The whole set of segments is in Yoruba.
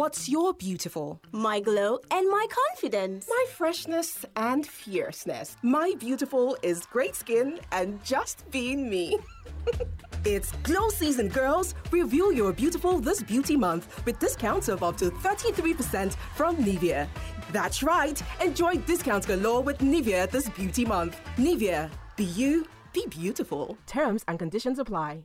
What's your beautiful? My glow and my confidence. My freshness and fierceness. My beautiful is great skin and just being me. It's glow season, girls! Review your beautiful this beauty month with discounts of up to 33% from Nivea. That's right! Enjoy discounts galore with Nivea this beauty month. Nivea, be you, be beautiful. Terms and conditions apply.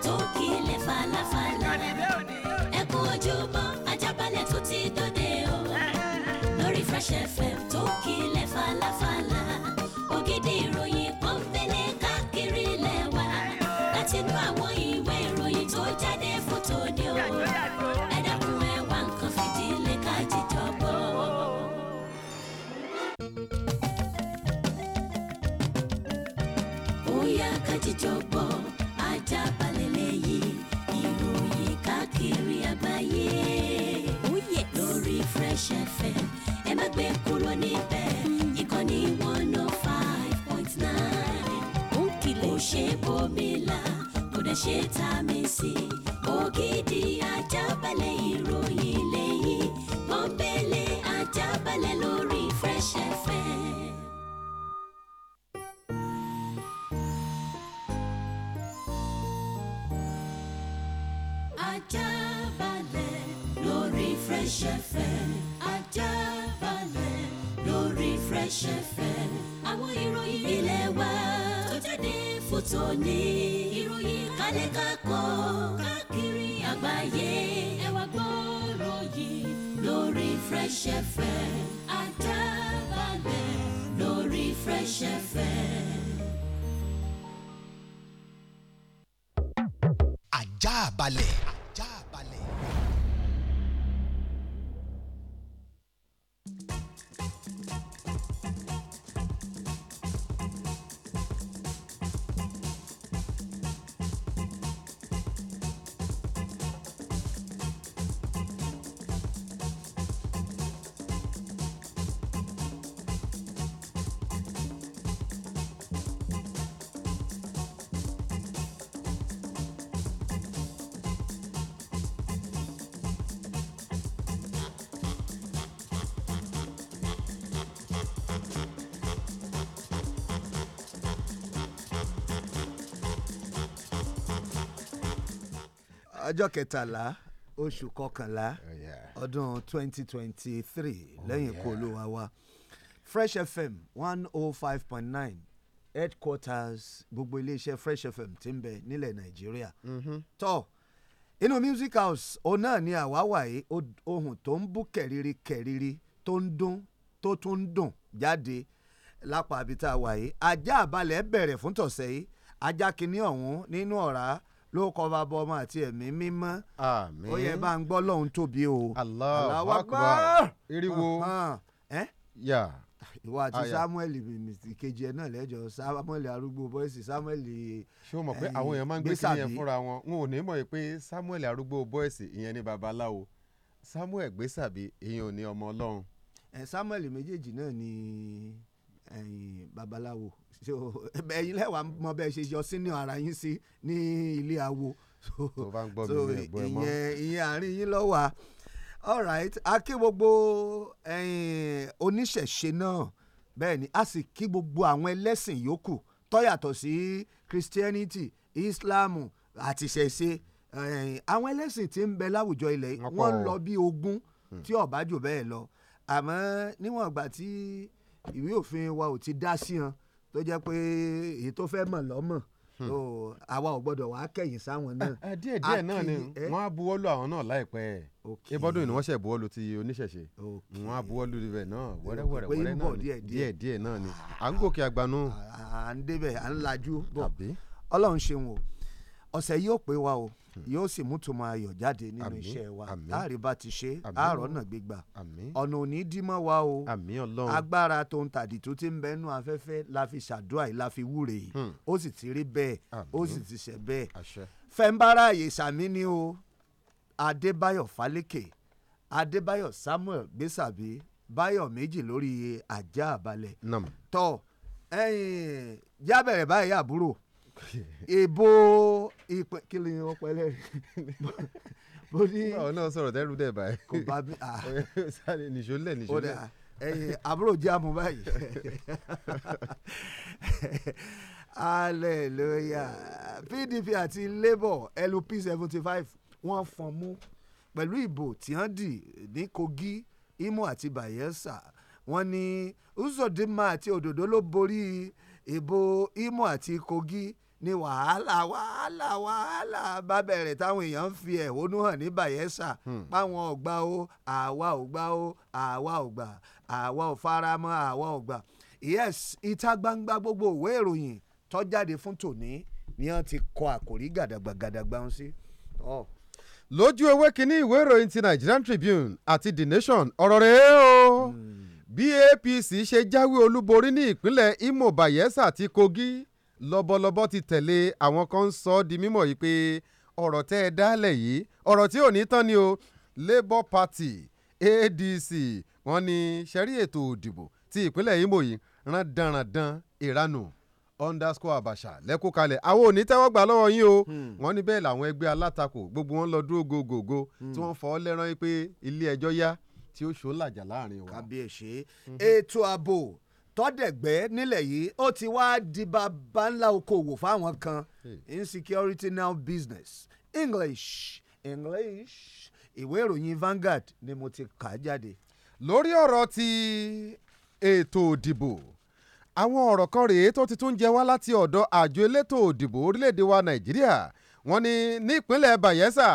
níbẹ̀ ṣe tá a mi sí. ògidì ajábalẹ̀ ìròyìn lẹ́yìn pọ́npẹ́lẹ́ ajábalẹ̀ lórí Fresh FM. ajábalẹ̀ lórí Fresh FM ajábalẹ̀ lórí Fresh FM àwọn ìròyìn ilé wa tó jáde fún tòní ìròyìn kalẹ̀ kakọ́ káàkiri àgbáyé ẹ wá gbọ́rọ̀ yìí lórí Fresh FM Ajaabale lórí Fresh FM. Ajaabale. ọjọ́ kẹtàlá oṣù kọkànlá oh, ọdún twenty twenty three oh, lẹ́yìn kó olúwa wa Fresh FM one oh five point nine headquarters gbogbo iléeṣẹ́ Fresh FM ti ń bẹ nílẹ̀ Nàìjíríà mm-hmm. tọ́ inú music house òun náà ni àwa wàyí ohun tó ń bú kẹ̀rìrì kẹ̀rìrì tó ń dún tó tún ń dùn jáde lápá abita wàyí ajá àbálẹ̀ bẹ̀rẹ̀ fún tọ̀sẹ̀ yìí ajá kìíní ọ̀hún nínú ọ̀rá ló kọ́ bàbá ọmọ àti ẹ̀mí mímọ́ ó yẹ bá ń gbọ́ lọ́hún tóbi o Allahu Akbar iriwo ìwọ àti Samuel kejì ẹ náà lẹjọ Samuel arúgbó bọ́ìsì Samuel. ṣé o mọ̀ pé àwọn èèyàn máa ń gbé kí yẹn fúnra wọn n ò ní mọ̀ pé Samuel arúgbó bọ́ìsì ìyẹn ni babaláwo Samuel gbèsàbí ìyẹn ò ní ọmọ Ọlọ́run. Samuel méjèèjì náà ni babaláwo so ẹ̀yin lẹ́wà mọ bẹ́ẹ̀ ṣe yọ sínú ara yín sí ní ilé awo so ìyẹn ìyẹn àárín yín lọ́wọ́ a alright a kí gbogbo oníṣẹ̀ṣe náà bẹ́ẹ̀ ni a sì kí gbogbo àwọn ẹlẹ́sìn yòókù tó yàtọ̀ sí Christianity Islam àti ṣẹ̀ṣe àwọn ẹlẹ́sìn tí ń bẹ láwùjọ ilẹ̀ wọ́n lọ bí ogún hmm. tí ọ̀bájú bẹ́ẹ̀ lọ àmọ́ níwọ̀n ìgbà tí ìwé òfin wa ò ti dá sí hàn tó jẹ́ pé èyí tó fẹ́ mọ̀ lọ́mọ̀ hmm. àwa ò gbọ́dọ̀ wàá kẹ̀yìn sáwọn náà. Eh, díẹ̀ díẹ̀ náà ni eh. wọ́n á buwọ́lù àwọn náà láìpẹ́ ibọ́dún ni wọ́n ṣẹ̀ buwọ́lù ti oníṣẹ̀ṣe wọ́n á buwọ́lù rẹ̀ náà eh, wẹ́rẹ́wẹ́rẹ́ wẹ́rẹ́ náà ni díẹ̀ díẹ̀ náà ni à ń gòkè àgbànú. à ń débẹ̀ à ń lajú bọ̀ ọlọ́run ṣeun o ọ̀sẹ̀ yìí pé wa o Hmm. yóò sì mú tòmọ ayọ̀ jáde nínú iṣẹ́ wa àárí bá ti ṣe àárọ̀ náà gbígbà ọ̀nà òní dímọ̀ wa o agbára tó ń tàdí tó ti ń bẹnu afẹ́fẹ́ la fi ṣàdúrà yìí la fi wúre yìí hmm. ó sì ti rí bẹ́ẹ̀ ó sì ti ṣe bẹ́ẹ̀ fẹ́ńbárà àyè ni o adébáyọ̀ fálékè adébáyọ̀ samuel gbèsàbí báyọ̀ méjì lórí ajá àbálẹ̀ tọ́ ẹ̀yìn jábẹ̀rẹ̀ báyìí àbúrò ìbò ìpè kí ni wọ́n pẹ́ lẹ́rìí bó ní. ọ̀ náà sọ̀rọ̀ tẹ́rù dẹ̀ báyìí. kò bá mi. sáré nìṣó lẹ̀ nìṣó lẹ̀. ẹyin àbúrò jáàmù báyìí. hallelujah pdp àti labour lup seventy five wọ́n fọ́n mú pẹ̀lú ìbò tí wọ́n dì ní kogi imo àti bayelsa wọ́n ní uzodinma àti òdòdó ló borí ìbò imo àti kogi ni wàhálà wàhálà wàhálà bá bẹ̀rẹ̀ táwọn èèyàn ń fi ẹ̀hónú hàn ní Bayelsa hmm. páwọn ò gbà o àwa ò gbà o àwa ò gbà àwa ò faramọ́ àwa ò yes ìta gbangba gbogbo òwe ìròyìn tó jáde fún tòní ni wọ́n ti kọ àkòrí gàdàgbà gàdàgbà ń sí. lójú ewé kínní ìwé ìròyìn ti Nigerian Tribune àti The Nation ọ̀rọ̀ rèé o hmm. bí APC ṣe jáwé olúborí ní ìpínlẹ̀ Imo Bayelsa àti Kogi lọ́bọ̀lọ́bọ̀ ti tẹ̀lé àwọn kan ń sọ ọ́ di mímọ̀ yìí pé ọ̀rọ̀ tẹ́ ẹ dálẹ̀ yìí ọ̀rọ̀ tí ò ní tán ni o Labour Party ADC wọ́n ní sẹ́rí ètò òdìbò ti ìpínlẹ̀ Imo yìí rán danrandan ìranù underscore Abacha lẹ́kọ̀ọ́kalẹ̀ àwọn ò ní tẹ́wọ́ gbà lọ́wọ́ yín o hmm. wọ́n ní bẹ́ẹ̀ làwọn ẹgbẹ́ alátakò gbogbo wọn lọ dúró gògògò hmm. tí wọ́n fọ́ lẹ́rán pé ilé ẹjọ́ yá tí ó ṣó làjà láàrin wa. kàbíyèsí hmm. ètò ààbò tọ́dẹ̀gbẹ́ nílẹ̀ yìí ó ti wá di bàbá ńlá okòwò fáwọn kan hmm. insecurity now business english english ìwé ìròyìn Vanguard ni mo ti kà á jáde. lórí ọ̀rọ̀ ti ètò òdìbò àwọn ọ̀rọ̀ kan rèé tó ti tún jẹ wá láti ọ̀dọ̀ àjọ elétò òdìbò orílẹ̀-èdè wa Nàìjíríà wọ́n ní nípínlẹ̀ Bayelsa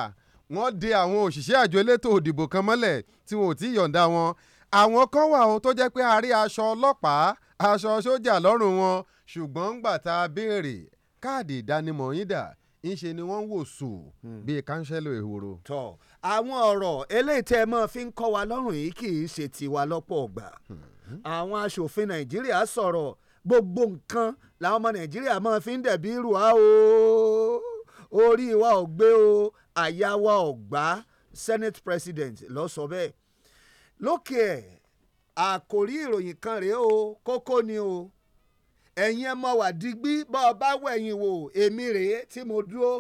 wọ́n de àwọn òṣìṣẹ́ àjọ elétò òdìbò kan mọ́lẹ̀ tí wọn ò tí yọ̀ǹda wọn àwọn kan wà ó tó jẹ́ pé a rí aṣọ ọlọ́pàá aṣọ sójà lọ́rùn wọn ṣùgbọ́n ńgbà tá a béèrè káàdì ìdánimọ̀ yín dà ńṣe ni wọ́n ń wò sùn hmm. bíi kánsẹ́lò ìhòòrò. tọ àwọn ọ̀rọ̀ eléyìí tẹ́ ẹ mọ́ fi ń kọ́ wa lọ́rùn yìí kì í ṣe tiwa lọ́pọ̀ ọ̀gbà hmm. àwọn aṣòfin nàìjíríà sọ̀rọ̀ gbogbo nǹkan làwọn ọmọ nàìjíríà máa fi ń dẹ̀bi irú wa o orí wa ò gbé o àyà wa ò gbá senate president ló sọ bẹ́ẹ̀ lókè ẹ̀ àkòrí ìròyìn kan rèé o kókó ni o ẹ̀yin ẹ mọ wà digbí bá ọ bá wẹ̀yìn wò èmi rèé tí mo dúró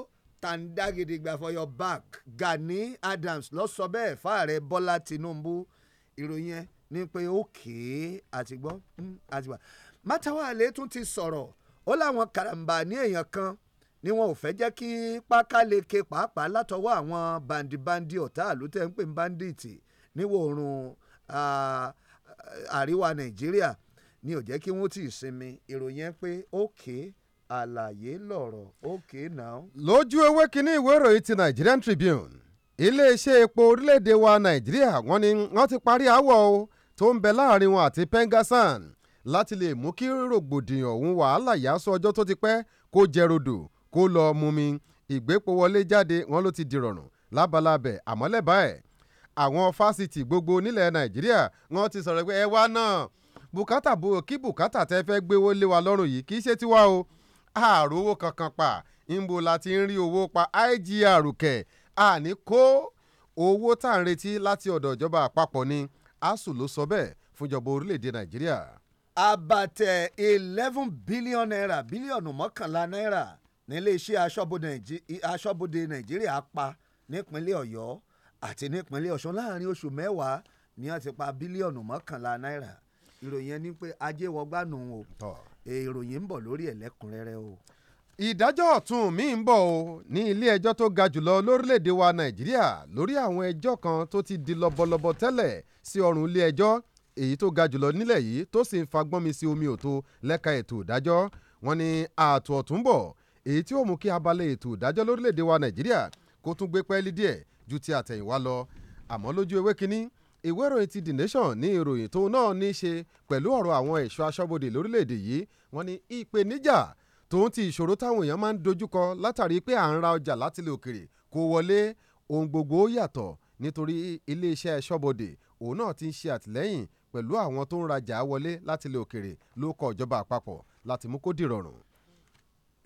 tàǹdà gidigba for your back Gani Adams lọ sọ bẹ́ẹ̀ fáàrẹ Bọ́lá Tinubu ìròyìn ẹ ni pé òkè àtìgbọ́ àtìgbà Matawaale tún ti sọ̀rọ̀ ó láwọn karambà ní èèyàn kan ni wọn ò fẹ́ jẹ́ kí pákáleke pàápàá látọwọ́ àwọn bandibandi ọ̀tá àlùtẹ̀ ń pè ní bandits níwọ̀ oòrùn àríwá nàìjíríà ni ò jẹ́ kí wọ́n ti sinmi ìròyìn ẹ pé ókè àlàyé lọ̀rọ̀ ókè náà. lójú ewé kínní ìwé ìròyìn ti Nigerian Tribune iléeṣẹ́ epo orílẹ̀-èdè wa nàìjíríà wọ́n ní wọ́n ti parí aáwọ̀ o tó ń bẹ láàrin wọn àti Pengassan láti lè mú kí rògbòdìyàn òun wàhálà yàsọ ọjọ́ tó ti pẹ́ kó jẹ rodò kó lọ mumi ìgbépo wọlé jáde wọn ló ti dìrọ̀rùn lábalábẹ̀ àmọ́lẹ́bàá ẹ̀ àwọn fásitì gbogbo nílẹ̀ nàìjíríà wọ́n ti sọ̀rọ̀ pé ẹ wá náà bùkátà bo kí bùkátà tẹ́ fẹ́ gbéwó lé wa lọ́rùn yìí kì ṣe tiwa o àròwó kankan pa ńbo la ti ń rí owó pa IGR kẹ àní kó owó tá à ń retí láti ọ̀dọ̀ ìjọba àpapọ̀ ni asuu ló sọ bẹ́ẹ̀ fúnjọba orílẹ̀-èdè nàìjíríà. àbàtẹ̀ eleven billion naira bílíọ̀nù mọ́kànlá náírà nílé iṣẹ́ aṣọ́bodè nàìjíríà pa nípínlẹ̀ ọ̀yọ́ àti nípínlẹ̀ Ọ̀ṣun láàrin oṣù mẹ́wàá ni wọ́n ti pa bílíọ̀nù mọ́kànlá náírà ìròyìn ẹni pé ajé wọgbà nù o ìròyìn ń bọ̀ lórí ẹ̀ lẹ́kùnrẹ́rẹ́ o. ìdájọ́ ọ̀tún mi ń bọ̀ o ní ilé ẹjọ́ tó ga jùlọ lórílẹ̀‐èdè wa Nàìjíríà lórí àwọn ẹjọ́ kan tó ti di lọ́bọ̀lọ́bọ̀ tẹ́lẹ̀ sí ọrùn ilé ẹjọ́ èyí tó ga jùlọ nílẹ̀ yìí tó sì ń fagbọ́n mi sí omi òtó lẹ́ka ètò ìdájọ́ wọn ni ààtò ọ̀tún bọ̀ èyí tí ó mú kí abalẹ̀ ètò ìdájọ́ lórílẹ̀‐èdè wa Nàìjíríà kó tún gbé pẹ́ẹ́lí díẹ̀ ju ti àtẹ̀yìnwá lọ àmọ́ lójú ewé kínní ìwé ìròyìn ti the nation ní ìròyìn tóun náà ní í ṣe pẹ̀lú ọ̀rọ̀ àwọn ẹ̀ṣọ́ aṣọ́bodè lórílẹ̀‐èdè yìí wọ́n ní ìpèníjà tòun ti ìṣòro táwọn èèyàn máa ń dojúkọ látàrí pé à ń ra ọjà látilẹ̀ òkèrè kó wọlé ohun gbogbo yàtọ̀ nítorí iléeṣẹ́ aṣọ́bodè òun náà ti ń ṣe àtìlẹ́yìn pẹ̀lú àwọn tó ń rajà wọlé látilẹ̀ òkèrè ló kọ ìjọba àpapọ̀ láti mú kó dìrọ̀rùn.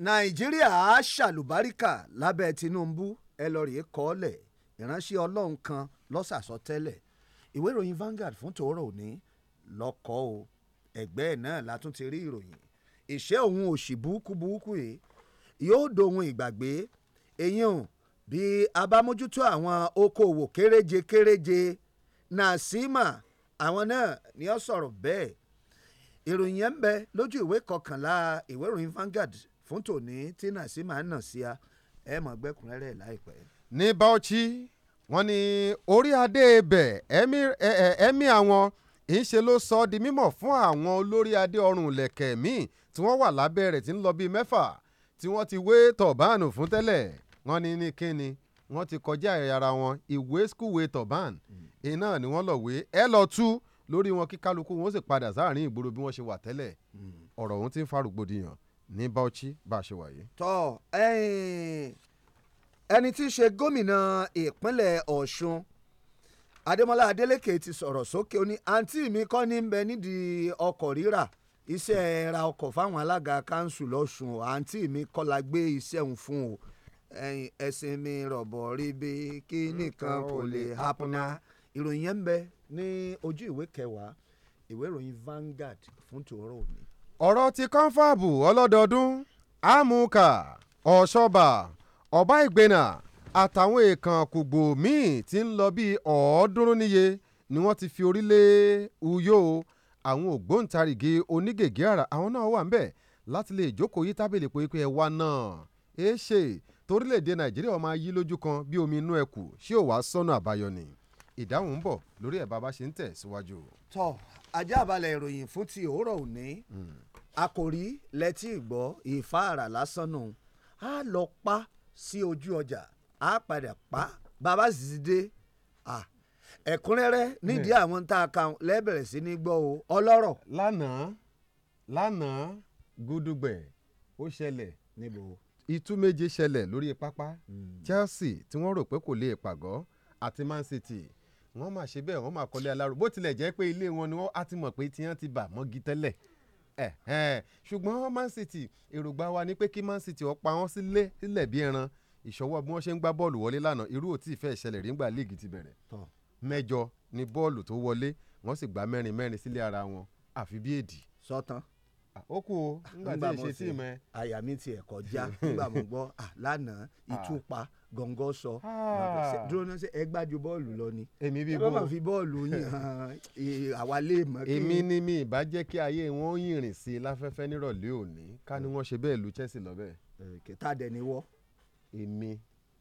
nàìjíríà ṣàlùbáríkà lábẹ́ tinubu ẹ lọ ìránṣẹ́ ọlọ́run kan lọ́sàsọ tẹ́lẹ̀ ìwé ìròyìn Vanguard fún tòórọ́ òní lọ́kọ́ o ẹ̀gbẹ́ ẹ̀ náà la tún ti rí ìròyìn ìṣẹ́ òun òṣì burúkú burúkú yìí e. yóò dohun ìgbàgbé eyín o bí abámójútó àwọn okòòwò kéréje kéréje Nasima àwọn náà ni ó sọ̀rọ̀ bẹ́ẹ̀ ìròyìn yẹn ń bẹ lójú ìwé kọkànlá ìwé ìròyìn Vanguard fún tòní tí Nasima ń nà sí a ẹ mọ̀ gbẹ́kùnrẹ́rẹ́ láìpẹ́ ní Bauchi wọ́n ní orí adé ibẹ̀ ẹ̀mí àwọn ìṣe ló sọ ọ́ di mímọ̀ fún àwọn olórí adé ọrùn ìlẹ̀kẹ̀ míì tí wọ́n wà lábẹ́ rẹ̀ tí ń lọ bíi mẹ́fà tí wọ́n ti wé tọ̀bánù fún tẹ́lẹ̀ wọ́n ní ní kíni wọ́n ti kọjá ara wọn ìwé skúwé tọ̀bán iná ni wọ́n lọ wé ẹ lọ tú lórí wọn kí kálukú wọn sì padà sáàrin ìgboro bí wọ́n ṣe wà tẹ́lẹ̀ hmm. ọ̀rọ̀ ọ̀hún ti ń fa ní Bauchi bá a ṣe wà yìí. tọ́ ẹ̀ẹ́n ẹni tí í ṣe gómìnà ìpínlẹ̀ Ọ̀ṣun Adémọ́lá Adélékè ti sọ̀rọ̀ sókè ó ní àǹtí mi kọ́ ní bẹ nídìí ọkọ̀ rírà iṣẹ́ ra ọkọ̀ fáwọn alága kanṣu lọ́sùn àǹtí mi kọ́ la gbé iṣẹ́ òun fún o ẹ̀sìn mi rọ̀bọ̀ ríbi kí nìkan kò lè hapuna ìròyìn yẹn ń bẹ ní ojú ìwé kẹwàá ìwé ìròyìn Vanguard fún tòórọ́ òní. ọ̀rọ̀ ti kọ́ńfàbù ọlọ́dọọdún àmúkà ọ̀ṣọ́bà ọ̀bá ìgbéná àtàwọn èèkàn kògbò míì tí ń lọ bíi ọ̀ọ́dúnrún níye ni wọ́n ti fi orílẹ̀ uyó àwọn ògbóǹtarìgì onígègé àrà àwọn náà wà ńbẹ̀ láti lè jókòó yí tábìlì pé pé ẹ wá náà èé ṣe torílẹ̀-èdè nàìjíríà máa yí lójú kan bí omi inú ẹ̀kù ṣé ò wá sọ́nà àbáyọ ni ìdáhùn ń bọ̀ lórí ẹ̀ bàbá ṣe ń tẹ̀ síwájú. tọ ajá àbálẹ̀ ìròyìn fún ti òwúrọ̀ òní hmm. àkòrí lẹ́tí ìgbọ́ ìfáàrà lásán nù á lọ pa sí ojú ọjà á padà pa bàbá sì ti dé ẹ̀kúnrẹ́rẹ́ nídìí hmm. àwọn tá a kàn lẹ́bẹ̀rẹ̀ sí ní gbọ́ o ọlọ́rọ̀. lánàá lánàá gudugbẹ ó ṣẹlẹ̀ níbo. itú méje ṣẹlẹ̀ lórí pápá hmm. Chelsea tí wọ́n rò pé kò lè pàgọ́ àti Man City wọ́n máa ṣe bẹ́ẹ̀ wọ́n máa kọ́lé aláró bó tilẹ̀ jẹ́ pé ilé wọn ni wọ́n á ti mọ̀ pé tiwọn ti bà mọ́gi tẹ́lẹ̀ ṣùgbọ́n Man City èròǹgbà wa ni pé kí Man City ó pa wọ́n sílé sílẹ̀ bí ẹran ìṣọwọ́ bí wọ́n ṣe ń gbá bọ́ọ̀lù wọlé lánàá irú òtí ìfẹ́ ìṣẹ̀lẹ̀ rí ńgbà ti bẹ̀rẹ̀ mẹ́jọ ni bọ́ọ̀lù tó wọlé wọ́n sì gbá mẹ́rin mẹ́rin sílé ara wọn àfi bí èdì. sọ́tàn Ah, ó kú o nígbà tí èsì tì mẹ. àyà mi ti ẹ̀ kọjá nígbà mo gbọ́ lánàá ah. ìtúpa gọ̀ǹgọ̀ sọ ah. dúró náà ṣe ẹ gbájú bọ́ọ̀lù lọ ni. èmi bí bó ẹ bá fi bọ́ọ̀lù yìn hàn àwa lè mọ̀ kí. èmi ni mi ìbá jẹ́ kí ayé wọn yìnrìn sí i láfẹ́fẹ́ nírọ̀lẹ́ òní ká ní wọ́n ṣe bẹ́ẹ̀ lu Chelsea lọ́bẹ̀. kẹta dẹ̀ ni èmi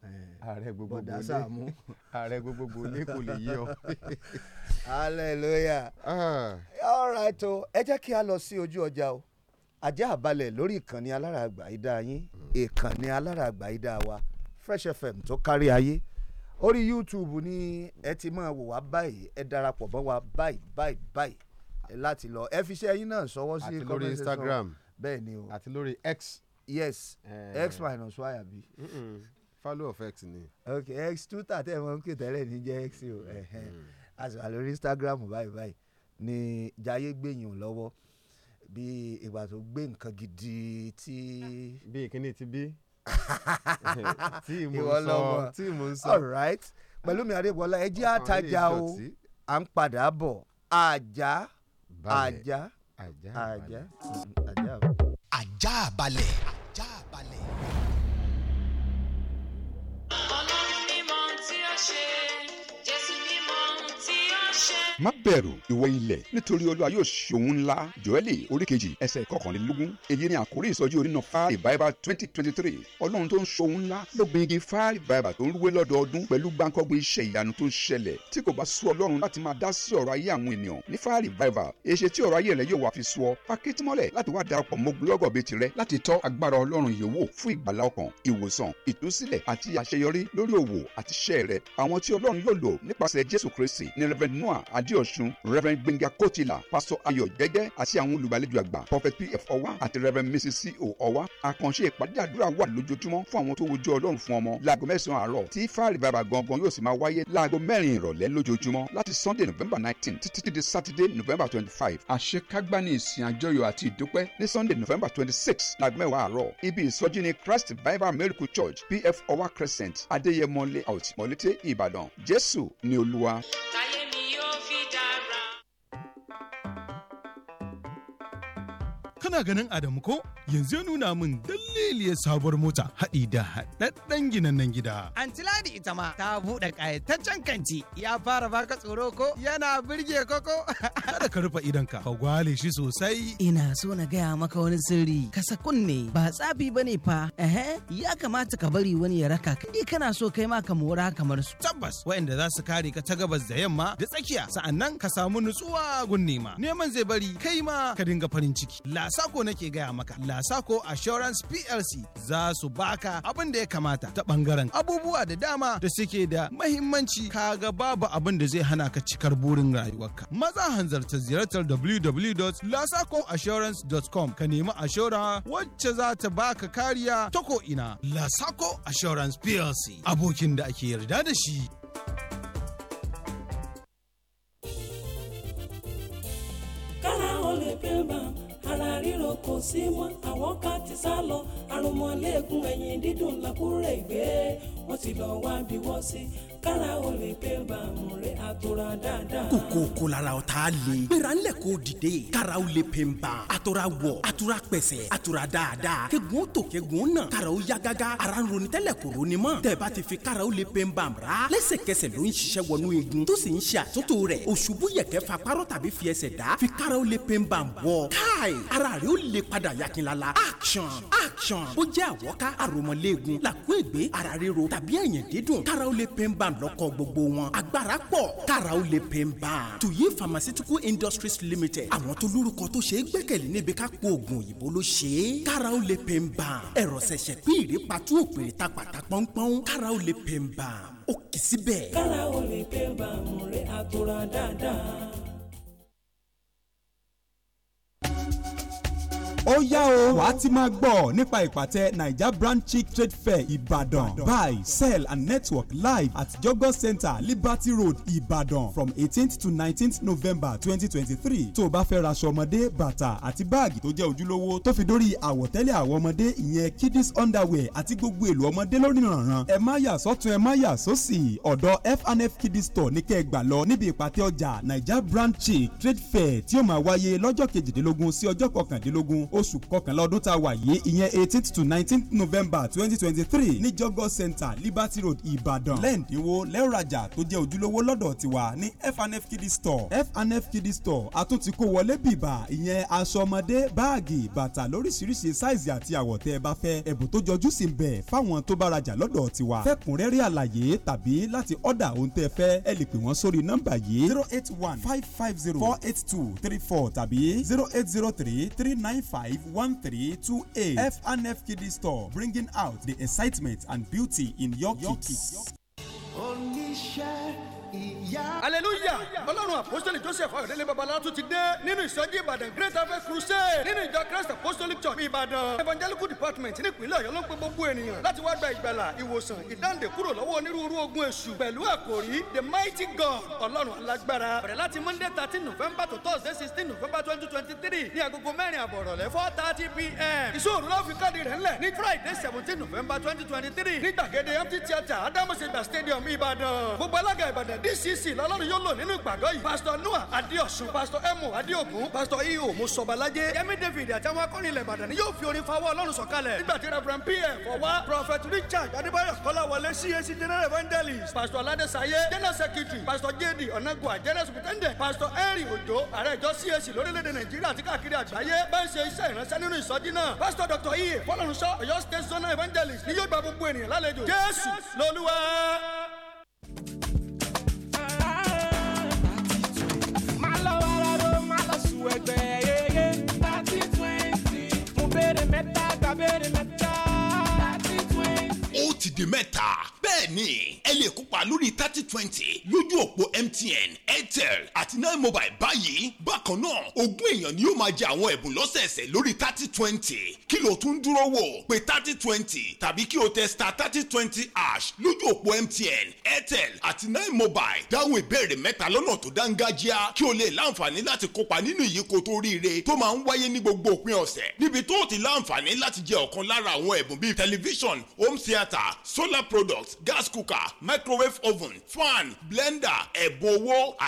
Eh, ààrẹ gbogbogbò lé ààrẹ gbogbogbò lé kò lè yé ọ. hallelujah ah. all right o ẹ jẹ́ kí a lọ sí ojú ọjà o ajá àbálẹ̀ lórí ìkànnì alára àgbàyídá yín ìkànnì alára àgbàyídá wa fresh fm tó kárí ayé orí youtube ni ẹ ti máa wò wá báyìí ẹ darapọ̀ mọ́ wa báyìí báyìí báyìí láti lọ ẹ fi iṣẹ́ náà sọwọ́ sí àti lórí instagram bẹ́ẹ̀ ni o àti lórí x yes eh. x minus y àbí follow of x ni. ok x twitter tẹ́ ẹ mọ̀ ń pè tẹ́lẹ̀ ní jẹ́ x o mm, mm. a lórí instagram báyìí báyìí ni jayé gbẹ̀yìn lọ́wọ́ bí ìgbà tó gbé nǹkan gidi tí. bí ìkíní ti bí. tí mo sọ tí mo sọ. all right Pẹ̀lúmi Adébọ́lá ẹ jẹ́ àtajà o à ń padà bọ̀ àjà àjà àjà àjà àjà balẹ̀. àjà balẹ̀. má bẹ̀rù ìwọ ilẹ̀ nítorí olúwa yóò ṣe ohun ńlá jọ́ẹ́lì oríkejì ẹsẹ̀ kọkànlélógún èyí ni àkórí ìsọjí onínà fáàlì báíbà twenty twenty three ọlọ́run tó ń ṣe ohun ńlá ló gbin igi fáàlì báíbà tó ń rúwé lọ́dọọdún pẹ̀lú gbáǹkọ́gbìn iṣẹ́ ìyanu tó ń ṣẹlẹ̀ tí kò bá sú ọlọ́run láti máa dá sí ọ̀rọ̀ ayé àwọn ènìyàn ní fáàlì báíbà èṣe tí ọ̀rọ̀ ayé rẹ yóò wá fi sú ọ pàkẹ́tì mọ́lẹ̀ láti wá darapọ̀ mọ́ búlọ́gọ̀ bíi tirẹ̀ láti tọ́ agbára ọlọ́run yìí wò fún ìgbàlá ọkàn ìwòsàn ìtúsílẹ̀ àti àṣeyọrí lórí òwò àti iṣẹ́ rẹ̀ àwọn tí ọlọ́run yóò lò nípasẹ̀ jésù kristi ní rẹ̀ noah ad fìdí ọ̀ṣun rev gbẹ̀ngà kòtìlà pásọ ayọ̀ jẹ́jẹ́ àti àwọn olùgbàlejò àgbà prophet pf ọwá àti rev mrs co ọwá àkànṣe ìpàdé àdúrà wà lójoojúmọ́ fún àwọn tó wojú ọlọ́run fún ọmọ láago mẹ́sàn-án àárọ̀ tí fáàrí bàbà gangan yóò sì máa wáyé láago mẹ́rin ìrọ̀lẹ́ lójoojúmọ́ láti sunday november nineteen títí di saturday november twenty five àṣekágbá ní ìsìn àjọyọ̀ àti ìdúpẹ́ ní sunday november twenty six láago mẹ́wàá àárọ̀ ibi ìsọjí ní christ bible miracle church pf ọwá crescent adéyẹmọlé àwòtí mọ̀lété ìbàdàn kana ganin Adamu ko? Yanzu ya nuna min daliliyar sabuwar mota haɗi da haɗaɗɗen nan gida. Anti Ladi ita ma ta buɗe ƙayataccen kanti ya fara baka tsoro ko yana birge koko. Kada ka rufe idonka ka gwale shi sosai. Ina so na gaya maka wani sirri kasa kunne ba tsafi ba ne fa. Ehe ya kamata ka bari wani ya raka ka. kana so kai ma ka mora kamar su. Tabbas waɗanda za su kare ka ta gabas da yamma da tsakiya sa'annan ka samu nutsuwa gun nema. Neman zai bari kai ma ka dinga farin ciki. Lasa lasako nake gaya maka lasako assurance plc za su baka abin da ya kamata ta bangaren abubuwa da dama da suke da mahimmanci kaga babu abin da zai hana ka cikar burin rayuwarka maza hanzarta ziyartar www.lasakoassurance.com ka nemi ashora wacce za ta baka kariya ta ko ina lasaco assurance plc abokin da ake yarda da shi Kana ole ara ríro kò sí mọ́ àwọn ti sá lọ àrùn mọ́lẹ́gùn ẹ̀yìn dídùn làkúrẹ́ ìgbé wọ́n ti lọ wá bí wọ́n kára o lè pé bàmù rẹ̀ àtòrà dáadáa. kòkó kò lára o t'a le. gbéra ńlẹ̀ k'o dìde. kára o lè pè nbà. àtòrà wọ̀ àtòrà pẹ̀sẹ̀ àtòrà dáadáa. kẹ́gun tó kẹ́gun náà. kára o ya gágá. ara ń ronú tẹ́lẹ̀ kò ronú mọ́. tẹ̀bá ti fi kára o lè pè nbà ra. lẹ́sẹ̀kẹsẹ̀ ló ń ṣiṣẹ́ wọnú egun. tó sì ń ṣe àtúntò rẹ̀. òṣùbù yẹ̀kẹ́ fa fi ẹsẹ̀ fi kára o lè pè nbà wọ̀. káì ara rẹ̀ ó action. ó jẹ́ àwọ̀ká àròmọléegun làkúègbé ara ríro tàbí ẹ̀yìn dídùn kára ó lè pain ban lọ́kọ̀ gbogbo wọn agbára pọ̀ kára ó lè pain ban. tuyi pharmaceutical industries limited àwọn tó lórúkọ tó ṣe é gbẹ́kẹ̀lé níbi ká po oògùn òyìnbó ló ṣe é kára ó lè pain ban. ẹ̀rọ ṣẹ̀ṣẹ̀ pín ìrèpàtú òpèrè ta pàtà pọ́npọ́n kára ó lè pain ban. ó kì í síbẹ̀. kára ó lè pain ban mo rí àtúrà dáadáa ó yá o wà á ti máa gbọ́ nípa ìpàtẹ naija brand trade fair ìbàdàn buy sell and network live at jogos center liberty road ìbàdàn from eighteenth to nineteenth november twenty twenty three tó o bá fẹ́ raṣọ ọmọdé bàtà àti báàgì tó jẹ́ ojúlówó tó fi dórí àwọ̀tẹ́lẹ̀ àwọn ọmọdé ìyẹn kiddies underwear àti gbogbo èlò ọmọdé lórí ìrànràn ẹ má yà sọ́tún ẹ má yà sósì ọ̀dọ̀ fnf kiddies store ní kẹ́ ẹ gbà lọ níbi ìpàtẹ ọjà naija brand trade fair tí ó máa wáyé lọ́jọ́ kejìdínlógún sí ọjọ́ kọkàndínlógún oṣù kọkànlá ọdún tá a wà yìí ìyẹn eighteenth to nineteenth november twenty twenty three ní jọgọ center liberty road ìbàdàn lẹ́ǹdínwó lẹ́ọ̀rajà tó jẹ́ ojúlówó lọ́dọ̀ tiwa ní fnf kiddie store fnf kiddie store a tún ti kó wọlé bìbà ìyẹn aṣọ ọmọdé báàgì bàtà lóríṣiríṣi sáìzì àti àwọ̀ tẹ́ ẹ bá fẹ́ ẹ̀bùn tó jọjú sí ń bẹ fáwọn tó bá rajà lọ́dọ̀ tiwa fẹ́kùnrẹ́rẹ́ àlàyé tàbí láti ọ̀dà ohun tẹ́ fẹ́ ẹ lè pè wọ́n sórí nọ́mbà yìí zero eight one five five zero four eight two three four tàbí zero eight zero three three nine five five one three two eight F FNF Kiddie Store bringing out the excitement and beauty in your, your kids. kids ìyá. hallelujah ọlọ́run apostolic joseph ayọ̀délé babalá tún ti dé nínú ìsọjí ìbàdàn great harvest crusade nínú ìjọ christ apostolic church ìbàdàn evangelical department nípínlẹ̀ ọ̀yọ́ ló ń pe gbogbo ènìyàn láti wá gba ìgbàlà ìwòsàn ìdáǹdè kúrò lọ́wọ́ onírúurú ogun èṣù pẹ̀lú àkòrí the mighty god ọlọ́run alágbára bẹ̀rẹ̀ láti monday thirteen november to thursday sixteen november twenty twenty three ní agogo mẹ́rin àbọ̀rọ̀lẹ́ four thirty pm ìṣòro ló fi káàdì rẹ̀ ńlẹ̀ ní friday seventeen november twenty twenty three ní gbàgede empty theatre adamusegba stadium ìbàdàn gbogbo alága ìbàdàn dcc lọ́lọ́run yóò lò nínú ìgbàgbọ́ yìí pásítọ̀ noah adéọ̀sùn Pastor emu adéògùn pásítọ̀ iyo e musobalajé Yemi david àti àwọn akọrin ilẹ̀ ìbàdàn ni yóò fi orin fawọ́ ọlọ́run sọ̀kalẹ̀ nígbà reverend pf ọwá prophet richard adébáyọ̀ kọ́láwọlé cac general evangelist Pastor aládésáyé general secretary pásítọ̀ jd ọ̀nàgùn àjẹrẹ supitẹ́ndẹ̀ pásítọ̀ henry Ojo, ààrẹ ìjọ cac lórílẹ̀‐èdè nàìjíríà àti káàkiri àgbáyé bẹ́ẹ̀ ṣe iṣẹ́ ìránṣẹ́ nínú ìsọjí náà pásítọ̀ dr iye fọlọ́runṣọ́ ọ̀yọ́ state zonal evangelist ni yóò gba gbogbo ènìyàn lálejò jésù lolúwa. ó ti di mẹ́ta bẹ́ẹ̀ ni ẹ lè kópa lórí thirty twenty lójú òpó MTN airtel àti nine mobile báyìí bákan náà ogún èèyàn ni yóò máa jẹ àwọn ẹ̀bùn lọ́sẹ̀ẹsẹ̀ lórí thirty twenty kí ló tún dúró wò pé thirty twenty tàbí kí o tẹ star thirty twenty ash lójú òpó mtn airtel àti nine mobile dáhùn ìbéèrè mẹ́ta lọ́nà tó dáńgájíá kí o lè láǹfààní láti kópa nínú ìyíkó tó ríire tó máa ń wáyé ní gbogbo òpin ọ̀sẹ̀ níbi tó ti láǹfààní láti jẹ ọ̀kan lára àwọn ẹ̀bùn bíi tẹlifíṣàn home theatre solar products gas cooker microwave oven fan blender ẹ̀bùn owó àti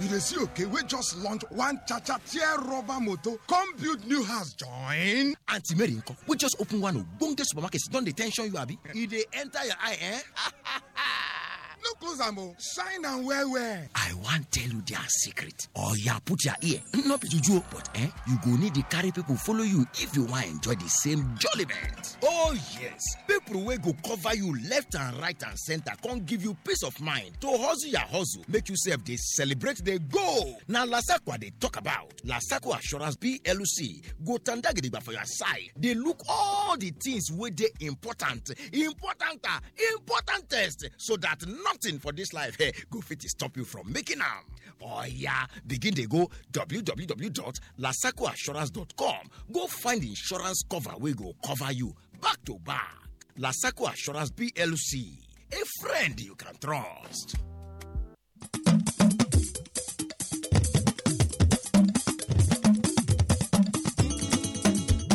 you dey see okay wey just launch one chacha tear rubber moto come build new house join. aunty mary nkan wey just open one ogbonge supermarket don dey ten sion you abi. e dey enter your eye eh? Look close, Ambo. Shine and well, well. I want tell you their secret. Oh, yeah, put your ear. Not be juju, but eh, you go need the carry people follow you if you want enjoy the same jollibet. Oh, yes. People will go cover you left and right and center. Can't give you peace of mind to hustle your hustle. Make you save they celebrate they go. Now, Lasakwa they talk about. Lasako Assurance BLC. Go tandagidiba for your side. They look all the things where they important. Important, ah, important test so that nothing nothing for this life hey? go fit to stop you from making am. Um, oh yeah, begin dey go www.lasacoassurance.com. Go find insurance cover we go cover you back to back. Lasaco Assurance PLC, a friend you can trust.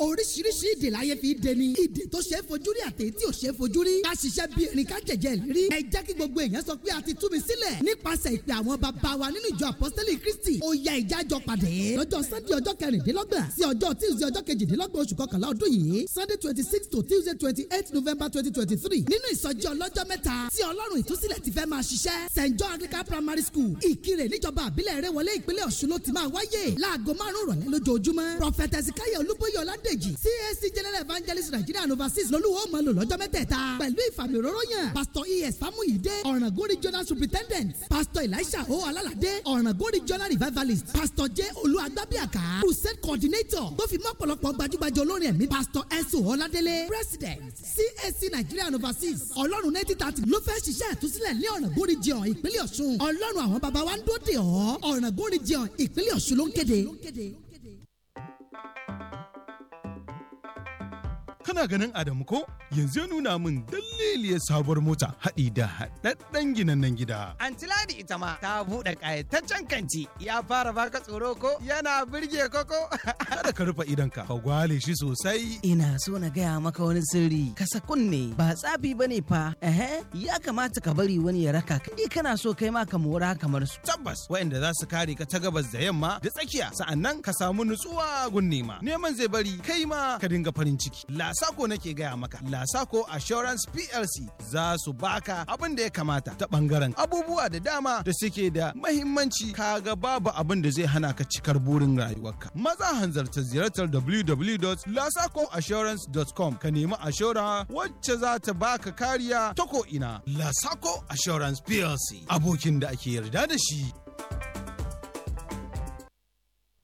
oríṣiríṣi ìdè láyé fi dẹni ìdè tó ṣe é fojú rí àti tí ò ṣe é fojú rí ká ṣiṣẹ́ bí erin ká jẹ̀jẹ̀ rí ẹ jẹ́ kí gbogbo èèyàn sọ pé a ti tú mi sílẹ̀ nípasẹ̀ ìpè àwọn bàbá wa nínú ìjọ apọ́sítẹ́lì kristi ó ya ìjájọ pàdé lọ́jọ́ sunday ọjọ́ kẹrìndínlọ́gbà sí ọjọ́ tuesday ọjọ́ kejìdínlọ́gbọ̀n oṣù kọkànlá ọdún yìí sunday twenty six to tuesday twenty eight november twenty twenty three nínú ìsọjí ọlọ́jọ́ mẹ́ta tí ọlọ́run ìtúsílẹ̀ ti fẹ́ máa ṣiṣẹ́ Saint john anglican primary school ìkirè níjọba àbílẹ̀ rẹwọlé ìpínlẹ̀ ọ̀ṣun ló ti máa wáyé láago márùn-ún rọ̀lẹ́ lójoojúmọ́ prophet ezekiel olúbóyè ọládé méjèèjì CAC general evangelist nigeria and overseas lolúwo mọ lò lọ́jọ́ mẹ́tẹ̀ẹ̀ta pẹ̀lú ìfàmìrọ́rọ́yàn pastor es famuyide ọ̀ràngún regional superintendent pastor elisha o alalade ọ̀ràngún regional revivalist pastor j olú agbábíàká crusade coordinator tó fi mọ́ ọ̀pọ̀lọpọ̀ gbajúgbajù olórin ẹ̀mí pastor enso ọládélé president CSC nigeria and overseas ọlọ́run ninety thirty ló fẹ́ ṣiṣẹ́ ìtúsílẹ̀ ní ọ̀ràngún region ìpínlẹ̀ ọ̀ṣun ọlọ́run àwọn baba wa ń dóde ọ̀ ọ̀ràngún region ìpínlẹ̀ ọ̀ṣun ló ń kéde. kana ganin Adamu ko? Yanzu ya nuna min daliliyar sabuwar mota haɗi da haɗaɗɗen nan gida. Antiladi ita ma ta buɗe ƙayataccen kanti ya fara baka tsoro ko yana birge koko. Kada ka rufe idonka ka gwale shi sosai. Ina so na gaya maka wani sirri kasa kunne ba tsafi bane fa. Ehe ya kamata ka bari wani ya raka ka kana so kai ma ka mora kamar su. Tabbas waɗanda za su kare ka ta gabas da yamma da tsakiya sa'annan ka samu nutsuwa gun nema. Neman zai bari kai ma ka dinga farin ciki. Las lasako nake gaya maka lasako assurance plc za su baka abin da ya kamata ta bangaren abubuwa da dama da suke da mahimmanci kaga babu abin da zai hana ka cikar burin rayuwarka maza hanzarta ziyartar www.lasakoassurance.com ka nemi ashora wacce za ta baka kariya ta ko'ina lasako assurance plc abokin da ake yarda da shi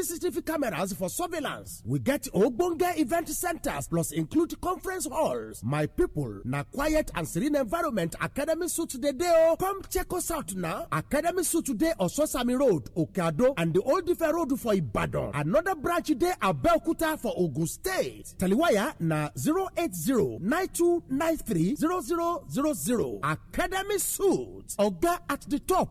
CCTV cameras for surveillance. We get ogbonge event centers plus include conference halls. My people, na quiet and serene environment Academy Suit today dey Come check us out now. Academy Suit today Ososami Road, Okado and the Old Ife Road for Ibadan. Another branch dey Abeokuta for Ogun State. Taliwaya na 08092930000. Academy Suit. Oga at the top.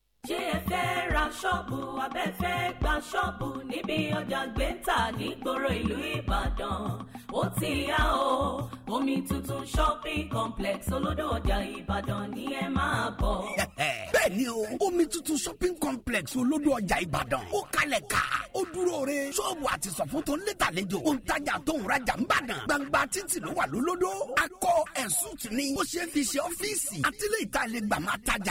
ṣé ẹ fẹ́ ra ṣọ́ọ̀bù abẹ́fẹ́ gba ṣọ́ọ̀bù níbi ọjà gbẹ́ntà nígboro ìlú Ìbàdàn ó ti yá o omi tuntun shopping complex olódò ọjà Ìbàdàn ni ẹ máa bọ̀. bẹ́ẹ̀ ni o omi tuntun shopping complex olódò ọjà Ìbàdàn ó kalẹ̀ ká ó dúró re ṣọ́ọ̀bù àti sọ̀fún tó ń lé tàlejò ó ń tajà tó ń rajà ń bàdàn gbangba títì ló wà lólódó akọ ẹ̀sùn tì ní ó ṣe fi ṣe ọ́fíìsì àtìlẹ́yìn tá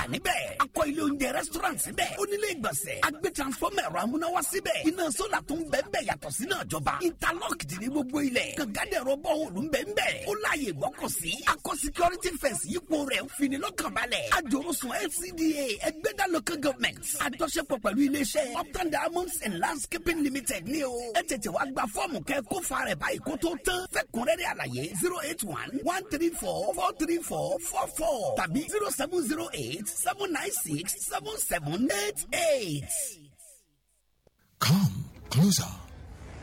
a níbẹ̀ akọ ilé oúnjẹ rẹ́st restaurant síbẹ̀ onílé ìgbọ̀nsẹ̀ agbé transformer ẹ̀rọ amúnáwá síbẹ̀ iná sólà tó ń bẹ́ẹ̀ yàtọ̀ sínú ìjọba interlock dì ní gbogbo ilẹ̀ kàngádẹ̀ rọ́bọ̀ òòlù ń bẹ́ẹ̀ ó láàyè gbọ́kọ̀sí akọ security fence yípo rẹ̀ ń fini lọ́kànbalẹ̀ àjòrúsùn LCDA ẹgbẹ́dá local government àjọṣepọ̀ pẹ̀lú iléeṣẹ́ upton diamonds and landscaping limited ni o ẹ tètè wá gba fọ́ọ̀mù kẹ́ kó fa rẹ̀ báyìí kó tó tán fẹ́kùnrẹ́rẹ́ àlàyé zero eight one one three four four three four four four tàbí zero seven zero eight seven nine six seven six. 788. Come closer.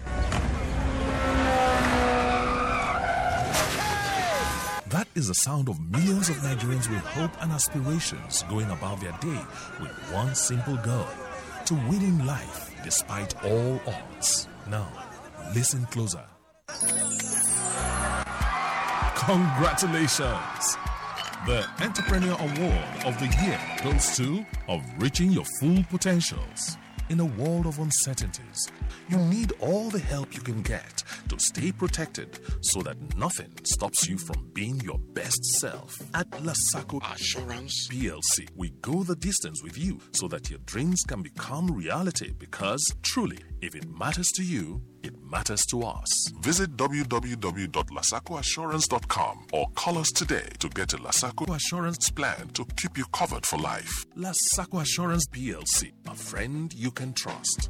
That is the sound of millions of Nigerians with hope and aspirations going about their day with one simple goal to winning life despite all odds. Now, listen closer. Congratulations! The Entrepreneur Award of the Year goes to Of Reaching Your Full Potentials. In a world of uncertainties, you need all the help you can get to stay protected so that nothing stops you from being your best self. At Lasaco Assurance PLC, we go the distance with you so that your dreams can become reality because truly, if it matters to you, it matters to us. Visit www.lasacoassurance.com or call us today to get a Lasaco Assurance plan to keep you covered for life. Lasaco Assurance PLC, a friend you can trust.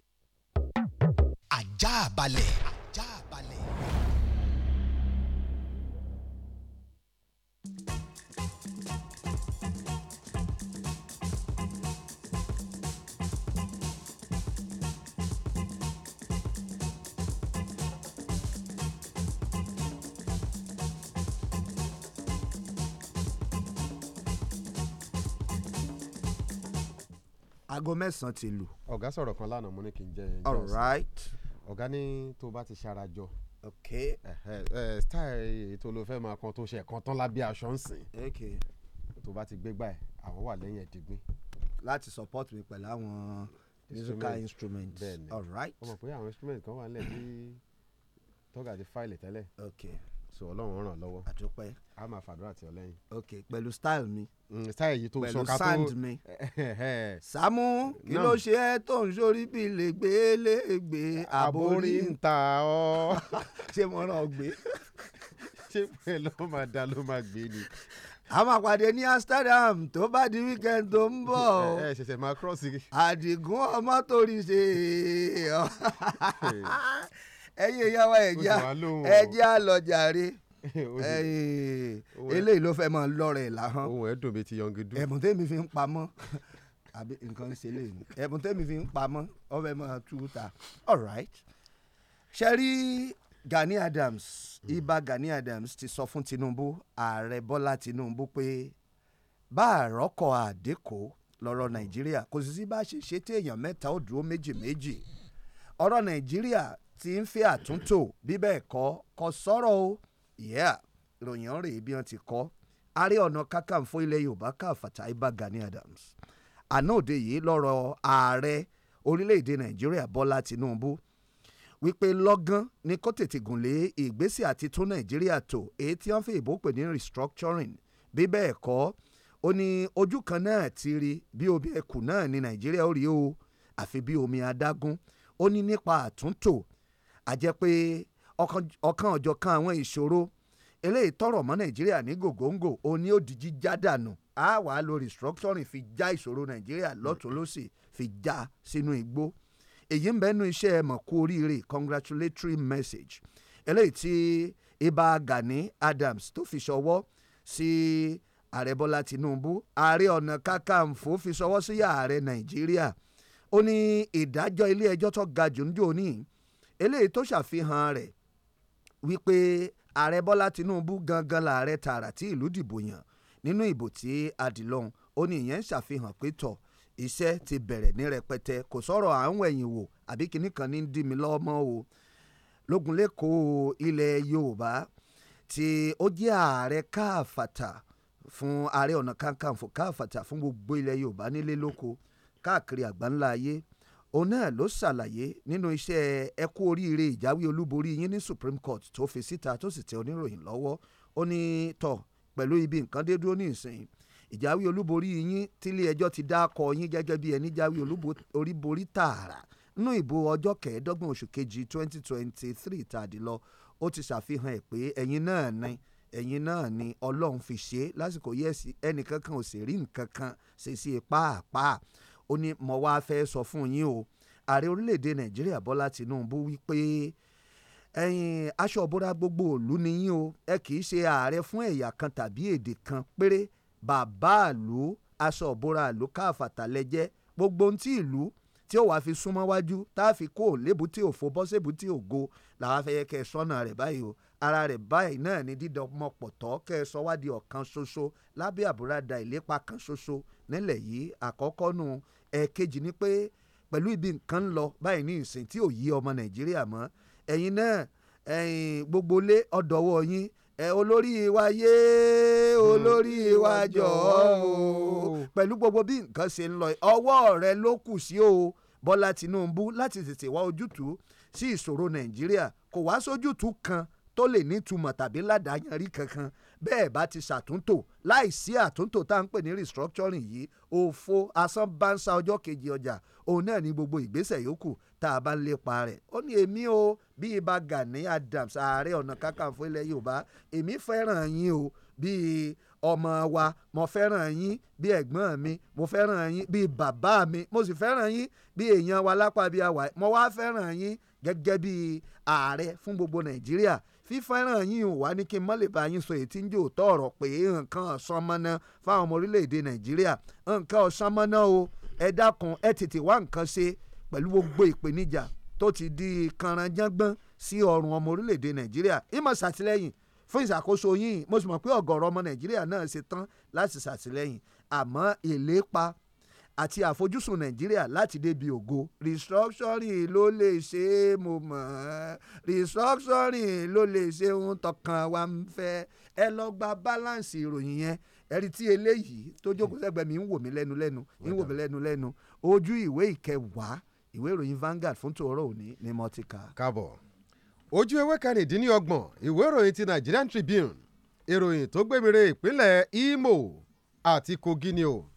ajá balẹ̀. ajá balẹ̀. aago mẹ́sàn-án ti lù. ọ̀gá sọ̀rọ̀ kan lánàá mo ní kí n jẹ́ yẹn. all right ọ̀gá ní tó bá ti ṣara jọ ok style ètò ló fẹ́ máa kan tó ṣe ẹ̀kan tán lábẹ́ aṣọ ń sìn ok tó bá ti gbégbá ẹ̀ àwọn wà lẹ́yìn ẹ̀dígbín. láti support mi pẹ̀lú àwọn musical instruments bẹ́ẹ̀ni ọmọ pé àwọn instrument kan wà nílẹ̀ tí tọ́gà ti fáìlì tẹ́lẹ̀. ok so ọlọ́run ràn lọ́wọ́. àtúpẹ́. a máa fàdúrà tí ọ lẹ́yìn. ok pẹ̀lú style mi. Mm, style yìí tó sọ ká tó pẹ̀lú sound mi. Sàámú kí ló ṣe ẹ́ tó ń sórí bíi lègbèlègbè àbórí ń ta ṣé mo ràn ọ́ gbé. ṣé pẹ̀lú ọmọ àdá ló máa gbé ni a máa pàdé ní Amsterdam tó bá di weekend tó ń bọ̀. ẹ ṣẹ̀ṣẹ̀ máa cross. àdìgún ọmọ torí ṣe é ẹ̀yin ìyá wa ẹ̀já ẹ̀já lọ́jàre eléyìí ló fẹ́ mọ lọ́rẹ̀ làhán. ohun ẹ̀ dùn bíi ti yangidu. ẹ̀bùn tèmi fi ń pamọ́ àbí nǹkan ń ṣe léyìn ẹ̀bùn tèmi fi ń pamọ́ ọ̀fẹ́ mọ́ túta all ṣe rí Gani Adams hmm. ibà Gani Adams ti sọ fún Tinubu ààrẹ Bọ́lá Tinubu pé bá àrọ́kọ̀ àdékò lọ́rọ̀ Nàìjíríà kò sì sí bá ṣe ṣe tí mẹ́ta ó dúró méjì méjì ọ̀rọ̀ Nàìjíríà tí ń fẹ́ àtúntò bí bẹ́ẹ̀ kọ́ kọ sọ́rọ̀ o ìyá ìròyìn rèé bí wọ́n ti kọ́ ààrẹ ọ̀nà kakanfò ilẹ̀ yorùbá ká Fatai bá Gani Adams àná òde yìí lọ́rọ̀ ààrẹ orílẹ̀‐èdè nàìjíríà bọ́lá tinúbú wípé lọ́gán ni kó tètè gùn lé ìgbésẹ̀ àti tún nàìjíríà tó èyí tí wọ́n fi ìbò pè ní restructuring bí bẹ́ẹ̀ kọ́ ó ní ojú kan náà ti rí bí omi ẹkùn náà ní nàìjíríà ó rí o àfi bí omi adágún ó ní nípa àtúntò àjẹ́ pé ọ̀kan ọ̀jọ̀ kan àwọn ìṣòro eléyìí tọrọ mọ́ nàìjíríà ní gògóńgò ó ní òdìjí jádànù á wàá lo restructuring fi já ìṣòro nàìjíríà lọ́tún lọ́sì fi já sínú igbó èyí ń bẹ́nu iṣẹ́ ẹ oríire congratulatory message eléyìí tí ibà Gani Adams tó fi ṣọwọ́ sí ààrẹ Bọ́lá Tinubu ààrẹ ọ̀nà kakanfò fi ṣọwọ́ sí ààrẹ nàìjíríà ó ní ìdájọ́ ilé ẹjọ́ tó ga jù ń jò níyì eléyìí tó ṣàfihàn rẹ̀ wípé ààrẹ bọ́lá tinubu gangan làárẹ̀ tààrà tí ìlú dìbò yàn nínú ìbò tí adìlọ́hún ó ní ìyẹn ń ṣàfihàn pé tọ̀ iṣẹ́ ti bẹ̀rẹ̀ ní rẹpẹtẹ kò sọ̀rọ̀ à ń wẹ̀yìn wò àbí kinní kan ní dí mi lọ́mọ́ o lógunlékòó ilẹ̀ yorùbá tí ó jẹ́ ààrẹ káàfàtà fún ààrẹ ọ̀nà kakanfò káàfàtà fún gbogbo ilẹ̀ yorùbá nílé lóko káàkiri àgbáńlá ayé òun náà ló ṣàlàyé nínú iṣẹ́ ẹ kú oríire ìjáwé olúborí yín ní Supreme Court tó fi síta tó sì tẹ oníròyìn lọ́wọ́ ó ní tọ̀ pẹ̀lú ibi nǹkan dé dúró ní ìsìn ìjáwé olúborí yín tílé ẹjọ́ ti dá akọ yín gẹ́gẹ́ bí ẹni jáwé olúborí tààrà nínú ìbò ọjọ́ kẹẹ̀ẹ́dọ́gbọ̀n oṣù kejì 2023 tàdí lọ ó ti ṣàfihàn ẹ̀ pé ẹ̀yin náà ni ẹ̀yin náà ni ọlọ́run fi ṣe lásìkò yẹ́sì ẹnìkankan ò sì rí nǹkan kan ṣe sí ipá àpá ó ní mo wá fẹ́ sọ fún yín o ààrẹ orílẹ̀-èdè nàìjíríà bọ́lá tìǹbù wípé ẹ̀yin aṣọ òbora gbogbo ìlú ni yín o ẹ kì í ṣe ààrẹ fún ẹ̀yà kan tàbí èdè kan péré bàbá ìlú aṣọ òbora ìlú káfàtà lẹ́jẹ́ gbogbo ohun tí ìlú tí ó wàá fi súnmọ́ wájú tá a fi kó lébùtì òfo bọ́sẹ̀bùtì ògo làwọn afẹ́yẹ kẹ́ ẹ sọ́nà rẹ̀ báyìí o ara rẹ̀ báyìí náà ni dídọ́mọpọ̀tọ́ kẹ́ ẹ sọ wá ọ̀kan ṣoṣo lábẹ́ àbúradà ìlépa kan ṣoṣo nílẹ̀ yìí àkọ́kọ́ nù ẹ̀ẹ̀kejì ni pé pẹ̀lú ibi nǹkan ń lọ báyìí ní ìsìn tí ò yí ọmọ nàìjíríà mọ́ ẹ̀yin náà ẹ̀yin gbogbo lé ọ̀dọ̀wọ̀ yín ẹ olórí wa yé hmm, olórí wa jọ o pẹ̀lú gbogbo bí nǹkan ṣe ń lọ ọwọ́ rẹ ló kù sí o bọ́lá tinúbú láti tètè wá ojútùú sí ìṣòro nàìjíríà kò wá sójútùú kan tó lè nítumọ̀ tàbí ládàáyanrí kankan bẹ́ẹ̀ bá ti ṣàtúntò láìsí àtúntò tá à ń pè ní restructuring yìí òfo asán báńsá ọjọ́ kejì ọjà òun náà ní gbogbo ìgbésẹ̀ yòókù tá a bá lépa rẹ̀ ó ní èmi o bí ibà Gani Adams ààrẹ ọ̀nà kakanfò ilẹ̀ Yorùbá èmi fẹ́ràn yín o bíi ọmọ wa mo fẹ́ràn yín bí ẹ̀gbọ́n mi mo fẹ́ràn yín bí bàbá mi mo sì fẹ́ràn yín bí èèyàn wa lápá bíi àwa mo wá fẹ́ràn yín gẹ́gẹ́ bí ààrẹ fún gbogbo Nàìjíríà fífẹ́ràn yín wà ní kí n mọ́ lè bá yín sọ èyí tí ń jò tọ̀rọ̀ pé nǹkan ọ̀sánmọ́ná fáwọn ọmọ orílẹ̀-èdè nàìjíríà nǹkan ọ̀sánmọ́ná o ẹ dákun ẹ tètè wá nǹkan ṣe pẹ̀lú gbogbo ìpèníjà tó ti di kànránjángbọ́n sí ọrùn ọmọ orílẹ̀-èdè nàìjíríà ìmọ̀ ṣàtìlẹ́yìn fún ìṣàkóso yín mo sì mọ̀ pé ọ̀gọ̀rọ̀ ọmọ nàìjíríà náà ṣe tán láti ṣàtìlẹ́yìn àmọ́ ìlépa àti àfojúsùn nàìjíríà láti débi ògo restructuring ló lè ṣe é mo mọ̀ ọ́n restructuring ló lè ṣe ohun tọkàn wa ń fẹ́ ẹ lọ gba balance ìròyìn yẹn ẹ̀rí tí eléyìí tó jókòó sẹ́gbẹ̀ẹ́ mi ń wò mí lẹ́nu lẹ́nu ń wò mí lẹ́nu lẹ́nu ojú ìwé ìkẹwàá ìwé ìròyìn Vanguard fún tòórọ́ òní ni mo ti kà. kábọ̀ ojú ewé kẹrìndínlọ́gbọ̀n ìwé ìròyìn ti Nigerian Tribune ìròyìn tó gbẹ̀mìrè ìpínlẹ̀ Imo àti Kogi ni o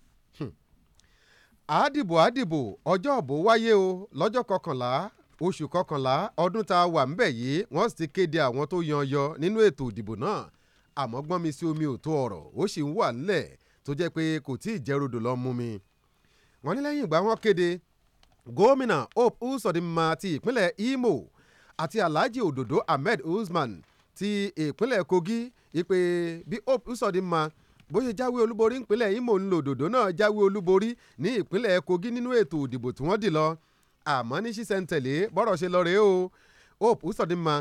àádìbò àádìbò ọjọ́ òbò wáyé o lọ́jọ́ kọkànlá oṣù kọkànlá ọdún tá a wà ńbẹ̀ yìí wọ́n sì ti kéde àwọn tó yanyọ nínú ètò ìdìbò náà àmọ́ gbọ́n mi sí omi ò tó ọ̀rọ̀ ó sì ń wà nílẹ̀ tó jẹ́ pé kò tí ì jẹ́rodò lọ mú mi. wọ́n ní lẹ́yìn ìgbà wọn kéde gómìnà Hope Uzodinma ti ìpínlẹ̀ Imo àti Alhaji Ododo Ahmed Usman ti ìpínlẹ̀ Kogi ìpè bí Hope Uzodinma bó ṣe jáwé olúborí ìpínlẹ̀ Imo ńlòdòdó náà jáwé olúborí ní ìpínlẹ̀ Kogi nínú ètò òdìbò tí wọ́n dì lọ àmọ́ ní ṣísẹ̀ntẹ̀lé bọ́rọ̀ ṣe lọ rèé o Hope Usodimma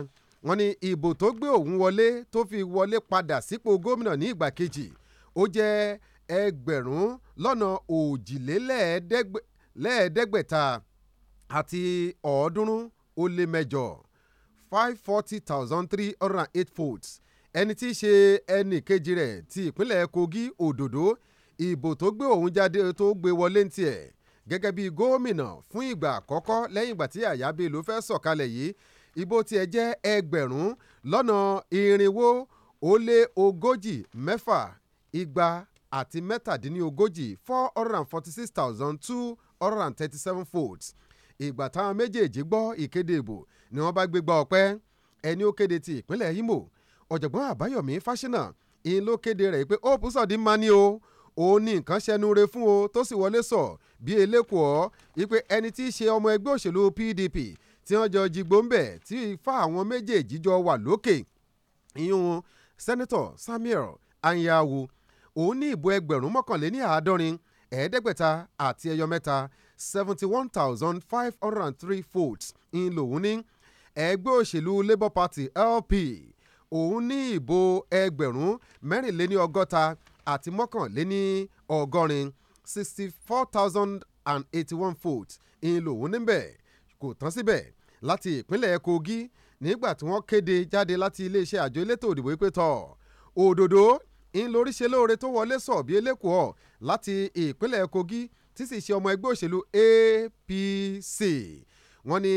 wọ́n ní ìbò tó gbé òun wọlé tó fi wọlé padà sípò gómìnà ní ìgbà kejì ó jẹ́ ẹgbẹ̀rún lọ́nà òjìlélẹ́ẹ̀ẹ́dẹ́gbẹ̀ta àti ọ̀ọ́dúnrún ó lé mẹ́jọ five forty thousand three hundred and eight votes ẹni tí í ṣe ẹnì kejì rẹ̀ ti ìpínlẹ̀ Kogi Òdòdó ìbò tó gbé òun jáde tó gbé wọlé ń tiẹ̀ gẹ́gẹ́ bí gómìnà fún ìgbà àkọ́kọ́ lẹ́yìn ìgbà tí Yahaya Bello fẹ́ sọ̀kalẹ̀ yìí ìbò tiẹ̀ jẹ́ ẹgbẹ̀rún lọ́nà irinwó ó lé ogójì mẹ́fà igba àti mẹ́tàdínlógójì four hundred and forty six thousand two hundred and thirty seven votes ìgbà táwọn méjèèjì gbọ́ ìkéde ìbò ni wọ́n bá gbégbá ọpẹ́ ẹni ó kéde ti ìpínlẹ̀ Imo ọ̀jọ̀gbọ́n àbáyọ̀mí fáṣínà ìn ló kéde rẹ̀ pé hope sọ̀dí mani o òun ní nǹkan ṣẹnure fún o tó sì wọlé sọ bí elékòó wípé ẹni tí í ṣe ọmọ ẹgbẹ́ òṣèlú PDP tí wọ́n jọ jigbó ń bẹ̀ tí ifá àwọn méjèèjì jọ wà lókè ìyún sẹ́nẹ́tọ̀ Samuel Anyanwu òun ní ìbò ẹgbẹ̀rún mọ́kànléní àádọ́rin ẹ̀ẹ́dẹ́gbẹ̀ta àti ẹyọ mẹ́ta seventy one thousand five hundred and three votes ń lòun ní ẹgbẹ́ òṣèlú Labour Party LP òun ní ìbò ẹgbẹ̀rún mẹ́rìnléní ọgọ́ta àti mọ́kànléní ọgọ́rin sixty four thousand and eighty one votes ń lòun níbẹ̀ kò tán síbẹ̀ láti ìpínlẹ̀ Kogi nígbà tí wọ́n kéde jáde láti iléeṣẹ́ àjọ elétò òdìbò yìí pé tọ̀ òdòdó ń lóríṣẹ́ lóore tó wọlé sọ̀bí elékòó láti ìpínlẹ̀ Kogi tí sì ṣe ọmọ ẹgbẹ́ òṣèlú APC wọ́n ní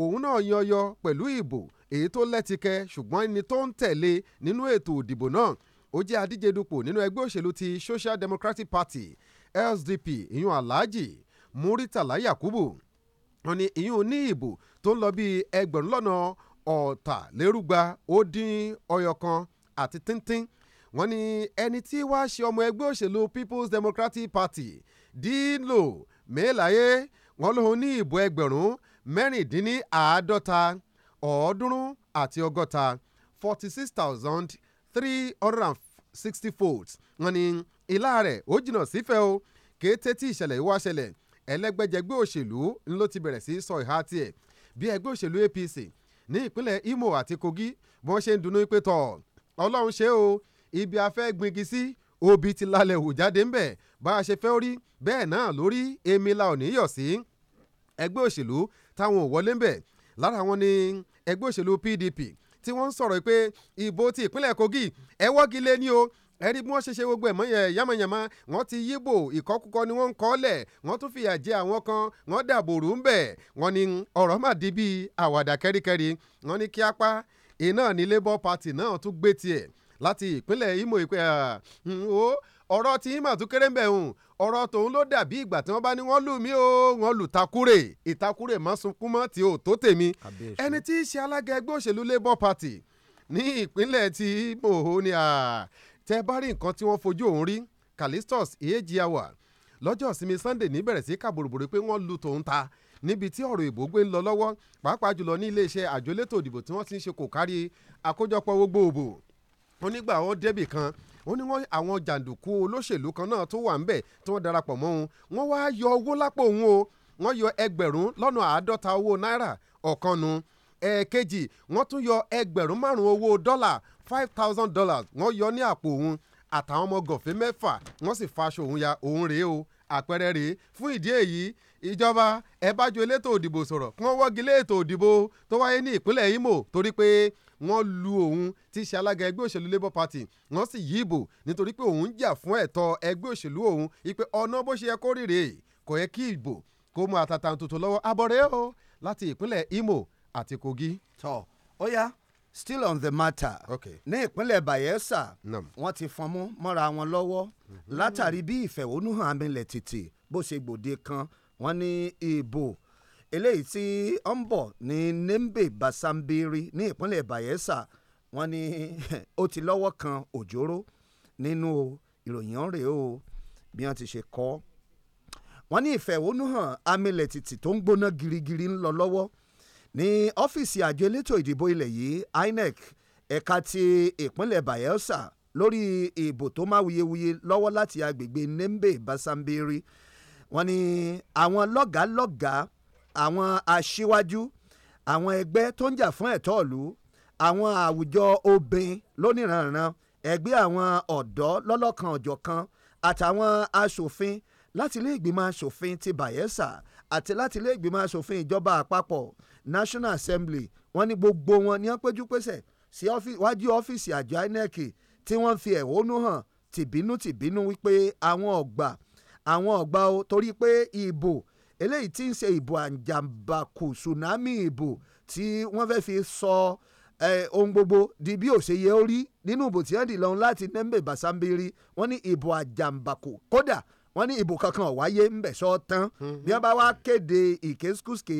òun náà yọyọ pẹ̀lú ìbò èyí tó lẹ́tìkẹ́ ṣùgbọ́n ẹni tó ń tẹ̀lé nínú ètò ìdìbò náà ó jẹ́ adíje dupò nínú ẹgbẹ́ òṣèlú ti Social Democratic Party SDP ìyún Alhaji Muritala Yakubu wọn ni ìyún ní ìbò tó ń lọ bíi ẹgbẹ̀rún lọ́nà ọ̀tàlérúgba ó dín ọyọ kan àti tíntín wọn ni ẹni tí wàá ṣe ọmọ ẹgbẹ́ òṣèlú People's Democratic Party Dino Melaye wọn lòun ní ìbò ẹgbẹ̀rún mẹ́rìndínláàádọ́ta ọ̀ọ́dúnrún àti ọgọ́ta forty six thousand three hundred and sixty volts wọ́n ní ilá rẹ̀ ó jìnnà sífẹ́ o kété tí ìṣẹ̀lẹ̀ yìí wá ṣẹlẹ̀ ẹlẹ́gbẹ́jẹgbẹ́ òṣèlú ló ti bẹ̀rẹ̀ sí sọ ìhà tiẹ̀ bí ẹgbẹ́ òṣèlú APC ní ìpínlẹ̀ Imo àti Kogi bí wọ́n ṣe ń dunú pé tọ̀ ọlọ́run ṣe o ibi afẹ́ gbingi sí obì ti lálẹ́ hù jáde ńbẹ̀ bá a ṣe fẹ́ orí bẹ́ẹ̀ náà lórí èmi la sí ẹgbẹ́ òṣèlú táwọn ò wọlé ńbẹ̀ lára wọn ni ẹgbẹ́ òṣèlú PDP tí wọ́n ń sọ̀rọ̀ pé ìbò ti ìpínlẹ̀ Kogi ẹ wọ́gi lé ní o ẹ̀rí bí wọ́n ṣe ṣe gbogbo ẹ̀mọ́ yẹn yamayama wọ́n ti yíbò ìkọkúkọ ni wọ́n ń kọ́ lẹ̀ wọ́n tún fìyà jẹ àwọn kan wọ́n dàbòrú ń bẹ̀ wọ́n ní ọ̀rọ̀ mà dí bíi àwàdà kẹ́ríkẹ́rí wọ́n ní kí apá iná ní Labour Party náà tún gbé tiẹ̀ láti ìpínlẹ̀ Imo ìpẹ́ ọ̀rọ̀ tí yín mà tún kéré ń bẹ̀ hùn ọ̀rọ̀ tòun ló dàbí ìgbà tí wọ́n bá ní wọ́n lù mí o wọ́n lù takure ìtakure mọ́ sunkún mọ́ tí ò tó tèmi ẹni tí í ṣe alága ẹgbẹ́ òṣèlú labour party ní ìpínlẹ̀ tí mòhó ni tẹ bá rí nǹkan tí wọ́n fojú òun rí Callistus Ihejiawa lọ́jọ́ ìsinmi Sunday níbẹ̀rẹ̀ sí kàbòròbòrò pé wọ́n lu tòun ta níbi tí ọ̀rọ̀ ìbò gbé ń lọ lọ́wọ́ pàápàá jùlọ ní iléeṣẹ́ àjọ elétò tí wọ́n ti ń ṣe kò kárí àkójọpọ̀ gbogbo onígbà wọn débì kan ó ní wọ́n àwọn jàǹdùkú olóṣèlú kan náà tó wà ń bẹ̀ tí wọ́n darapọ̀ mọ́ òun wọ́n wá yọ owó lápò òun o wọ́n yọ ẹgbẹ̀rún lọ́nà àádọ́ta owó náírà ọ̀kan nu ẹ̀ẹ̀kejì wọ́n tún yọ ẹgbẹ̀rún márùn owó dọ́là five thousand dollars wọ́n yọ ní àpò òun àtàwọn ọmọ gọ̀fẹ́ mẹ́fà wọ́n sì faṣọ òun ya òun rèé o àpẹẹrẹ rèé fún ìdí èyí ìjọba ẹ bá ju elétò òdìbò sọ̀rọ̀ kí wọ́n wọ́gi ètò òdìbò tó wáyé ní ìpínlẹ̀ Imo torí pé wọ́n lu òun tí í ṣe alága ẹgbẹ́ òṣèlú labour party wọ́n sì yí ìbò nítorí pé òun jà fún ẹ̀tọ́ ẹgbẹ́ òṣèlú òun ipe ọ̀nà bó ṣe yẹ kó rírè kò yẹ kí ìbò kó mú àtàtà tuntun lọ́wọ́ abọ́rẹ́ o láti ìpínlẹ̀ Imo àti Kogi. tọ́ ó yá still on the matter okay. ní ìpínlẹ̀ Bayelsa wọ́n ti fọnmú mọ́ra wọn lọ́wọ́ mhm. látàrí bí ìfẹ̀hónúhàn amílẹ̀ tètè bó ṣe gbòde kan wọ́n ní ìbò e eléyìí tí ó ń bọ̀ ní Nembe Basambiri ní ìpínlẹ̀ Bayelsa wọ́n ní ó ti lọ́wọ́ kan òjòrò nínú ìròyìn ọ̀rẹ́ o bí wọ́n ti ṣe kọ́ wọ́n ní ìfẹ̀hónúhàn amílẹ̀ tìtì tó ń gbóná girigiri ń lọ lọ́wọ́ ní ọ́fíìsì àjọ elétò ìdìbò ilẹ̀ yìí INEC ẹ̀ka ti ìpínlẹ̀ Bayelsa lórí ìbò tó má wuyewuye lọ́wọ́ láti agbègbè Nembe Basambiri wọ́n ní àwọn lọ́gàá lọ́gàá àwọn aṣíwájú àwọn ẹgbẹ́ tó ń jà fún ẹ̀tọ́ ìlú àwọn àwùjọ obìnrin lóníranran ẹgbẹ́ àwọn ọ̀dọ́ lọ́lọ́kan ọ̀jọ̀kan àtàwọn aṣòfin láti ilé ìgbìmọ̀ aṣòfin ti Bayelsa àti láti ilé ìgbìmọ̀ aṣòfin ìjọba àpapọ̀ National Assembly wọ́n ní gbogbo wọn ní wọ́n péjú pésẹ̀ sí wájú ọ́fíìsì àjọ INEC tí wọ́n fi ẹ̀hónú hàn tìbínú tìbínú wípé àwọn ọ̀gbà àwọn ọ̀gbà o torí pé ìbò eléyìí tí ń ṣe ìbò àjàǹbàkù tsunami ìbò tí wọ́n fẹ́ fi sọ ohun gbogbo di bí òṣèyẹ ó rí nínú ìbò tí wọ́n dì lọ́hùn láti nẹ́ńbẹ̀ bàṣámbírí wọ́n ní ìbò àjàǹbàkù kódà wọ́n ní ìbò kankan ò wáyé ńbẹ̀ sọ tán mhm. bí wọ́n bá wá kéde ìkéskúské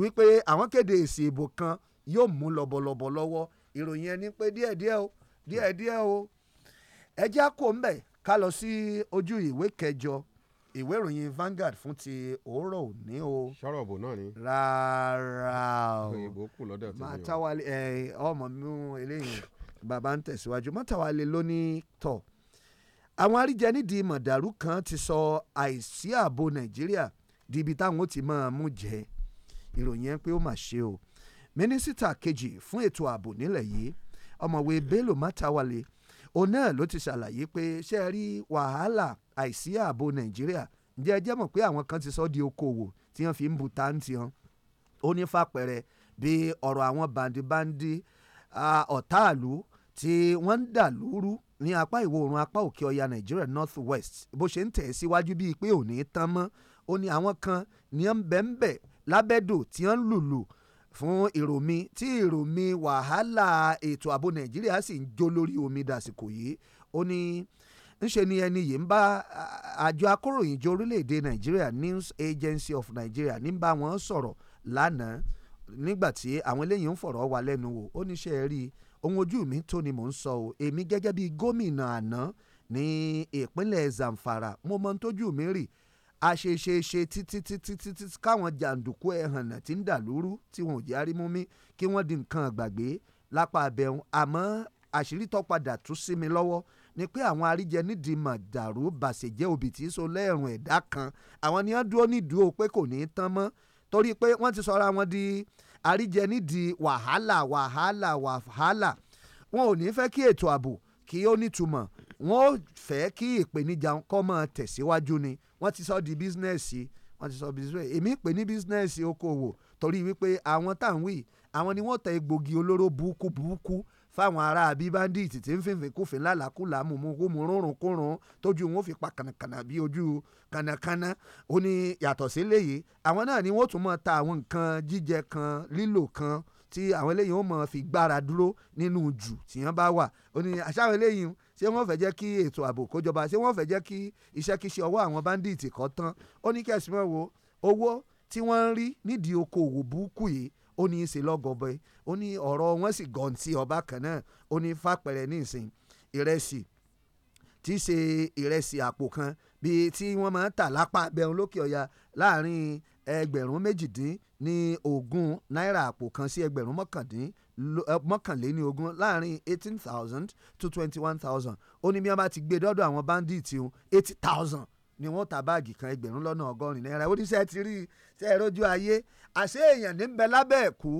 wípé àwọn kéde èsì ìbò kan yóò mú lọ́bọ̀lọ́bọ̀ lọ́wọ́ ìròyìn ẹni pé díẹ̀díẹ̀ o díẹ̀díẹ̀ o ẹ já kó ńbẹ̀ ká lọ sí ojú ìwé kẹjọ ìwé ìròyìn Vanguard fún ti òórọ̀ òní o. sọ̀rọ̀bù náà ni. rárá o òyìnbó kù lọ́dọ̀ tí mi o. màtáwálé ọmọ mi eléyìí bàbá ń tẹ̀síwájú màtáwálé ló ní tọ̀. àwọn aríjẹnídìí mọ̀dàrú kan ti sọ àìsí ààbò Nàìjíríà di ibi táwọn ó ti máa mú jẹ ìròyìn yẹn pé ó mà ṣe o mínísítà kejì fún ètò ààbò nílẹ̀ yìí ọmọwé Bello Matawalle òun náà ló ti ṣàlàyé pé ṣé ẹ rí wàhálà àìsí ààbò nàìjíríà ǹjẹ́ ẹ jẹ́ mọ̀ pé àwọn kan ti sọ di okòwò tí wọ́n fi ń bu táǹtì hàn ó ní fàpẹ̀rẹ̀ bí ọ̀rọ̀ àwọn bandibandi ọ̀táàlú tí wọ́n ń dà lóru ní apá ìwọ̀ oòrùn apá òkè ọya nàìjíríà north west bó ṣe ń tẹ̀ síwájú bíi pé òní tán mọ́ ó ní àwọn kan ní ń bẹ́ńbẹ́ lábẹ́dò tí wọ́n ń lùlù fún mi, tí mi, wàhálà ètò ààbò nàìjíríà sì ń jó lórí omi dàsìkò yìí ó ní ńṣe ni ẹni yìí ń bá àjọ akóròyìnjọ orílẹ̀-èdè nàìjíríà news agency of nigeria ní bá wọn sọ̀rọ̀ lánàá nígbà tí àwọn eléyìí ń fọ̀rọ̀ wá lẹ́nu wò ó níṣẹ́ rí ohun ojú mi tó ni mò ń sọ o èmi gẹ́gẹ́ bíi gómìnà àná ní ìpínlẹ̀ zamfara mo mọ ohun tójú mi rí àṣeṣeṣe títí títí títí káwọn jàǹdùkú ẹ̀hànnà tí ń dà lóru tí wọn ò jẹ́ arímúmí kí wọ́n di nǹkan àgbàgbé lápá abẹ́hùn àmọ́ àṣírí tó padà tú sí mi lọ́wọ́ ni pé àwọn àríjẹ nídìí màdàrú bàṣẹ̀jẹ́ òbí tí so lẹ́ẹ̀rùn ẹ̀dá kan àwọn ni wọ́n dúró nídùú pé kò ní í tán mọ́ torí pé wọ́n ti sọra wọn di àríjẹ nídìí wàhálà wàhálà wàhálà wọn ò ní fẹ́ kí ètò ààbò kí ó nítumọ̀ wọ́n ò fẹ́ kí ìpèníjà kọ́ máa tẹ̀síwájú ni wọ́n ti sọ di bísínẹ́sì wọ́n ti sọ bísínẹ́sì èmi pè ní bísínẹ́sì okòwò torí wípé àwọn tá à ń wí àwọn ni wọ́n tẹ egbògi olóró burúkú burúkú fáwọn ará àbí báńdíìtì tí ń fìfín kúfin lálàkúlà mùmùkúmù rúnrún kúrún tójú wọn fi pa kànàkànà bí ojú kànàkànà ó ní yàtọ̀ sí léyìí àwọn náà ni wọ́n tún mọ̀ ta àwọn nǹkan jíjẹ kan lílò kan tí àwọn eléyìí ó mọ̀ fi gbára dúró nínú jù tí wọ́n bá wà ó ní àṣà àwọn eléyìí ṣé wọ́n fẹ́ jẹ́ kí ètò ààbò kójọba ṣé wọ́n fẹ́ jẹ́ kí iṣẹ́kíṣẹ́ ọwọ́ àwọn báńdíìtì kọ́ tán ó ní kẹ̀sì mọ́ wo owó tí wọ́n ń rí nídìí okòwò burúkú yìí ó ní í ṣe lọ́gọ̀bẹ ó ní ọ̀rọ̀ wọn sì gọ̀ǹtì ọba kan náà ó ní fàpẹ̀rẹ̀ nísìn ìrẹsì tí í ṣe ìrẹsì àpò kan bíi tí wọ́n máa ń tà lápá abẹ́hùn lókè ọ̀yà láàrin ẹgbẹ̀rún méjìdín ní ogún náírà àpò kan sí ẹgbẹ̀rún mọ́kàndín mọ́kànléní ogún láàrin eighteen thousand to twenty one thousand ó ní bí wọ́n bá ti gbé dọ́dọ̀ àwọn bandit hun eighty thousand ni wọ́n ta báàgì kan ẹgbẹ̀rún lọ́nà ọgọ́rin náírà ó ní sẹ́ẹ̀ ti rí sẹ́ẹ̀ rójú ayé àṣé èèyàn ní ń bẹ lábẹ́ ẹ̀kú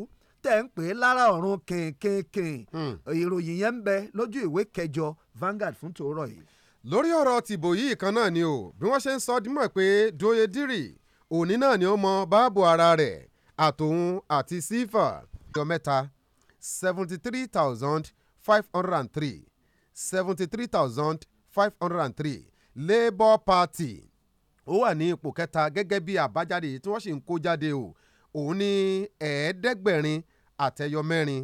tẹ̀ ń pè é lára ọ̀run kìnkìnkìn hmm. ìròyìn yẹn ń bẹ lójú ìwé kẹjọ Vanguard fún tòórọ̀ yìí. lórí ọ̀rọ̀ tìbò yìí kan náà ni o bí wọ́n ṣe ń sọ dímọ̀ pé Doye Diri òní náà ni ó mọ báàbò ara rẹ̀ àtòun àti sífà ọjọ́ mẹ́ta seventy three thousand five hundred and three seventy three thousand five hundred and three labour party ó wà ní ipò kẹta gẹ́gẹ́ bí àbájáde yìí tí wọ́n sì ń kó jáde o òun ní ẹ̀ẹ́dẹ́gbẹ̀rin àtẹyọmẹ́rin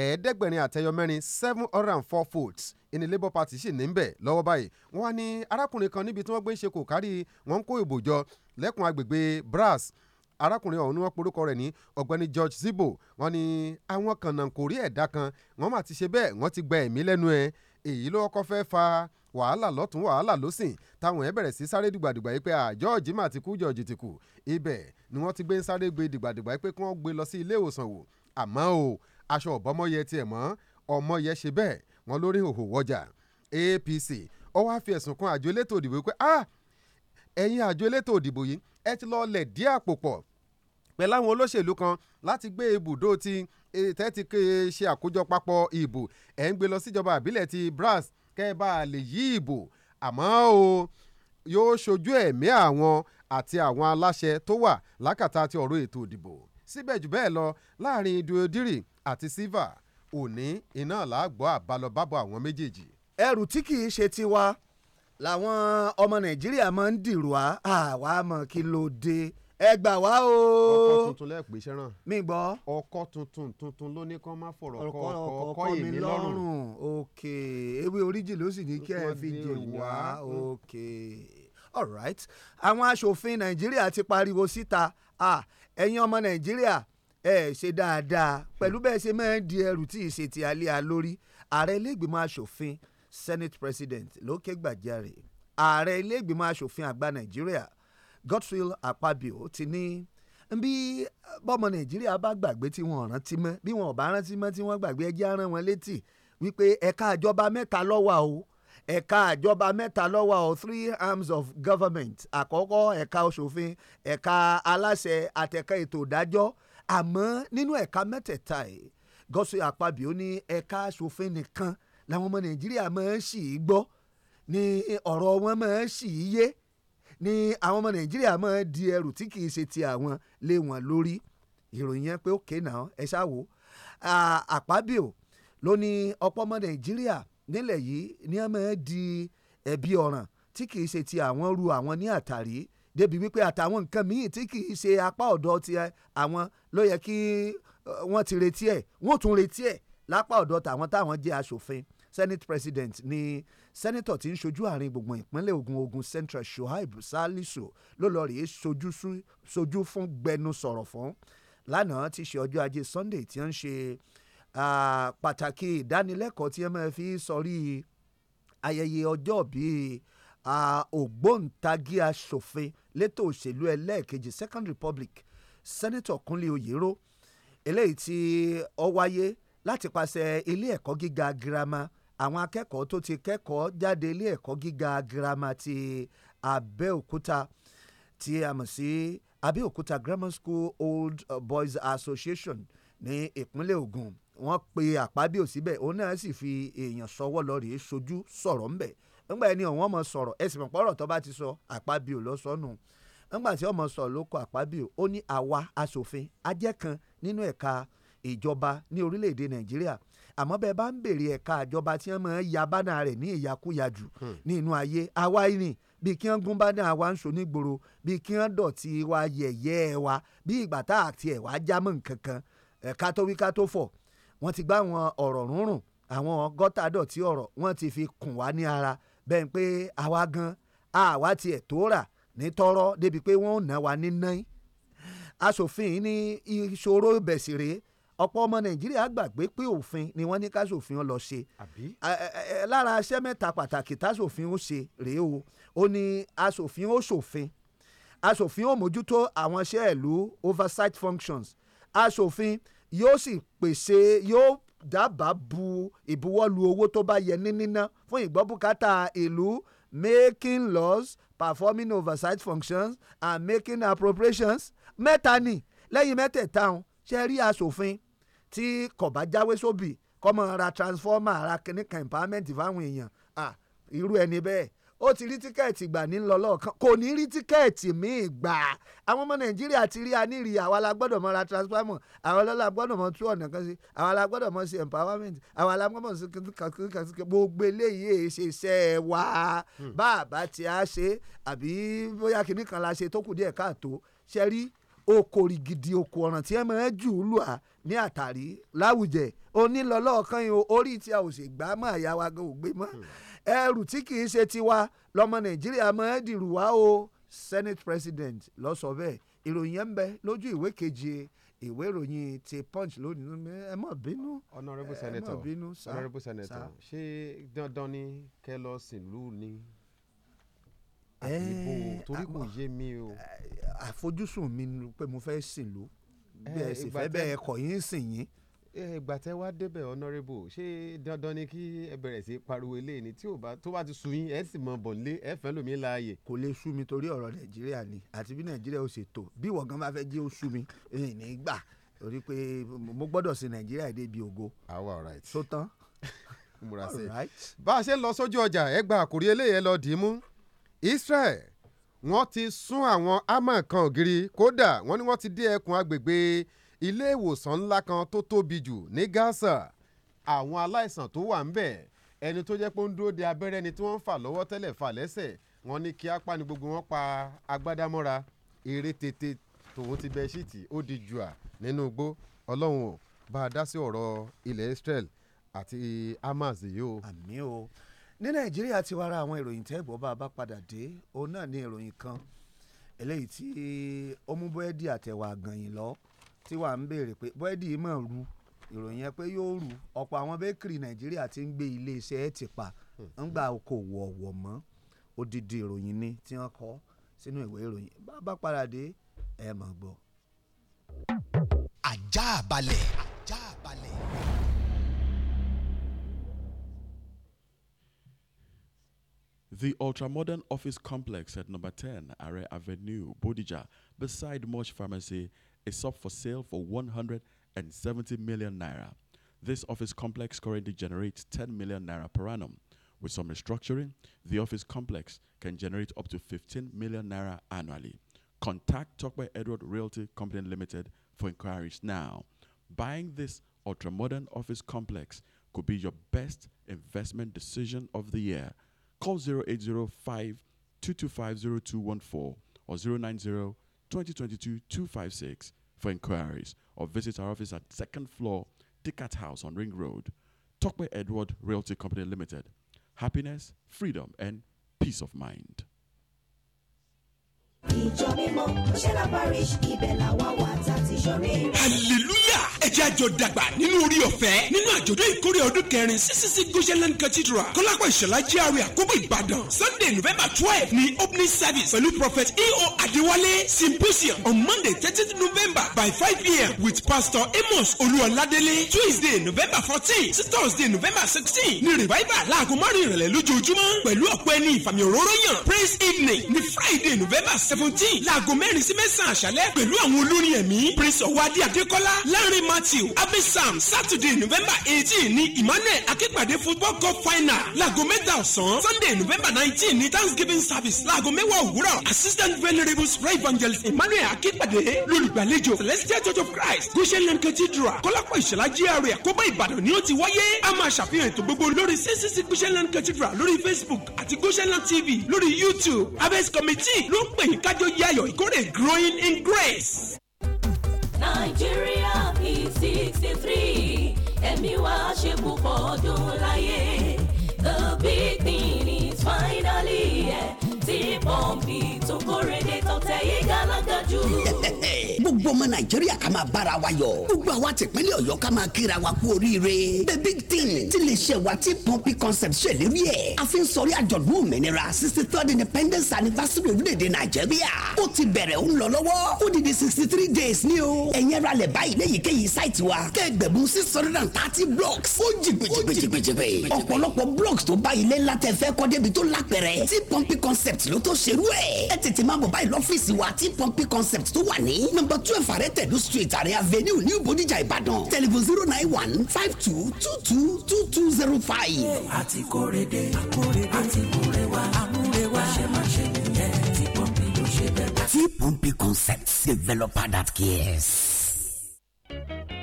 ẹ̀ẹ́dẹ́gbẹ̀rin àtẹyọmẹ́rin seven hundred and four votes ìní labour party sì níbẹ̀ lọ́wọ́ báyìí wọ́n á ní arákùnrin kan níbi tí wọ́n gbé ń ṣe kò kárí wọ́n ń kó ìbò jọ lẹ́kùn agbègbè brass arákùnrin ọ̀hún ni wọ́n porúkọ rẹ̀ ní ọ̀gbẹ́ni George Zibo wọ́n ní àwọn kànáńkórí ẹ̀dá kan wọ́n mà ti ṣe bẹ́ẹ̀ wọ́n ti gba ẹ̀mí lẹ́nu ẹ̀ èyí ló kọ́ fẹ́ fa wàhálà lọ́tún wàhálà lọ́sìn táwọn ẹ̀ bẹ̀rẹ̀ sí sáré dìgbàdìgbà yìí pé à George mà ti kú George ti kú ibẹ̀ ni wọ́n ti gbé ń sáré gbé dìgbàdìgbà yìí pé kí wọ́n gbé lọ sí ilé ìwòsàn wò àmọ́ o aṣọ ọ̀bọ́mọyẹ tiẹ̀ mọ́ ọmọyẹ ṣe bẹ́ẹ̀ wọ́n lórí hòhò wọjà APC ó wá fi ẹ̀sùn kan àjọ elétò òdìbò pé ah ẹ̀yin àjọ elétò òdìbò yìí ẹ ti lọ lẹ̀ dí àpò pọ̀ pẹ̀lú àwọn olóṣèlú kan láti gbé ibùdó ti e, tẹ́tí ṣe àkójọ papọ̀ ìbò ẹ̀ ń gbé lọ síjọba àbílẹ̀ ti brass kẹ́ ẹ bá a lè yí ìbò àmọ́ o yóò ṣojú ẹ̀mí àwọn àti àwọn aláṣẹ tó wà lákàtà ti ọ̀rọ̀ ètò òdìbò síbẹ̀ jù bẹ́ẹ̀ lọ láàrin Diodiri àti Silva òní iná làá gbọ́ àwọn méjèèjì. ẹrù tí kì í ṣe tiwa làwọn ọmọ nàìjíríà máa ń dìrò á àwa mọ̀ kí ló dé ẹ gbà wá o. ọkọ tuntun lẹ́ẹ̀pẹ́ sẹ́ràn. mi gbọ́. ọkọ tuntun tuntun ló ní kán má fọ̀rọ̀ kọ ọkọ èmi lọ́rùn. ok ewé oríjì ló sì ní kí ẹ fi jẹ wá ok all right àwọn aṣòfin nàìjíríà ti pariwo síta ẹ̀yin ọmọ nàìjíríà ẹ ṣe dáadáa pẹ̀lú bẹ́ẹ̀ ṣe máa ń di ẹrù tí ì ṣe ti alẹ́ a lórí ààrẹ ilé ìgbìmọ̀ aṣòfin senate president ló ké gbàjarè ààrẹ ilé ìgbìmọ̀ asòfin àgbà nàìjíríà Godswill Akpabio ti ní bí bọ́mọ nàìjíríà bá gbàgbé tí wọ́n rántí mọ́ bí wọ́n ò bá rántí mọ́ tí wọ́n gbàgbé ẹjẹ́ rán wọn létí wípé ẹ̀ka àjọba mẹ́ta ló wà o ẹ̀ka àjọba mẹ́ta ló wà o three arms of government àkọ́kọ́ ẹ̀ka òṣòfin ẹ̀ka aláṣẹ àtẹ̀ka ètò ìdájọ́ àmọ́ nínú ẹ̀ka mẹ́tẹ̀ẹ̀ta ẹ̀ Godswill Akpabio ní ẹ̀ka aṣòfin nìkan làwọn ọmọ nàìjíríà máa ń sì í gbọ́ ni ọ̀rọ̀ wọn máa ń sì í yé ni àwọn ọmọ nàìjíríà máa di ẹrù tí kì í ṣe ti àwọn lé wọn lórí ìròyìn yẹn pé ó kéènà ẹ ṣáwo àpábíò ló ní ọ̀pọ̀ ọmọ nàìjíríà nílẹ̀ yìí ni wọ́n máa di ẹ̀bi ọ̀ràn tí kì í ṣe ti àwọn ru àwọn ní àtàrí débi wípé àtàwọn nǹkan míì tí kì í ṣe apá ọ̀dọ̀ ti àwọn ló yẹ kí wọ́n ti retí ẹ̀ wọ́n tún retí ẹ̀ lápá ọ̀dọ̀ tàwọn táwọn jẹ́ aṣòfin senate president ni sẹ́nẹ́tọ̀ tí ń ṣojú àárín gbùngbùn ìpínlẹ̀ Ògùn Ògùn Central Shoaib Salisu ló lọ́ọ́ rèé ṣojú fún gbẹnusọ̀rọ̀ fún lánàá ti ṣe ọjọ́ ajé Sunday tí ń ṣe pàtàkì ìdánilẹ́kọ̀ọ́ tí ẹ máa fi sọrí ayẹyẹ ọjọ́ bíi ògbóǹtagì aṣòfin létò òṣèlú ẹlẹ́ẹ̀kejì Second Republic Sẹ́nẹ́tọ̀ Kúnlé Oyèrò eléyìí tí ó wáyé láti pàṣẹ ilé ẹ̀kọ́ gíga girama àwọn akẹ́kọ̀ọ́ tó ti kẹ́kọ̀ọ́ jáde ilé ẹ̀kọ́ gíga girama ti Abẹ́òkúta tí a mọ̀ sí Abẹ́òkúta Grammar School Old Boys Association ní ìpínlẹ̀ Ògùn wọ́n pe àpábíò síbẹ̀ òun náà sì fi èèyàn sọwọ́ lọ rèé sojú sọ̀rọ̀ ńbẹ̀ ńgbà ẹni ọ̀hún ọmọ sọ̀rọ̀ ẹ̀sìn mọ̀pọ̀ ọ̀rọ̀ tó bá ti sọ àpábíò lọ́sọ̀nù ńgbà tí ọmọ sọ̀rọ̀ ló kọ àpábíò ó ní àwa aṣòfin ajẹ́ kan nínú ẹ̀ka ìjọba ní orílẹ̀-èdè Nàìjíríà àmọ́ bẹ́ẹ̀ bá ń béèrè ẹ̀ka àjọba tí wọ́n máa ń ya bánà rẹ̀ ní ìyakuya jù hmm. ní inú ayé àwa ìní bí kí wọ́n gún bánà wa ń sọ nígboro bí kí wọ́n dọ̀tí wa yẹ̀yẹ́ wa bí ìgbà tá àti ẹ̀ wá jámọ́ nǹkan kan ẹ̀ka tó wí ká tó fọ̀ wọ́n ti gbá àwọn ọ̀rọ̀ rúnrùn àwọn gọ́tà dọ̀tí ọ̀rọ̀ wọ́n ti fi kùn wá ní ara bẹ́ẹ̀ pé àwa gan àwa tiẹ̀ tó rà ní tọ́rọ́ débi pé wọ́n ò ná wa ní náí aṣòfin ní ìṣòro bẹ̀sìrè ọ̀pọ̀ ọmọ nàìjíríà gbàgbé pé òfin ni wọ́n ní káṣòfin lọ ṣe lára aṣẹ́ mẹ́ta pàtàkì táṣòfin ó ṣe rèé o ó ní aṣòfin ó ṣòfin aṣòfin ó mójútó àwọn iṣẹ́ ìlú oversight functions aṣòfin yóò sì pèsè yóò dábàá bu ìbuwọ́lù owó tó bá yẹ ní níná fún ìgbọ́bùkátà ìlú making laws performing oversight functions and making appropriations mẹ́ta ni lẹ́yìn mẹ́tẹ̀ẹ̀ta ṣe rí aṣòfin tí kò bá jáwé sóbì kó máa ra transformer ra kìnnìkan empowerment fáwọn èèyàn ah irú ẹni bẹ́ẹ̀ ó ti rí tíkẹ́ẹ̀tì gbà ní lọ́lọ́ọ̀kan kò ní rí tíkẹ́ẹ̀tì míì gbà àwọn ọmọ nàìjíríà ti rí anírì àwa la gbọ́dọ̀ mọ ra transformer àwa la gbọ́dọ̀ mọ tú ọ̀nà kan sí àwa la gbọ́dọ̀ mọ sí empowerment àwa la gbọ́dọ̀ mọ sí kàkíkàkíkà gbogbo eléyìí ṣe iṣẹ́ wa hmm. bá a bá ti a ṣe àbí bóyá oko rigidi oko ọ̀ràn tí ẹ mọ̀ ẹ́ jù ú lù á ní àtàrí láwùjẹ onílọ́lọ́ọ̀kan yìí orí tí a ò sì gbá mọ́ àyà wa gan ògbé mọ́ hmm. ẹrù tí kì í ṣe tiwa lọ́mọ nàìjíríà mọ̀ ẹ́ dìrù wá o senate president ló sọ bẹ́ẹ̀ ìròyìn ẹ̀ ń bẹ lójú ìwé keje ìwé ìròyìn ti punch lónìí ẹ má bínú honourable senator honourable senator ṣé dandan ni kẹ́ lọ sílùú ni àbíbò torí kò yé mi o. àfojúsùn mi ni pé mo fẹ́ sìn ló bẹ́ẹ̀ sì fẹ́ bẹ́ẹ̀ kọ̀ yín sìn yín. ìgbà tẹ wá débẹ̀ honourable ṣé dandan ni kí ẹ bẹ̀rẹ̀ sí pariwo eléyìí ni tí ò bá tó bá ti sú yín ẹ sì mọ bọ̀ nílé ẹ fẹ́ lómi láàyè. kò lè sú mi torí ọ̀rọ̀ nàìjíríà ni àti bí nàìjíríà ó ṣe bí ìwọ gan bá fẹ́ jẹ́ ó sú mi ní gbà torí pé mo gbọ́dọ̀ sí nàìjíríà débi ògo. àwa ah, alright. tó tán. múra sí i bá a ṣe ń lọ sójú ọjà ẹ gba àkórí eléyìí ẹ lọ dì í mú. Israel wọ́n ti sún àwọn àmọ́ kan ògiri kódà wọ́n ní wọ́n ti dé ẹkùn agbègbè ilé ìwòsàn ńlá kan tó tóbi jù ní Gaza àwọn aláìsàn tó wà ń bẹ̀ ẹni tó jẹ́ pé ó ń dúró de abẹ́rẹ́ ni tí wọ́n ń fà lọ́wọ́ tẹ́lẹ̀ fà lẹ́sẹ̀ wọ́n ní kí apá ni gbogbo wọn pa agbádámọ́ra eré tètè tòun ti bẹ ṣíìtì ó di jùà nínú igbó ọlọ́run ò bá a dá sí ọ̀rọ̀ ilẹ̀ Israel àti Hamas yìí o. àmì o ní nàìjíríà ti wára àwọn ìròyìn tẹ́gbọ́ bá a bá padà dé òun náà ní ìròyìn kan eléyìí tí ó mú búrẹ́dì àtẹ̀wà àgànyìn lọ tí wàá ń béèrè pé búrẹ́dì yìí máa ru ìròyìn yẹn pé yóò ru ọ̀pọ̀ àwọn bẹ́kìrì nàìjíríà ti ń gbé iléeṣẹ́ ẹ̀ ti pa hmm. ń gba okòwò ọ̀wọ̀ mọ́ odidi ìròyìn ni tí wọ́n kọ sínú ìwé ìròyìn bá a bá padà dé ẹ̀ mọ̀ gbọ́. àjà balẹ̀ àjà balẹ̀ The ultra modern office complex at number 10 Are Avenue, Bodija, beside Mosh Pharmacy, is up for sale for 170 million naira. This office complex currently generates 10 million naira per annum. With some restructuring, the office complex can generate up to 15 million naira annually. Contact Talk by Edward Realty Company Limited for inquiries now. Buying this ultra modern office complex could be your best investment decision of the year call 0805 225 0214 or 090 2022 256 for inquiries or visit our office at second floor Dickert House on Ring Road, by Edward Realty Company Limited. Happiness, freedom, and peace of mind. ẹ àjọ dàgbà nínú orí ọ̀fẹ́ nínú àjọ̀dún ìkórè ọdún kẹrin ccc goshenland cathedral kọ́lápọ̀ ìṣọ̀lá jr àkóbò ìbàdàn sunday november twelve ni opening service pẹ̀lú prophet eo adewale symposium on monday thirteenth november by five pm with pastor amos olúwaladélé tuesday november fourteen sí thursday november sixteen ni revival láago márùn ìrẹ̀lẹ̀ lójoojúmọ́ pẹ̀lú ọ̀pọ̀ ẹni ìfàmì òróró yàn praise evening ni friday november seventeen láago mẹ́rin sí mẹ́sàn-án àṣálẹ́ pẹ̀lú àwọn olórin ẹ̀mí prince ọwọ́ adé adékọ́lá láàrin ma matthew abisam saturday november eighteen ní emmanuel akípàdé football cup final láago mẹ́ta ọ̀sán sunday november nineteen ní thanksgiving service láago mẹ́wàá òwúrọ̀ assistant venerable spray evangelist emmanuel akípàdé lólùgbàlejò celestial church of christ goshenland cathedral kọ́lápọ̀ ìṣẹ̀lá gra àkóbá ìbàdàn ni ó ti wáyé a máa ṣàfihàn ètò gbogbo lórí ccc goshenland cathedral lórí facebook àti goshenland tv lórí youtube harvest committee ló ń pè yín kájọ yayọ̀ ìkórè growing in grace. Nigeria. sixty three ẹ̀mí wa ṣe púpọ̀ ọdún láyé the big thing is finally ẹ̀ eh, tí pọ́ǹpì tó kórè dé. ọ̀tẹ̀ yìí galaga jù. gbogbo ọmọ nàìjíríà ká máa bára wa yọ̀ gbogbo àwa tìpínlẹ̀ ọ̀yọ́ ká máa kíra wa kú oríire the big thing ti lè ṣe wa ti pọ́ńpì concept ṣèlérí ẹ̀ a fi ń sọrí àjọ̀dún òmìnira sixty third independence anniversary orílẹ̀-èdè nàìjíríà ó ti bẹ̀rẹ̀ ó ń lọ lọ́wọ́ ó di di sixty three days ní o ẹ̀yẹ́ ra lẹ̀ báyìí léyìíkéyìí sáìtì wa kẹ́gbẹ̀bùn six hundred and thirty blocks ó jì gbèjìgbèjìgbè ọ̀pọ̀lọpọ̀ blocks tó bá ilé ńlá tẹ fẹ́ kọ́ débi tó lápẹ̀rẹ̀ tí pọ́ńpì concept ló tó ṣerú ẹ̀ ẹ̀ tètè má bọ̀ báyìí ọ́fíìsì wa tí pọ́ńpì concept tó wà ní number twelve àrẹ tẹ̀lú street àrẹ avenue new bodijà ìbàdàn telephone zero nine one five two two two two two zero five. a ti kórè dé a ti múre wá a múre wá ṣe má ṣe nìyẹn tí pọ́ńpì ló ṣe bẹ́ẹ̀. tí pọ́ńpì concept developer that cares.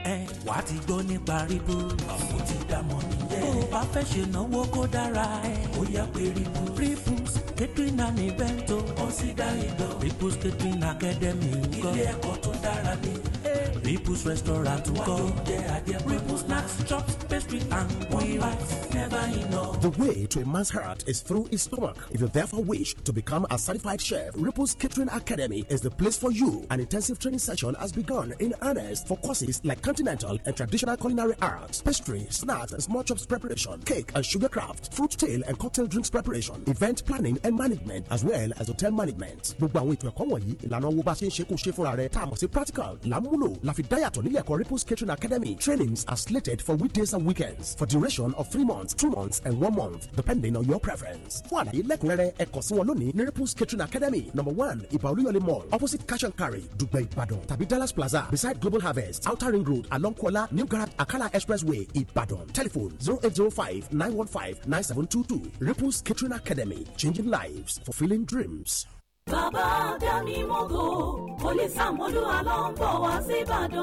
ẹ wàá ti gbọ́ nípa ríbu àwọn ti dá mọ́ nìyẹn. bó o bá fẹ́ ṣe náwó kó dára ẹ̀ ó yẹ pé ríbu ríbu Catering Academy restaurant snacks chops pastry and never enough. The way to a man's heart is through his stomach. If you therefore wish to become a certified chef, Ripples Catering Academy is the place for you. An intensive training session has begun in earnest for courses like continental and traditional culinary arts, pastry, snacks and small chops preparation, cake and sugar craft, fruit tail and cocktail drinks preparation, event planning and time management as well as hotel management. gbogbo àwọn ètò ẹ̀kọ́ wọ̀nyí ìlànà owó bá ṣe ń ṣe kó ṣe fúnra rẹ̀ tá a mọ̀ sí practical làmúlò la fi dáyàtọ̀ nílé ẹ̀kọ́ Ripples Catering Academy trainings are slated for weekdays and weekends for duration of three months two months and one month depending on your preference. fún àlàyé lẹ́kùnrẹ́rẹ́ ẹ sí wọn lónìí ní Ripples Catering Academy number one ìbà olúyọ̀lé mall opposite cash and carry dùgbẹ̀ Ìbàdàn tàbí Dallas Plaza beside Global Harvest outer ring road along Kuala new garage Akala expressway Ìbàdàn telephone zero eight zero five nine one five nine seven two two Ripples Catering Academy changing life lives, fulfilling dreams. Bàbá Dami Mogo, Olè Alọ́ńbọ̀ wá sí Ìbàdàn.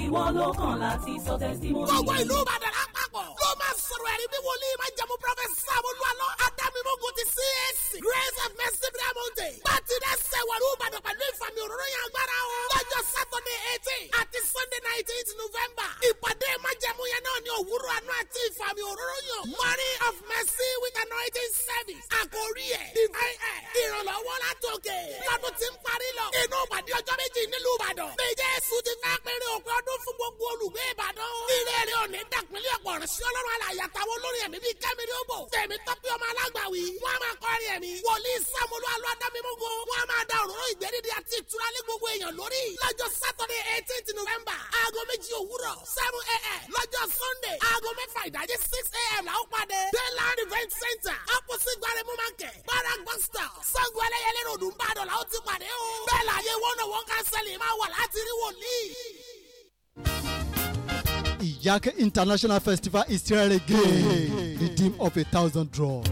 Ìwọ ló kàn láti sọ tẹ́símọ́nì. Gbogbo ìlú Ìbàdàn lápapọ̀ ló máa sọ̀rọ̀ ẹ̀rí bí wòlíì máa jẹ̀mú Prọfẹ̀sì Sàmúlò Alọ́ mi rogun ti CAC Grace of Mercy Diamond Day. Bàtí náà ṣẹ̀ wọ̀lú Ìbàdàn pẹ̀lú ìfàmì òróró yẹn agbára o. Lọ́jọ́ Sátọ́dẹ̀ eighteen àti Sunday night, nineteen November. Ìpàdé májẹ̀mú yẹn náà ni òwúrọ̀ àná àti ìfàmì òróró yàn. Morning of Mercy with anointing service. Àkórí ẹ̀ divine ẹ̀ ìrànlọ́wọ́ látòkè. Lọ́dún ti ń parí lọ. Inú ìpàdé ọjọ́ méjì nílùú Ìbàdàn. Bèjẹ́sù ti fẹ́ péré òpin ọdún fún gbogbo olùgbé Ìbàdàn. Ilé rẹ̀ ò ní dàpínlẹ̀ ọ̀pọ̀ ọ̀rẹ́ sí ọlọ́run àlàyé àtàwọn olórin ẹ̀mí bíi Kẹ́mi ni ó bò. Tẹ̀mí tọ́pẹ́ ọmọ alágbà aláwi. wọ́n á máa kọrin ẹ̀mí. wòlíì sàmúlò alọ́dámímúgo. wọ́n á máa da òróró ìgbẹ́dídì àti ìtura gbogbo èèyàn lórí. lọ́jọ́ sátọ́dẹ̀ eighteenth november aago méjì òwúrọ̀ seven a.m. lọ́jọ́ sunday aago mẹ́fà ìdájí six a.m. làwọn pàdé. dayland event center opposite gbaremu market barak sango ẹlẹ́yẹlé ròdù ń bàdàn làwọn ti pàdé o. bẹ́ẹ̀ láyé wọ́n wọ́n kánsẹ́lì International Festival is here again, the theme of a thousand draw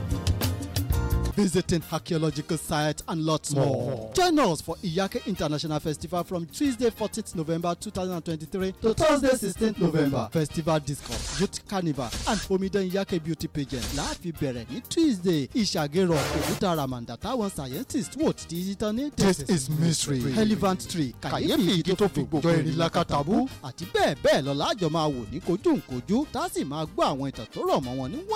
visiting archaeological sites, and lots more. more. Join us for Iyake International Festival from Tuesday 14th November 2023 to Thursday 16th November. Festival Discourse, Youth Carnival, and Omidan Iyake Beauty Pageant láàfi bẹ̀rẹ̀ ní Tuesday. Ìṣàgérò Òkúta Ramanda táwọn scientists wò títí tán ní. This is mystery. Elephant tree, kàyéfì igi tó fi gbòòrò ìrìlá kàtàbù. Àti bẹ́ẹ̀ bẹ́ẹ̀ lọ láàjọ máa wò ní kojú nkojú tá a sì máa gbọ́ àwọn ìtàn tó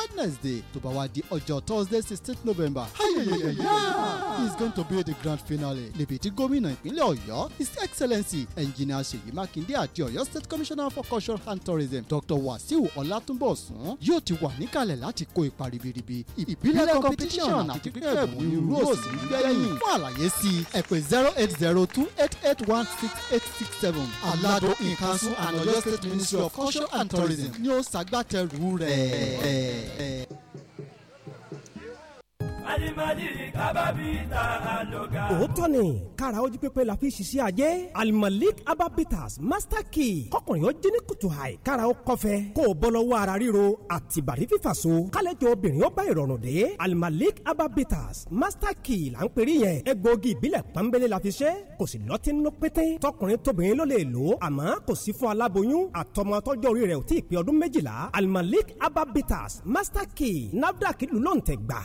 Wednesday tó bá wá di ọjọ́ Thursday 16th November wa is going to be the grand finale níbi tí gómìnà ìpínlẹ̀ ọ̀yọ́ his excellency engineer ṣèyí mákindé àti ọ̀yọ́ state commissioner for culture and tourism dr wasiu ọlátúnbọ̀sún yóò ti wà níkàlẹ̀ láti kó ipa ribiribi ìbílẹ̀ competition àti pípẹ́ ẹ̀bùn irú òsì gbẹ̀yìn fún àlàyé sí ẹ pè zero eight zero two eight eight one six eight six seven alado in council and ọ̀yọ́ state ministry of culture and tourism ni ó ṣagbátẹrù rẹ̀. Alimadi kababita aloga. òótọ́ ni kára ojú pépé la fi ṣiṣẹ́ ajé alimalik ababitas master key kọkùnrin ó jí ní kùtù àì kára ó kọfẹ kó o bọ́ lọ́wọ́ ara ríro àti bàrí fífà so kálẹ̀jọ obìnrin ó bá ìrọ̀rùn dé alimalik ababitas master key là ń perí yẹn egbòogi ìbílẹ̀ pọ́nbélé la fi ṣe kò sì lọ́tí nínú pété tọkùnrin tóbìnrin ló lè lò àmọ́ kò sí fún aláboyún àtọmọ tọjọ́ orí master key nafdac lulọ̀ǹtẹ̀ gbà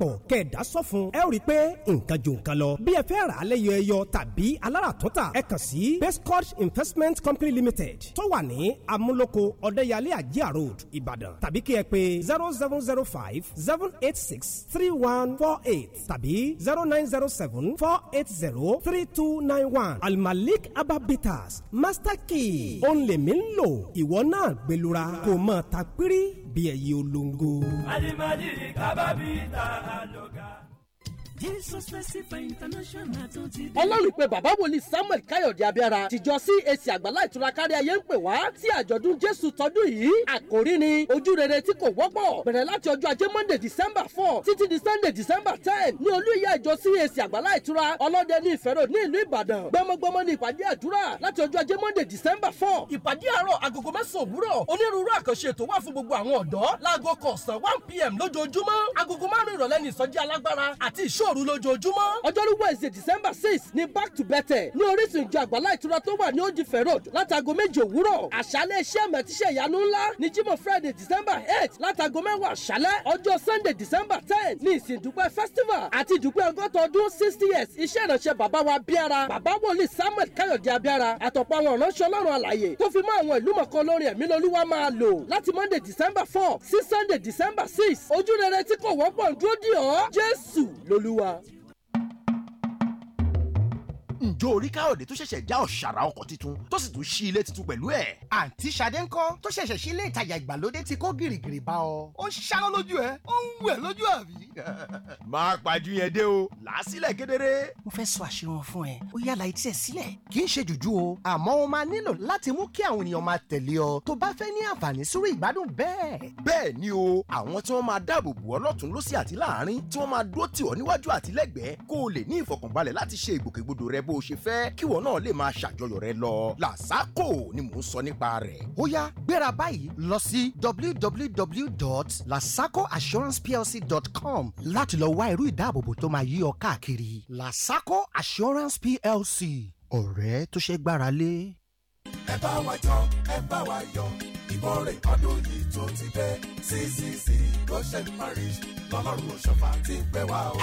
papọ̀ kẹ̀ẹ́dá sọ fún ẹ rí i pé nǹkan jò nǹkan lọ bí ẹ fẹ́ rà á lẹ́yọ ẹyọ tàbí aláràtúntà ẹ kàn sí bestcourt investment company limited tó wà ní amúlòkó ọ̀dẹ́yàlẹ́ àjíà road ìbàdàn tàbí kí ẹ pé zero seven zero five seven eight six three one four eight tàbí zero nine zero seven four eight zero three two nine one almalik ababitas master key ònlẹ̀mí ń lò ìwọ náà gbẹlura kò mọ̀ ta pírí bí ẹ̀yìn olóńgó. alimadi kábàbí ta. Loga. ọlọ́run pé bàbá wòlíì samuel káyọ̀dé abíára tìjọ sí èsì àgbàlá ìtura kárí ayé ń pè wá sí àjọ̀dún jésù tọdún yìí àkòrí ni ojú rere tí kò wọ́pọ̀ bẹ̀rẹ̀ láti ọjọ́ ajé monday december four títí di sunday december ten ní olú ìyá ìjọ sí èsì àgbàlá ìtura ọlọ́dẹ ní ìfẹ́rò ní ìlú ìbàdàn gbọmọgbọmọ ní ìpàdé àdúrà láti ọjọ́ ajé monday december four ìpàdé àárọ̀ agogo mẹ́sàn-án òwúrọ̀ onírúurú àkànṣe ètò wà fún gbogbo àwọn ọ̀dọ́ láago kọ̀ọ̀sán one pm lójoojúmọ́ agogo márùn-ún ìrọ̀lẹ́ ní ìsọjí alágbára àti òru lójoojúmọ́. ọjọ́rú wẹ̀sì december six ní back to bẹ́tẹ̀ ní orísun ìjọ àgbàlá ìtura tó wà ní old ife road látago méje òwúrọ̀ àṣálẹ̀ iṣẹ́ mẹ̀tíṣẹ́ ìyanu ńlá ní jímọ̀ friday december eight látago mẹ́wàá àṣálẹ̀ ọjọ́ sunday december ten ní ìsìndúpẹ́ festival àti ìdúpẹ́ ọgọ́ta ọdún sixty years iṣẹ́ ìránṣẹ́ bàbá wa abíára bàbá wòlíì samuel káyọ̀dé abíára àtọ̀pọ̀ àwọn ìránṣẹ́ ọlọ́run àlàyé tó fi mọ́ àwọn ìlú mọ̀kọ́ lórí ẹ̀mí lolúwa máa lò láti monday december four sí sunday december six ojúrere tí kò wọ́pọ̀ ń dúró dì ọ́ jésù lolúwa kubwa ǹjọ́ mm. orí káyọ̀dé tó ṣẹ̀ṣẹ̀ já ọ̀ṣàrà ọkọ̀ tuntun tó sì tún ṣí ilé tuntun pẹ̀lú ẹ̀. àǹtí ṣadé ńkọ́ tó ṣẹ̀ṣẹ̀ ṣí ilé ìtajà ìgbàlódé ti kó gìrìgìrì bá ọ. ó ń ṣáró lójú ẹ ó ń wẹ̀ lójú àbí. máa pàjù yẹn dé o làásílẹ̀ kedere. mo fẹ́ sọ àṣírí wọn fún ẹ ó yàrá etí ẹ sílẹ̀. kì í ṣe jùjú o àmọ́ o máa nílò láti mú kí àwọn ènìyàn máa tẹ̀lé ọ tó bá fẹ́ ní àǹfààní sírú ìgbádùn bẹ́ẹ̀. bẹ́ẹ̀ ni o àwọn tí wọ́n máa dáàbò bò ọ́ lọ́tún lọ́sì àti láàárín tí wọ́n máa dúró tì ọ́ níwájú àti lẹ́gbẹ̀ẹ́ kó o lè ní ìfọkànbalẹ̀ láti ṣe ìgbòkègbodò rẹ b bó o ṣe fẹ́ kíwọ náà lè máa ṣàjọyọ̀ rẹ lọ làsákò ni mò ń sọ nípa rẹ̀ ó yá gbéra báyìí lọ sí www.lasacoassuranceplc.com láti lọ wá irú ìdáàbòbò tó máa yí ọ káàkiri lasaco assurance plc ọ̀rẹ́ tó ṣe gbára lé. ẹ bá wa jọ ẹ bá wa yọ ìmọ̀ràn ọdún yìí tó ti dé ccc goshen parish lọ́lọ́run ọ̀ṣọ́fà ti pẹ́ wá o.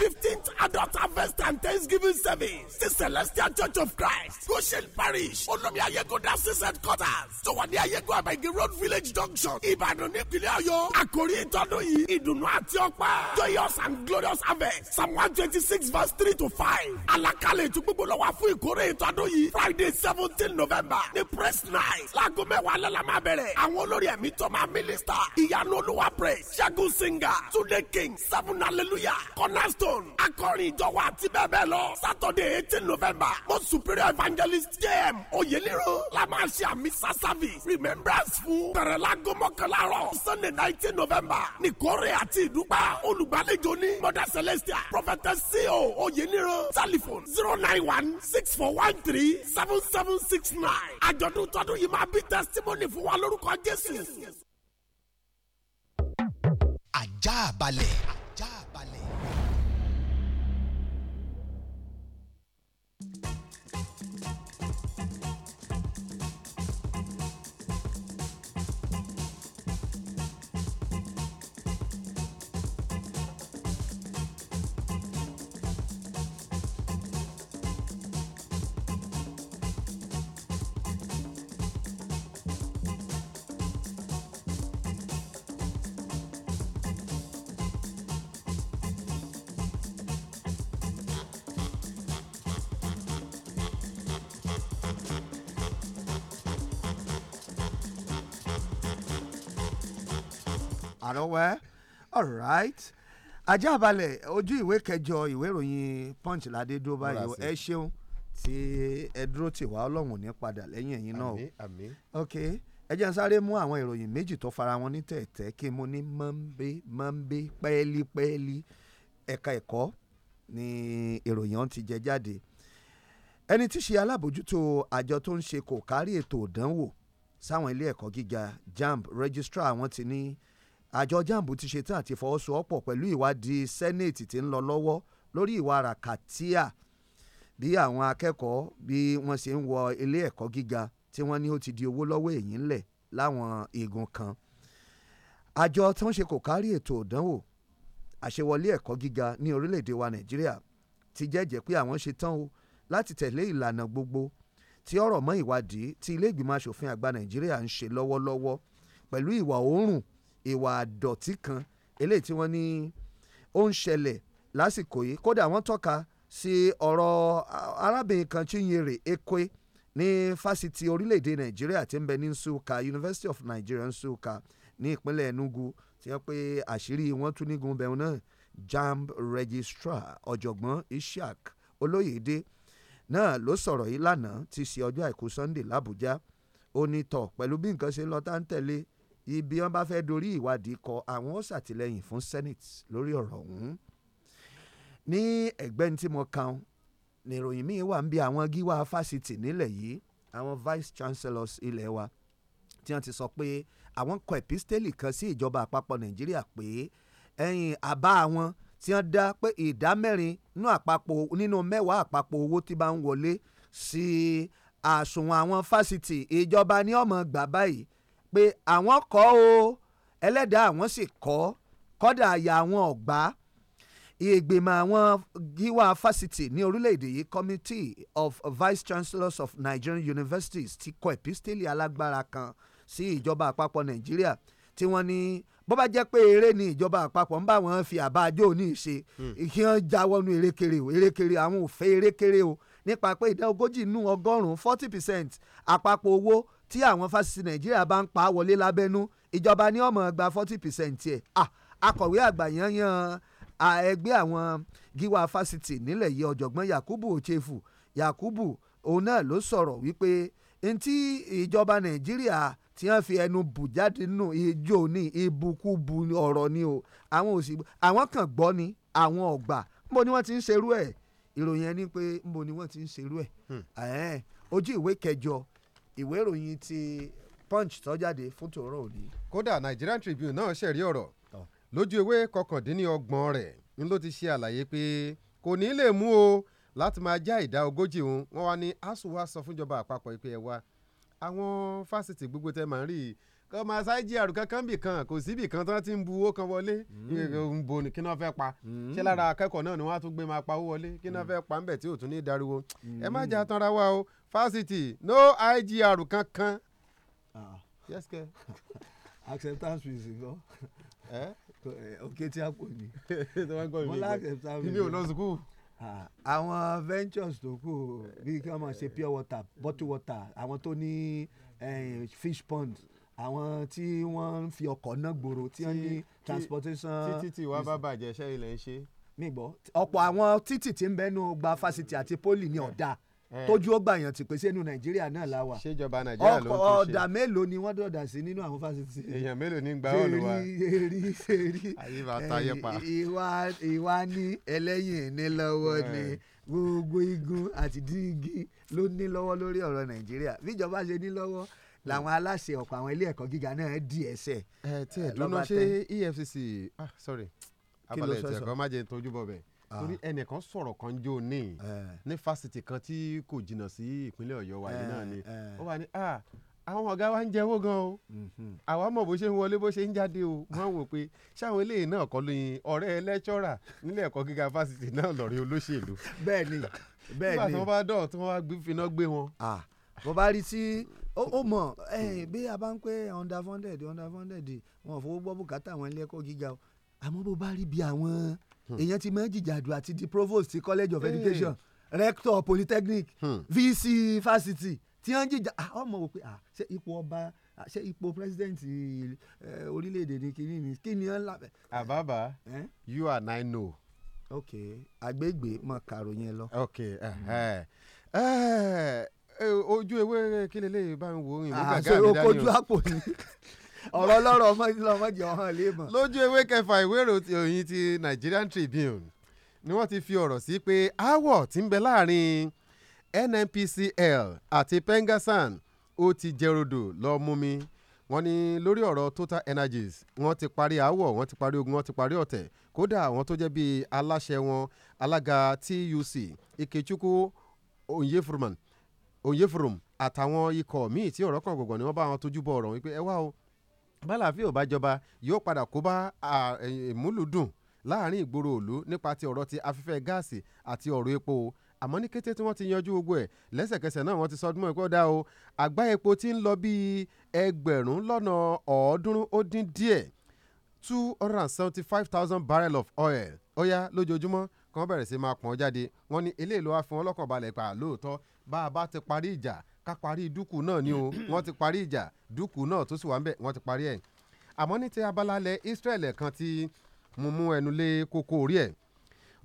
fifteenth adult harvest and thanksgiving service the celestial church of christ goshen parish olómi ayégun diocese headquarters tó wà ní ayégun abẹ́gi road village junction ìbàdàn nípínlẹ̀ ọ̀yọ́ àkórí ìtọ́dún yìí ìdùnnú àti ọ̀pá joyous and glorious harvest psalm one twenty six verse three to five àlàkalẹ̀ ìtúgbògbò lọ́wọ́ fún ìkórè ìtọ́dún yìí friday seventeen november the press night láago mẹ́wàá lọ́la máa bẹ̀rẹ̀ àwọn olórí ẹ̀mí tó máa mínísítà ìyanu olúwa press ṣẹ́gun singer tunde king seven hallelujah cornerstone akọrin ìjọwọ́ àti bẹ́ẹ̀ bẹ́ẹ̀ lọ. Saturday eighteen November, mo superior evangelist J.M. Oyeliro la máa ṣe àmì service remembrance fún bẹ̀rẹ̀ láago mọ́kànlá Sunday nineteen November ní kórè àti ìdúpẹ́ olùgbàlejò ní Mother Celestia Prophetess C.O. Oyeliro telephone zero nine one six four one three seven seven six nine. Àjọ̀dún tọdún yìí máa bí testimony fún wa lórúkọ Jésù. Àjààbalẹ̀. lọ́wọ́ all right ajábalẹ̀ ojú ìwé kẹjọ ìwé ìròyìn punch ládé dúró báyìí ẹ ṣeun tí ẹ dúró tì wá ọlọ́run ò ní padà lẹ́yìn ẹ̀yin náà o ok ẹ jẹ́ n sáré mú àwọn ìròyìn méjì tó fara wọn ní tẹ̀tẹ̀ kí mo ní mọ́ńbé mọ́ńbé pẹ́ẹ́lípẹ́ẹ́lí ẹ̀ka ẹ̀kọ́ ni ìròyìn ọ̀hún ti jẹ jáde ẹni tí ṣe alábòjútó àjọ tó ń ṣe kò kárí ètò ìdánwò sáwọn ilé ẹ̀kọ́ gíga jamb registrar wọn ti ní àjọ jambu ti ṣetán àti fọwọ́sowọ́pọ̀ pẹ̀lú ìwádìí senate tí ń lọ lọ́wọ́ lórí ìwà rakatia bí àwọn akẹ́kọ̀ọ́ bí wọ́n ṣe ń wọ ilé ẹ̀kọ́ gíga tí wọ́n ní ó ti di owó lọ́wọ́ èyí ńlẹ̀ láwọn igun kan àjọ tí wọ́n ṣe kò kárí ètò ìdánwò àṣewọlé ẹ̀kọ́ gíga ní orílẹ̀-èdè wa nàìjíríà ti jẹ́jẹ́ pé àwọn ṣe tán o láti tẹ̀lé ìlànà gbogbo tí ọ̀rọ̀ mọ́ ìwádìí tí ilé ìgbìmọ̀ asòfin àgbà nàìjíríà ń ṣe lọ́wọ́lọ́wọ́ pẹ̀lú ìwà oòrùn ìwà àdọ̀tí kan eléyìí tí wọ́n ní ó ń ṣẹlẹ̀ lásìkò yìí kódà wọ́n tọ́ka sí ọ̀rọ̀ arábìnrin kan Chinyere Ekwe ní fásitì orílẹ̀-èdè Nàìjíríà tí ń bẹ ní Nsukka University of Nigeria Nsukka ní ìpínlẹ̀ Enugu tí wọ́n pé àṣírí wọn tún nígun bẹ̀rù náà jamb registrar ọ̀jọ̀gbọ́n ishak Olóyèdé náà ló sọ̀rọ̀ yìí lánàá ti ṣe ọjọ́ àìkú Sunday l'Àbújá ó ní tọ̀ pẹ̀lú bí nǹkan ṣe lọ ń tẹ̀lé ibi wọn bá fẹ́ dorí ìwádìí kọ àwọn ó ṣàtìlẹ́yìn fún senate lórí ọ̀rọ̀ ọ̀hún ní ẹ̀gbẹ́ni tí mo kàn ní ìròyìn míì wà ń bí àwọn gíwá fásitì nílẹ̀ yìí àwọn vice chancellors ilẹ̀ wa tí wọ́n ti sọ pé àwọn kọ epistele kan sí ìjọba àpapọ̀ nàìjíríà pé ẹ̀yìn àbá àwọn tí wọ́n dá pé ìdá mẹ́rin nínú àpapọ̀ nínú mẹ́wàá àpapọ̀ owó tí bá ń wọlé sí àsùnwọ̀n àwọn fásitì ìjọba ní ọmọ gbà báyìí pé àwọn kọ́ o ẹlẹ́dàá àwọn sì kọ́ kọ́dà àyà àwọn ọ̀gbá ìgbìmọ̀ àwọn gíwá fásitì ní orílẹ̀-èdè yìí committee of vice chancellors of nigerian universities ti kọ epistelli alágbára kan sí si ìjọba àpapọ̀ nàìjíríà tí wọ́n ní bó bá jẹ́ pé eré ni ìjọba àpapọ̀ ń bá wọn fi àbájọ òní ṣe hmm. kí wọ́n já wọnú erékeré o erékeré àwọn ò fẹ́ erékeré o nípa pé ìdá ogójì nínú ọgọ́rùn-ún forty percent àpapọ̀ owó tí àwọn fásitì nàìjíríà bá ń pa á wọlé lábẹ́nú ìjọba ní ọmọ gba forty percent ẹ̀ akọ̀wé àgbà yanyan ẹgbẹ́ àwọn gíwá fásitì nílẹ̀ yìí ọ̀jọ̀gbọ́n yakubu ochefu yakubu òun náà ló sọ̀rọ̀ wípé ntí ìjọba nàìjíríà tí wọ́n fi ẹnu bù jáde nù ijó ní ibùkúbu ọ̀rọ̀ ni o àwọn òsì àwọn kan gbọ́ ni àwọn ọ̀gbà níbo ni wọ́n ti ń ṣerú ẹ̀ ìròyìn ẹni pé níbo ni wọ́n ti ń ṣerú ẹ̀ hmm. ojú ìwé kẹjọ ìwé ìròyìn ti punch tó jáde fún tòórọ òní. kódà Nigerian Tribune náà ṣẹ̀rí ọ̀rọ̀ lójú ewé kọkàndínlọ́gbọ̀n rẹ̀ ń ló ti ṣe àlàyé pé kò ní lè mú o láti máa já ìdá ogójì òun wọn wá ní ASUU wá sọ fúnjọba àpapọ̀ ìpè ẹ̀ wá àwọn fásitì gbogbo tẹ màá rí i kọ́ máa ṣáà jí àrùn kankan bì kan kò síbì kan tí wọ́n ti ń bu owó kan wọlé hmm. ń bo kí náà fẹ́ pa hmm. ṣé lára akẹ́kọ̀ọ́ náà ni wọ́n á tún gbé máa pa owó wọlé kí náà fẹ́ pa ń tí ò tún ní dariwo hmm. ẹ má jà tanra wa o fásitì no igr kankan. Ah. yes kẹ. acceptance fees kọ. òkè eh? eh, tí a kò ní. mo lá acceptance fees. ibi ò lọ sùkúù. àwọn ventures tó kù bí kí wọ́n máa ṣe pure water bottle water àwọn tó ní eh, fish pond àwọn tí wọ́n ń fi ọkọ̀ náà gbòòrò tí wọ́n ní transportation. títí tí wàá bá bàjẹ́ ṣẹ́yìn lẹ́ ń ṣe. mi gbọ́ ọ̀pọ̀ àwọn títì tí ń bẹ́nu gba fásitì àti poli ni ọ̀dà. Yeah Eh. tójú ọgbà yàn ti pèsè inú nàìjíríà náà la wà ṣèjọba nàìjíríà ló ń tún ṣe ọkọ ọ̀dà mélòó ni wọ́n dọ̀dà sí nínú àwọn fásitì. èèyàn mélòó ní gba ọ̀lù wa èrí èrí eh, ìwà ní ẹlẹ́yìn ní lọ́wọ́ eh. ni gbogbo igun àti dígí ló ní lọ́wọ́ lórí ọ̀rọ̀ nàìjíríà bíjọba ṣe ní lọ́wọ́ làwọn aláṣẹ ọ̀pọ̀ àwọn ilé ẹ̀kọ́ gíga náà dì ẹsẹ̀. ẹ tí ẹ dúró ṣe EFCC ah sorry abalẹ̀ ẹ̀tẹ̀kọ́ má jẹ́ tójú bọ̀ bẹ́ẹ̀ torí ah. ẹnìkan sọ̀rọ̀ kan jó ní eh. ní fásitì kan tí kò jìnnà sí ìpínlẹ̀ ọ̀yọ́ wa náà ni eh, eh. ó wà ní ah, àwọn ọ̀gá wa ń jẹ́wọ́ gan o mhm. àwa mọ̀ bó ṣe ń wọlé bó ṣe ń jáde o wọ́n wò pé ṣáwọn eléyìí náà kọ́ lóyin ọ̀rẹ́ lẹ́tọ́rà nílẹ̀ ẹ̀kọ́ gíga fásitì náà lọ́ọ̀rẹ́ olóṣèlú. bẹ́ẹ̀ ni bẹ́ẹ̀ ni nígbà tí wọ́n bá dọ̀ tí wọ́n wá finá gbé wọn. bó bá rí sí ó mọ̀ bí a bá ń pé underfunded underfunded wọn ò fowó gbọ́ bùkátà àwọn ilé ẹ̀kọ́ gíga o àmọ́ bó bá rí bí àwọn Hmm. èèyàn ti máa ń jìjàdù àti di provost ti college of hmm. education rector polytechnic vc fásitì tí wọ́n ń jìjà ah, ọmọ wò pé ah, ṣé ipò ọba ah, ṣé ipò president eh, orílẹ̀-èdè ni kí ni kí ni wọ́n lábẹ́. àbábà eh? you are nine no. ok agbègbè mọ kàrò yẹn lọ. ok eh, ojú ewé kí lélẹ́yìn bá ń wo òyìnbó gàgà mi dání o. àṣé àpò ni. ọ̀rọ̀ ọlọ́rọ̀ ọmọdé ọ̀hán lè mọ̀. lójú ewé kẹfà ìwé ìròyìn òyìn ti Nigerian Tribune ni wọ́n ti fi ọ̀rọ̀ sí pé aáwọ̀ tí ń bẹ láàrin NNPCL àti Pengassan ó ti jẹrodò lọ mú mi wọ́n ní lórí ọ̀rọ̀ Total Energies wọ́n ti parí aáwọ̀ wọ́n ti parí ogun wọ́n ti parí ọ̀tẹ̀ kódà àwọn tó jẹ́ bíi aláṣẹ wọn alága TUC Ikechukwu Onyefurum àtàwọn ikọ̀ míì tí ọ̀rọ̀ kan gbọ̀ngàn ni wọ́n bá wọn tójú bọ ọ̀rọ̀ wípé ẹ wá o bálàfíà ò bá jọba yóò padà kó bá ìmúlùdùn láàrin ìgboro òlu nípa ti ọ̀rọ̀ ti afẹ́fẹ́ gáàsì àti ọ̀rọ̀ epo àmọ́ ní kété tí wọ́n ti yanjú gbogbo ẹ̀ lẹ́sẹ̀kẹsẹ̀ náà wọ́n ti sọdún ẹ̀kọ́ dá o àgbá epo ti ń lọ bíi ẹgbẹ̀rún lọ́nà ọ̀ọ́dúnrún ó dín díẹ̀ two hundred and seventy five thousand barrel of oil ó yá lójoojúmọ́ kan bẹ̀rẹ̀ sí máa pọ̀n jáde wọ́n ní eléyìí ló fún ọlọ́kàn pa lóòótọ́ bá a bá ti parí ìjà ká parí dúkù náà ni o wọ́n ti parí ìjà dúkù náà tó sì wà ń bẹ̀ ti parí ẹ̀ àmọ́ ní ti abalalẹ̀ Israel kan tí mo mú ẹnu lé kókó orí ẹ̀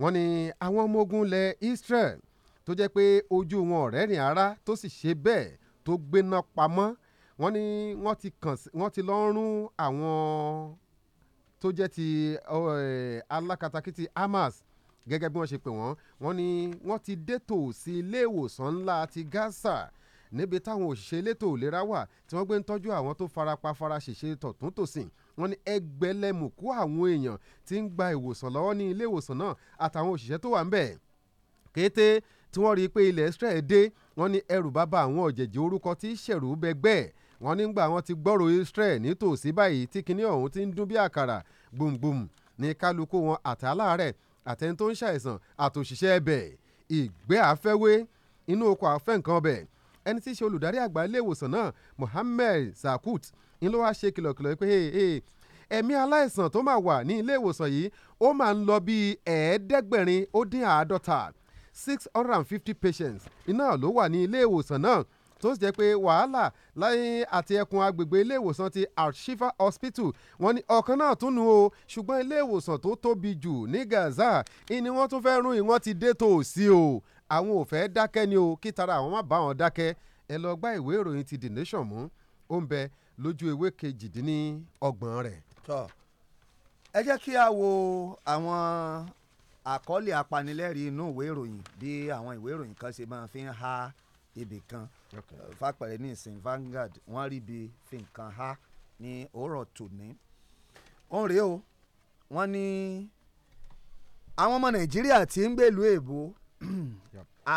wọ́n ní àwọn ọmọ ogun lẹ̀ Israel tó jẹ́ pé ojú wọn ọ̀rẹ́ rìn ara tó sì ṣe bẹ́ẹ̀ tó gbéná pamọ́ wọ́n ní wọ́n ti kàn wọ́n ti lọ́ọ́ rún àwọn tó jẹ́ ti alákatakítí Hamas gẹ́gẹ́ bí wọ́n ṣe pè wọ́n wọ́n ní wọ́n ti dé tòsí ilé ńlá ti Gaza níbi táwọn òṣìṣẹ́ elétò ìlera wà tí wọ́n gbé ń tọ́jú àwọn tó farapa faraṣèṣe tọ̀tún tòsìn wọ́n ní ẹgbẹ̀lẹ́mùkú àwọn èèyàn tí ń gba ìwòsàn lọ́wọ́ ní ilé ìwòsàn náà àtàwọn òṣìṣẹ́ tó wà ń bẹ̀ kété tí wọ́n rí i pé ilẹ̀ Israel dé wọ́n ní ẹrù bàbá àwọn ọ̀jẹ̀jẹ̀ orúkọ tí ṣẹ̀rù bẹgbẹ́ wọ́n nígbà wọ́n ti gbọ́rò Israel nítòsí báyìí tí kinní ọ̀hún ti ń dún bí àkàrà gbùngbùn ní kálukú wọn àtàláàrẹ̀ àtẹni tó ń ṣàìsàn àtòṣìṣẹ́ ẹbẹ̀ ìgbẹ́ ẹni tí í ṣe olùdarí àgbà ilé náà Mohammed Zakut ń ló wá ṣe kìlọ̀kìlọ̀ pé ẹ̀mí aláìsàn tó máa wà ní ilé ìwòsàn yìí ó máa ń lọ bíi ẹ̀ẹ́dẹ́gbẹ̀rin ó dín àádọ́ta six hundred and fifty patients iná ló wà ní ilé ìwòsàn náà tó sì jẹ́ pé wàhálà láyé àti ẹkùn agbègbè ilé ti al Hospital wọ́n ní ọ̀kan náà tún nu o ṣùgbọ́n ilé ìwòsàn tó tóbi jù ní Gaza ni wọ́n tún fẹ́ rún ìwọ́n ti dé tòsí o àwọn ò fẹ́ dákẹ́ ni o kí tara àwọn má bá wọn dákẹ́ ẹ lọ gbá ìwé ìròyìn ti The Nation mú ó ń bẹ lójú ewé kejìdínlọ́gbọ̀n rẹ̀. tọ́ ẹ jẹ́ kí a wo àwọn àkọlé apanilẹ́rìí inú ìwé ìròyìn bí àwọn ìwé ìròyìn kan ṣe máa fi ń ha ibì kan fapẹ̀rẹ̀ ní ìsìn Vanguard wọ́n rí ibi fi nǹkan ha ní òórọ̀ tòní. ó rèé o wọ́n ní àwọn ọmọ Nàìjíríà tí ń gbèlú èbó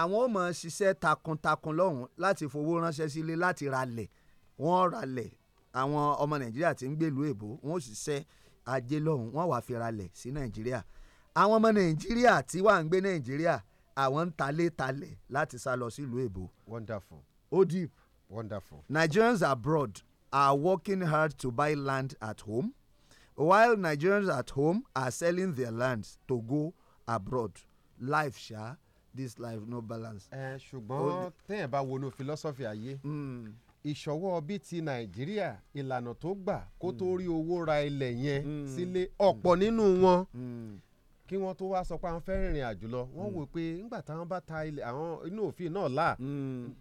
àwọn ò mọ̀ ṣiṣẹ́ takuntakun lọ́hùn láti fowó ránṣẹ́ sílé láti ralẹ̀ wọ́n ralẹ̀ àwọn ọmọ nàìjíríà tí ń gbèlú èbó wọ́n ò ṣiṣẹ́ ajé lọ́hùn wọ́n wàá fi ralẹ̀ sí nàìjíríà àwọn ọmọ nàìjíríà tí wàá ń gbé nàìjíríà àwọn ń talé talẹ̀ láti sá lọ sílùú èbó. wonderful. odip. wonderful. Nigerians abroad are working hard to buy land at home while Nigerians at home are selling their lands to go abroad life ṣáá this life no balance. ẹ ṣùgbọ́n téèyàn bá wọnú philosophy ayé hmm. ìṣọwọ́ bíi ti nàìjíríà ìlànà tó gbà kó tó hmm. rí owó ra ilẹ̀ yẹn hmm. sílé ọ̀pọ̀ nínú wọn kí wọ́n tó wá sọ pé àwọn fẹ́ rìnrìn àjò lọ wọ́n wò pé nígbà táwọn bá ta ilẹ̀ àwọn inú òfin náà là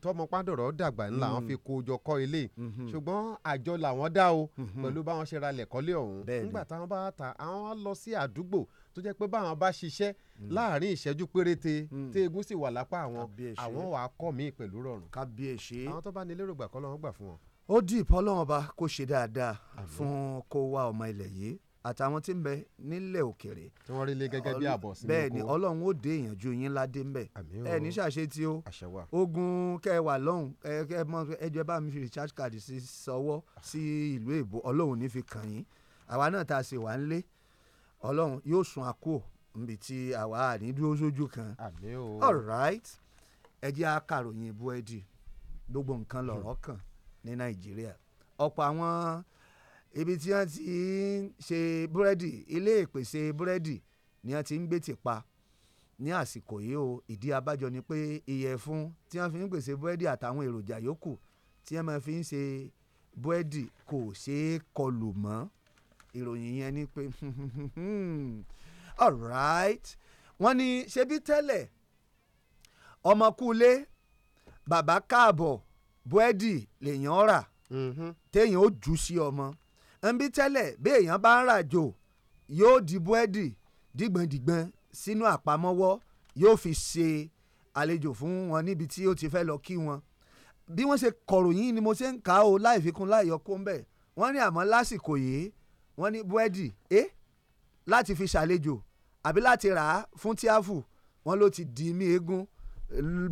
tọmọ pàdọ̀rọ̀ dàgbà ńlá àwọn fi kó jọ kọ́ ilé ṣùgbọ́n àjọ làwọn dá o pẹ̀lú báwọn ṣe ra ilẹ̀ kọ́lé ọ̀hún nígbà táwọn bá ta àwọn lọ sí àdúgbò tó jẹ́ pé báwọn bá ṣiṣẹ́ hmm. láàrin ìṣẹ́jú péréte hmm. tí egun sì wà lápá àwọn àwọn wà á kọ́ mi pẹ̀lú rọrùn. kábíyèsí àwọn tó bá ní lérò gbà kọ́ lọ́wọ́ gbà fún wọn. ó dì ìpọ́ lọ́wọ́n ọba kó ṣe dáadáa fún kó wá ọmọ ilẹ̀ yìí àtàwọn tí ń bẹ nílẹ̀ òkèrè. tí wọ́n rí ilé gẹ́gẹ́ bí àbọ̀ sínú kó. bẹ́ẹ̀ni ọlọ́run ó dé ìyànjú yín ládé ń bẹ. ẹni ṣàṣe tí ó ogun kẹwà lọ́hùn ẹjọ́ bá mi fi recharge card sí sọwọ́ sí ìlú èbó ọlọ́run ní fi kàn yín àwa náà tá a wà ń lé ọlọ́run yóò sun àkó níbi tí àwa àní dúró sójú kan all right ẹ jẹ́ akàròyìn búrẹ́dì gbogbo nǹkan lọ̀rọ̀ kàn ní nàìjíríà ọ̀pọ̀ àwọn ibi tí wọ́n ti ń ṣe búrẹ́dì ilé ìpèsè búrẹ́dì ni wọ́n ti ń gbé tìpa ní àsìkò yìí o ìdí abájọ ni pé ìyẹ̀fun tí wọ́n fi ń pèsè búrẹ́dì àtàwọn èròjà yòókù tí wọ́n fi ń ṣe búrẹ́dì kò ṣeé kọlù mọ́ ìròyìn yẹn ni pé alright wọ́n ní ṣebí tẹ́lẹ̀ ọmọkùnlé bàbá káàbọ̀ búrẹ́dì lèèyàn rà mm-hmm. téèyàn ó jù sí ọmọ nbí tẹ́lẹ̀ béèyàn bá ń ràjò yóò di búrẹ́dì dìgbọ̀ndìgbọ̀n sínú àpamọ́wọ́ yóò fi ṣe àlejò fún wọn níbi tí ó ti fẹ́ lọ kí wọn bí wọ́n ṣe kọ̀ròyìn ni mo ṣe ń kà á o láì fikún láì yọ kó wọ́n ní àmọ́ lásìkò yìí wọ́n ní búrẹ́dì eh? láti fi ṣàlejò àbí láti rà á fún tíáfù wọ́n ló ti di mí eégún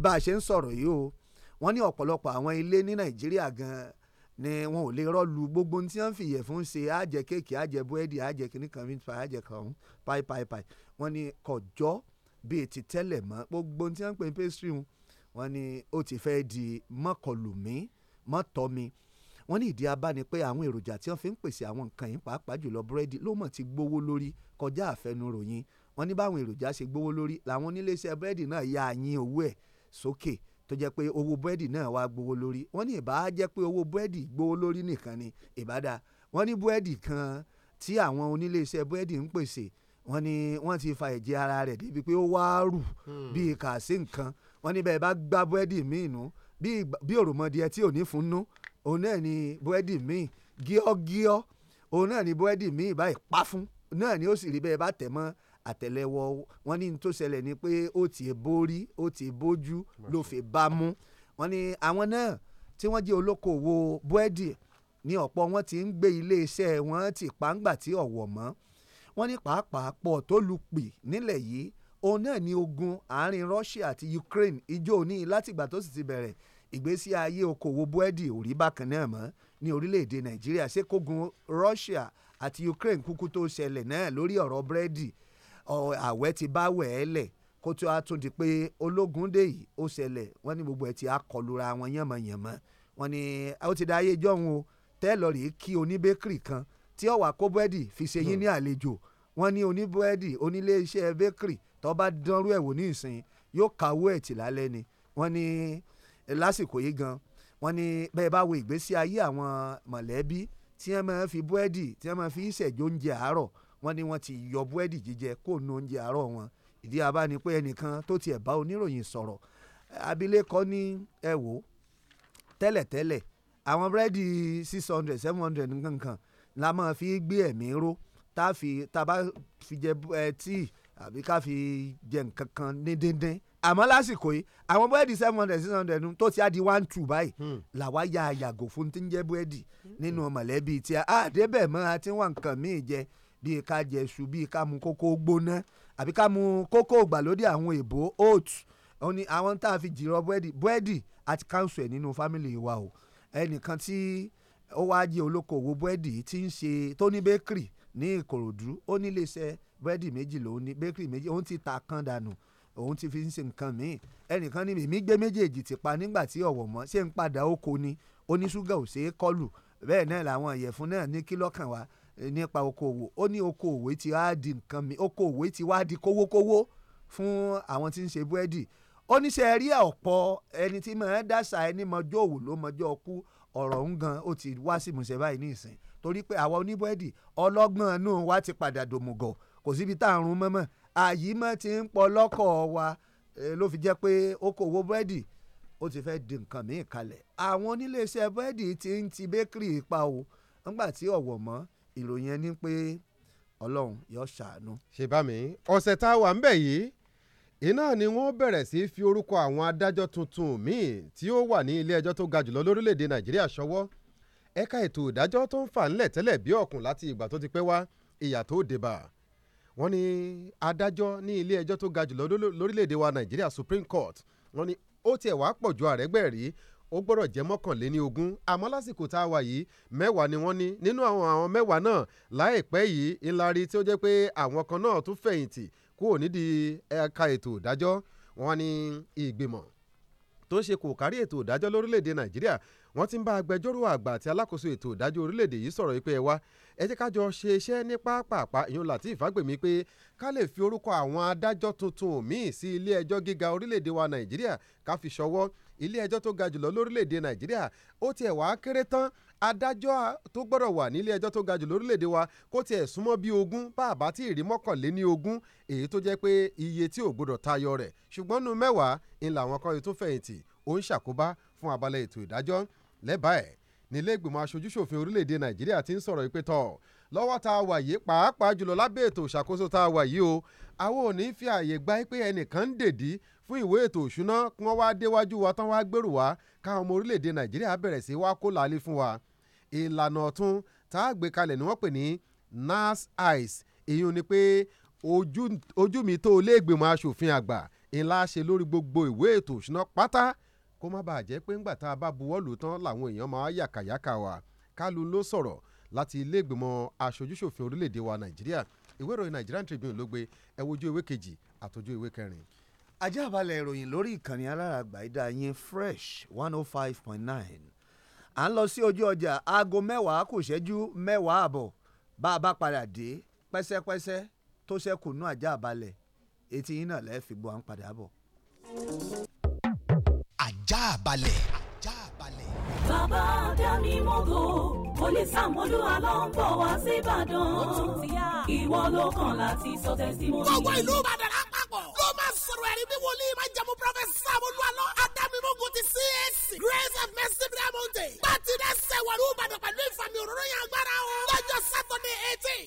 bá a ṣe ń sọ̀rọ̀ yìí o wọ́n ní ọ̀pọ̀lọpọ̀ àwọn ilé ní nàìjíríà gan-an ni wọn ò lè rọ́ọ̀lù gbogbo tí wọ́n ń fìyẹ̀ fún ṣe àjẹ kéèkì àjẹ búrẹ́dì àjẹ kìnnì kan mint pie àjẹ kan pie pie pie wọ́n ní kọjọ́ bíi ti tẹ́lẹ̀ mọ́ gbogbo tí wọ́n pè ní pastry wọn ni ó ti fẹ́ di mọ́kọlùmí mọ́tọ́mi wọ́n ní ìdí abá ni pé àwọn èròjà tí wọ́n fi ń pèsè àwọn nǹkan yìí pàápàá jùlọ búrẹ́dì ló mọ̀ ti gbówó lórí kọjá àfẹnuròyìn wọ́n ní báwọn èròjà ṣe gbówó lórí làwọn oníléeṣẹ́ búrẹ́dì náà ya àyín owó ẹ̀ sókè tó jẹ́ pé owó búrẹ́dì náà wá gbówó lórí wọ́n ní ìbá jẹ́ pé owó búrẹ́dì gbówó lórí nìkan ni ìbádá wọ́n ní búrẹ́dì kan tí àwọn oníléeṣẹ́ búrẹ́dì ń pèsè wọ́n ní wọ́n ti fa ẹ̀jẹ̀ ara rẹ̀ débi pé ó wá rù hmm. bíi kàásì nǹkan wọ́n ní bẹ́ẹ̀ bá gbá búrẹ́dì míì nù bíi òròmọdìẹ tí ò ní fún nú òun náà ni búrẹ́dì míì gíọ́gíọ́ òun náà ni búrẹ́dì míì báyìí pa fún náà ni ó sì rí bẹ́ẹ̀ bá tẹ̀ mọ́ àtẹ̀lẹ́wọ́ wọn ní tó ṣẹlẹ̀ ni pé ó ti borí ó ti bójú ló fi bá mú wọn ni àwọn náà tí wọ́n jẹ́ olókoòwò búrẹ́dì ní ọ̀pọ̀ wọn ti ń gbé iléeṣẹ́ wọn ti pàǹgbà tí ọ̀wọ̀ mọ́ wọn ní pàápàá pọ̀ tó lu pì nílẹ̀ yìí òun náà ni ogun àárín Russia àti Ukraine ìjọ òní látìgbà tó sì ti bẹ̀rẹ̀ ìgbésí ayé okòwò búrẹ́dì ò rí bákan náà mọ́ ní orílẹ̀-èdè nàìjíríà ṣé kógun russia àti ukraine kúkú tó ṣẹlẹ̀ náà lórí ọ̀rọ̀ búrẹ́dì àwẹ̀ ti bá wẹ̀ ẹ́ lẹ̀ kó tó a tún di pé ológun dé yìí ó ṣẹlẹ̀ wọ́n ní gbogbo ẹ̀ ti akọlura wọn yànmọ̀yànmọ̀ wọ́n ní ó ti da ayé jọ́hun o tẹ́lọ̀ rí kí oníbẹ́kìrì kan tí ọ̀wà kó búrẹ́dì fi ṣe yín ní àlejò wọ́n ní oníbúrẹ́dì oníléeṣẹ́ bẹ́kìrì tó bá dánrú ẹ̀wò ní ìsìn yóò kàwé ẹ̀ tì lálẹ́ ni wọ́n ní lásìkò yìí gan wọ́n ní bẹ́ẹ̀ bá wo ìgbésí ayé àwọn mọ̀lẹ́bí tí wọ́n máa fi búrẹ́dì tí wọ́n máa fi ṣẹ̀jọ oúnjẹ àárọ̀ wọ́n ní wọ́n ti yọ búrẹ́dì jíjẹ kó nu oúnjẹ àárọ̀ wọn ìdí abá ni pé ẹnìkan tó tiẹ̀ bá oníròyìn sọ̀rọ̀ abilékọ ní ẹ wò tẹ́lẹ̀tẹ́lẹ̀ àwọn búrẹ́dì six hundred seven hundred nǹkan la máa fi gbé ẹ̀mí ró tá a fi tá a bá fi jẹ tíì àbí ká fi jẹ nǹkan ní díndín àmọ́ lásìkò yìí àwọn búrẹ́dì seven hundred six hundred tó ti á di one two báyìí hmm. làwa ya àyàgò fún tí ń jẹ́ búrẹ́dì hmm. nínú mọ̀lẹ́bí tí a débẹ̀ mọ́ a ti wà nǹkan míì jẹ bíi ká jẹ iṣu bíi ká mu kókó gbóná àbí ká mu kókó ìgbàlódé àwọn èbó oat ó ní àwọn tá a fi jìrọ búrẹ́dì búrẹ́dì àti káńsù ẹ̀ nínú fámìlì wa o ẹnìkan tí ó wáá jẹ́ olókoòwò búrẹ́dì tí ń ṣe tó ní bakery ní Ìkòròdú ó ní iléeṣẹ́ búrẹ́dì méjì lòún ní bakery méjì òun ti ta kan dànù òun ti fi ń ṣe nǹkan míì ẹnìkan ní mímí gbé méjèèjì ti pa nígbà tí ọ̀wọ̀ mọ́ ṣé ń padà oko ni ó ní ṣúgà ò ṣeé kọlù bẹ́ẹ̀ náà làwọn ìyẹ̀fun náà ní kí lọ́kàn wá eh, nípa okòwò ó ní okòwò ti wá di nǹkan mi okòwò ti wá di kówókówó fún àwọn tí ń ṣe búrẹ́dì ó ní ṣe rí ọ̀pọ̀ ẹni tí mọ̀ ẹ́ dàṣà ẹni mọjọ́ òwò ló mọjọ́ ọkú ọ̀rọ̀ ń gan ó ti wá sí ìmúṣẹ báyìí ní ìsìn torí pé àwa oníbúrẹ́dì ọlọ́gbọ́n inú wa ti padà dòmùgọ̀ kò síbi tá à ń run mọ́mọ́ àyímọ́ ti ń pọ̀ lọ́kọ̀ wa ló fi jẹ́ pé okòwò búrẹ́dì ó ti fẹ́ di nǹkan míì kalẹ̀ àwọn oníléeṣẹ́ búrẹ́dì ti ń ti bẹ́kìrì pa o nígbà tí ọ̀wọ̀ mọ́ ìròyìn ẹni pé ọlọ́run yóò ṣàánú. ṣe bá mi ọ̀sẹ̀ tá a wà ń bẹ̀ yìí iná ni wọ́n bẹ̀rẹ̀ sí í fi orúkọ àwọn adájọ́ tuntun míì tí ó wà ní ilé ẹjọ́ tó ga jùlọ lórílẹ̀‐èdè nàìjíríà ṣọwọ́ ẹ̀ka ètò ìdájọ́ tó ń fà ńlẹ̀ tẹ́lẹ̀ bí ọ̀kùn láti ìgbà tó ti pẹ́ wá ìyà tó dé bá a wọ́n ní adájọ́ ní ilé ẹjọ́ tó ga jùlọ lórílẹ̀‐èdè wa nàìjíríà supreme court wọ́n ní ó tiẹ̀ wá pọ̀ ju àrẹ́gbẹ́ rí ó gbọ́dọ̀ jẹ́ mọ́kànléní ogún àmọ́ lásìkò tá a wà yìí mẹ́wàá ni wọ́n ní nínú àwọn àwọn mẹ́wàá náà láìpẹ́ yìí ńlá rí tí ó jẹ́ pé àwọn kan náà tún fẹ̀yìntì kúrò nídìí ẹ̀ka ètò ìdájọ́ wọ́n ní ìgbìmọ̀ tó ṣe kò kárí ètò ìdájọ́ lórílẹ̀‐èdè nàìjíríà wọ́n ti ń bá agbẹjọ́rò àgbà àti alákòóso ètò ìdájọ́ orílẹ̀-èdè yìí sọ̀rọ̀ pé ẹ wá ẹ jẹ́ ká jọ ṣe iṣẹ́ ní pápápá ìyún Lateef Fagbemi pé ká lè fi orúkọ àwọn adájọ́ tuntun míì sí ilé ẹjọ́ gíga orílẹ̀-èdè wa Nàìjíríà ká fi ṣọwọ́ ilé ẹjọ́ tó ga jùlọ lórílẹ̀-èdè Nàìjíríà ó tiẹ̀ wá kéré tán adájọ́ tó gbọ́dọ̀ wà nílé ẹjọ́ tó ga jù lórílẹ̀‐èdè wa kó tiẹ̀ súnmọ́ bíi ogún bá a bá tí ì mọ́kànléní ogún èyí tó jẹ́ pé iye tí ò gbọ́dọ̀ tayọ rẹ̀ ṣùgbọ́n nu mẹ́wàá ńlá àwọn kan yìí fẹ̀yìntì ó ń ṣàkóbá fún abalẹ̀ ètò ìdájọ́ lẹ́bàá ẹ̀ nílé ìgbìmọ̀ aṣojúṣòfin orílẹ̀-èdè nàìjíríà ti ń sọ̀rọ̀ ìpè tọ̀ lọ́wọ́ tá a wà yìí pàápàá jùlọ lábẹ́ ètò ìṣàkóso tá a wà yìí o àwọn ò ní fi àyè gba pé ẹnìkan ń dèdí fún ìwé ètò òṣùná kí wọ́n wá déwájú wa tán wá gbèrò wá káwọn ọmọ orílẹ̀-èdè nàìjíríà bẹ̀rẹ̀ sí wá kó làálí fún wa ìlànà ọ̀tún tá a gbé kalẹ̀ ni wọ́n pè ní nas eyes èyí ni pé ojú mi tó ilé ìgbìmọ̀ aṣòfin àgbà ńlá ṣe lórí gbogbo ìwé ètò òṣùná pátá kó má bàa jẹ́ pé ńgbà tá a bá buwọ́ lù tán làwọn èèyàn máa yàkàyàkà wà kálu ló sọ̀rọ̀ láti ilé ìgbìmọ̀ aṣojúṣòfin orílẹ̀-èdè wa nàìjíríà ìwé ìròyìn nigerian tribune ló gbé ẹ wojú ewé kejì àtòjú ewé kẹrin. ajá balẹ̀ ìròyìn lórí ìkànnì aláràgbà ìdá yín fresh one oh five point nine à ń lọ sí ojú ọjà aago mẹ́wàá kò ṣẹ́jú mẹ́wàá àbọ̀ bá a bá padà dé pẹ́sẹ́pẹ́sẹ́ tó ṣẹ́kù nú ajá balẹ̀ etí yín náà lẹ́ẹ̀ fi gbọ́ à ń padà bọ̀ ajá balẹ̀. bàbá dami mọ́gò olùsàmúlò aláǹbọ̀ wá síbàdàn ìwọ ló kàn láti sọ tẹsímọ́nì. gbogbo ìlú ìbàdàn lápapọ̀ ló máa sọ̀rọ̀ ẹ̀rí bí wòlíì máa jẹ́mu pírọ́fẹ́sì sàmúlò alọ́ adámímọ́gò ti csc mercy grace of mercy prayer mountain pàtí dẹ́ sẹ́wọ̀rù ìbàdàn pẹ̀lú ìfàmì òróró yẹn agbára o lọ́jọ́ saturday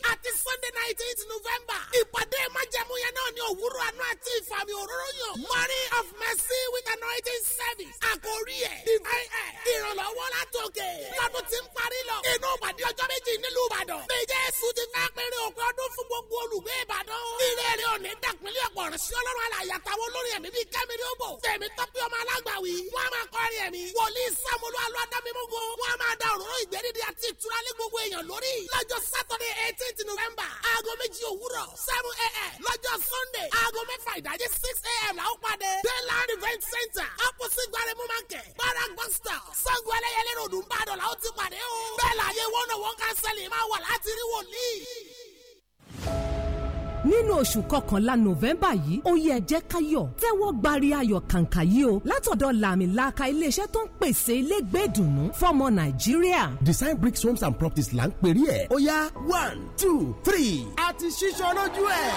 18. àti sunday 19 november ìpàdé májẹ̀mú yẹn náà ní òwúrọ̀ àná àti ìfàmì òróró yàn Money of mercy with anointing service àkórí ẹ̀ divine ẹ̀ ìrànlọ́wọ́ látòkè lọ́dún tí ń parí lọ inú ìpàdé ọjọ́ méjì nílùú ìbàdàn bèjẹ́ èsù ti fẹ́ péré òpin ọdún fún gbogbo olùgbé ìbàdàn ilé rẹ̀ òní dàpínlẹ̀ ọ̀pọ̀ ọ̀rẹ́sí ọlọ́run alàyàtàwọn olórin ẹ̀mí bíi kẹ́mi ní ó bò tẹ̀mí tọ́pẹ́ ọmọ alágbàwí wọ́n á máa kọrin ẹ̀mí mi. wòlíì sàmúlò alọ́ adámímúgo. wọ́n á máa da òróró ìgbẹ́dídé àti ìtura lé gbogbo èèyàn lórí. lọ́jọ́ sátọ́dẹ̀ eighteenth november aago méjì òwúrọ̀ seven a.m. lọ́jọ́ sunday aago mẹ́fà ìdájí six a.m. la ó padà. dayland event center opposite gbaremu market barak bus stop sango ẹlẹ́yẹlé ròdùn bàdàn la ó ti pàdé o. bẹ́ẹ̀ láyé wọ́n náà wọ́n kánsẹ́lì máa wà láti rí wòlíì nínú oṣù kọkànlá november yìí ó yẹ jẹ́ káyọ̀ tẹ́wọ́ gbari ayọ̀ kàǹkà yìí o látọ̀dọ̀ làmìlaka iléeṣẹ́ tó ń pèsè ilé gbẹ́dùnú fọ́mọ nàìjíríà. design bricks homes and properties là ń pèrè ẹ̀ ó one two three àti ṣíṣọ́ lójú ẹ̀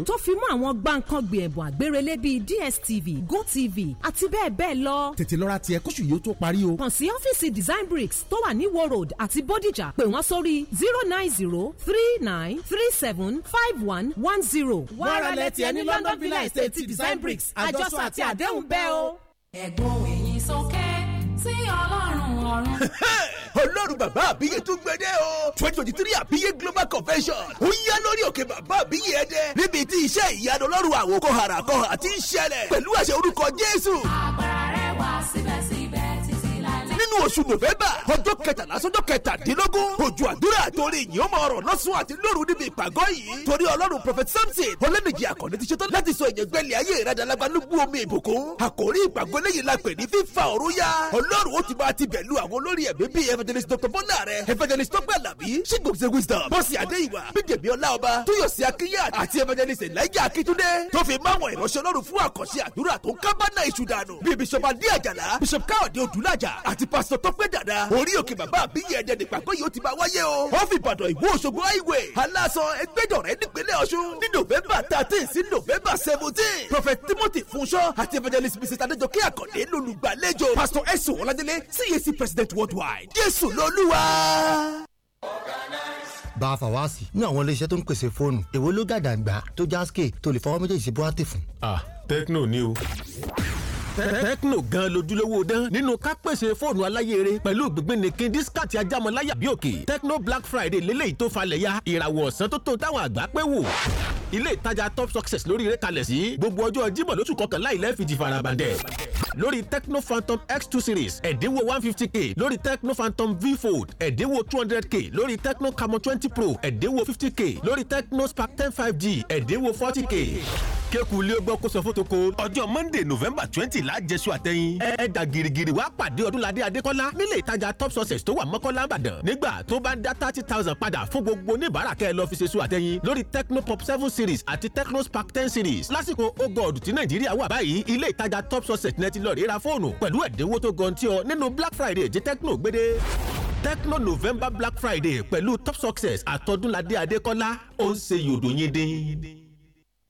ọ̀hún tó fi mú àwọn gbàǹkangbè ẹ̀bùn àgbérelé bíi DSTV GoTV àti bẹ́ẹ̀ bẹ́ẹ̀ lọ. tètè lọ ra tiẹ̀ kóṣù yìí ó tó parí o. kàn sí ọ́fíìsì Design Bricks tó wà ní Iwo Road àti Bódìjà pè wọ́n sórí zero nine zero three nine three seven five one one zero. wàrà lẹ́tì ẹni London Villa Estate Design Bricks àjọṣọ àti àdéhùn bẹ́ẹ̀ o. ẹ̀gbọ́n èyí sókè sí ọlọ́run ọ̀run. ọlọ́run bàbá àbíyé tún gbẹdẹ o twenty twenty three àbíyé global convention ó yá lórí òkè bàbá àbíyé ẹdẹ níbi tí iṣẹ́ ìyanu ọlọ́run àwòkọ́ àràkọ́ àti ìṣẹ̀lẹ̀ pẹ̀lú àṣẹ orúkọ jésù. àpẹẹrẹ wá síbẹ̀síbẹ̀ nínú oṣù nọ́fẹ̀bà ọjọ́ kẹtàlá sọjọ́ kẹtàdínlógún ojú àdúrà àtòrí ìyìn ọmọ ọ̀rọ̀ lọ́sùn àti lóru níbi ìpàgọ́ yìí torí ọlọ́run prophet samson ọlẹ́mìjì àkànní ti ṣetán láti sọ ìyẹ̀gbẹ́lẹ̀ ayé ìradàlágbá lóbu omi ìbùkún àkòrí ìpàgọ́ lẹ́yìn la pè ní fífa ọ̀run yá ọlọ́run ó ti bá ti bẹ̀lú àwọn olórí ẹ̀mí bíi evangelist dr bọ́lá rẹ̀ evangelist tọ́pẹ́ àlàbí ṣígbòkè wisdom bọ́sì adéyìnwá bíjèmí ọláọba tóyọ̀sí akínyà àti evangelist elijah akíntúndé tó fi máwọn ìránṣẹ́ ọlọ́run fún àkànṣe àdúrà tó ń kábàánà ìṣúdànù bíi bishop adé àjàlá bishop káwọ̀dé odúlájà àti pa pásítọ̀ tọ́pẹ́ dàda orí òkè bàbá àbíyẹ ẹ̀dẹ̀ nípàkọ́ yìí ó ti bá wáyé o wọ́n fi ìbàdàn ìwé òṣogbo highway alásan ẹgbẹ́dọ̀rẹ́ nípínlẹ̀ ọ̀ṣun ní november thirteen sí november seventeen prophet timothy funṣọ àti evangelist mrs adéjọkẹ́ àkàndé lolùgbàlejò pásítọ̀ ẹ̀sùn ọ̀làdélé cac president worldwide jésù lolúwa bá a fà wá sí ní àwọn iléeṣẹ́ tó ń pèsè fóònù èwo ló gàdàgbà tó jáske tó lè fọwọ́ méjèèjì sí búrátì fún. ah Tecno ni o tẹ́kínò gan lójúlówó dán nínú ká pèsè fóònù aláyèrè pẹ̀lú gbígbínnikin dískàtì ajámọ̀láyà bí òkè tẹ́kínò black friday lélẹ́yìí tó falẹ̀ ya ìràwọ̀ ọ̀sán tó tó táwọn àgbà pé wò ilé ìtajà top success lórí rékalẹ̀ sí gbogbo ọjọ́ jímọ̀ lóṣù kọkànlá ilẹ̀ fìdí farabandẹ̀ lórí tecno phantom x2 series ẹ̀dínwó 150k lórí tecno phantom v fold ẹ̀dínwó 200k lórí tecno Camo 20 pro ẹ̀dínwó 50k lórí tecno spark 10 5g ẹ̀dínwó 40k kéku ilé ọgbọ́n kó sọ fún toko ọjọ́ monday november twenty lájẹsù àtẹ̀yìn ẹ̀ẹ́dà gírígírí wàá pàdé ọdúnladé adékọ́lá nílé ìtajà top success tó wà mọ́kọ́lá ìbàdàn nígbà tó bá ń dá thirty thousand padà fún gbogbo oníbàárà kẹ́ ẹ lọ fi ṣe sùn àtẹ̀yìn lórí tecno pop seven series àti techno's pack ten series lásìkò o god tí nàìjíríà wà báyìí ilé ìtajà top success net lọ rí ra fóònù pẹ̀lú ẹ̀dínwó tó gan tí ọ nínú black friday tí tecno gbédè tecno november black friday pẹ̀lú top success àtọdúnladé adékọ́lá ó ń ṣe yòdò yín dín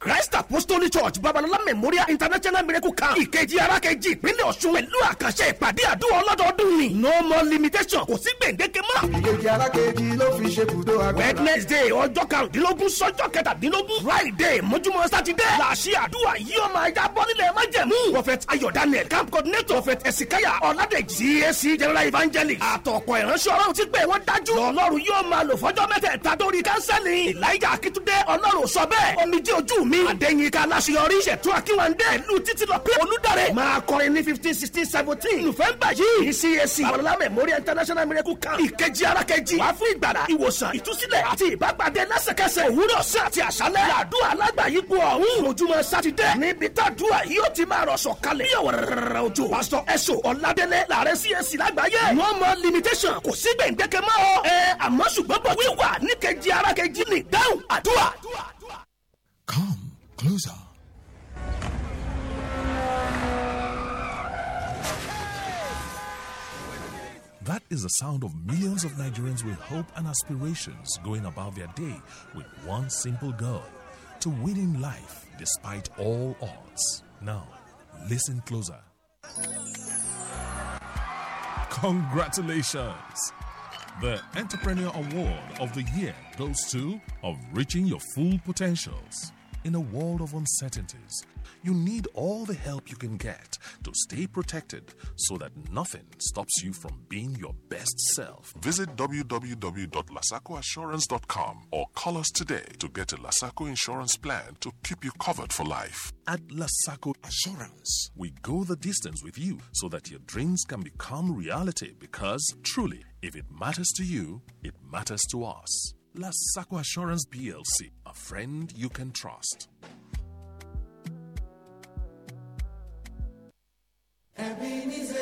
christ apostolic church babalọla memorial international miracle camp ìkejì arákejì ìpínlẹ̀ ọ̀ṣun pẹ̀lú àkànṣe ìpàdé àdúrà ọlọ́dọọdún ni no more limitation kò sí gbèǹdéke mọ́. ìkejì arákejì ló fi ṣe bùdó agbára. wednesday ọjọ́ karùndínlógún sọ́jọ́ kẹtàdínlógún friday mọ́júmọ́ sátidé làṣẹ àdúrà yìí ọmọ ajá bọ́ nílẹ̀ májẹ̀mú. prophet ayọ̀ daniel camp coordinator prophet esikaya ọ̀làdẹ̀jì cac general evangelist àtọ̀kọ̀ ìránṣẹ́ ọlọ́run ti pé wọ́n dájú. ọlọ́run yóò máa lò fọ́jọ́ mẹ́tẹ̀ẹ̀ta lórí kánsẹ́lì ìlàjà akitunde ọlọ́run sọ bẹ́ẹ̀ omijé ojú mi mi adéyínká aláṣeyọrí ìṣẹ̀tú akínwándé ìlú títí lọ pé olùdarẹ̀ máa kọrin ní fifteen sixteen seventeen nùfẹ̀ǹbà yìí ní CAC Arọlá Memorial International Miracle Camp ìkejì arákejì wá fún ìgbàlá ìwòsàn ìtúsílẹ̀ àti ìbágbàdé lẹ́sẹ̀kẹsẹ̀ òwúrọ̀ ọ̀sẹ̀ àti àṣálẹ̀ làdúrà alágbàyípo ọ̀hún lójúmọ́ sátidé níbi tàdúrà yóò ti máa rọ̀ sọ̀kalẹ̀ bí ọ̀rẹ̀rẹ̀rẹ̀ Come closer. That is the sound of millions of Nigerians with hope and aspirations going about their day with one simple goal to winning life despite all odds. Now, listen closer. Congratulations! The Entrepreneur Award of the Year goes to Of Reaching Your Full Potentials in a world of uncertainties, you need all the help you can get to stay protected so that nothing stops you from being your best self. Visit www.lasacoinsurance.com or call us today to get a Lasaco insurance plan to keep you covered for life. At Lasaco Assurance, we go the distance with you so that your dreams can become reality because truly, if it matters to you, it matters to us. La Saco Assurance PLC, a friend you can trust. Ebenezer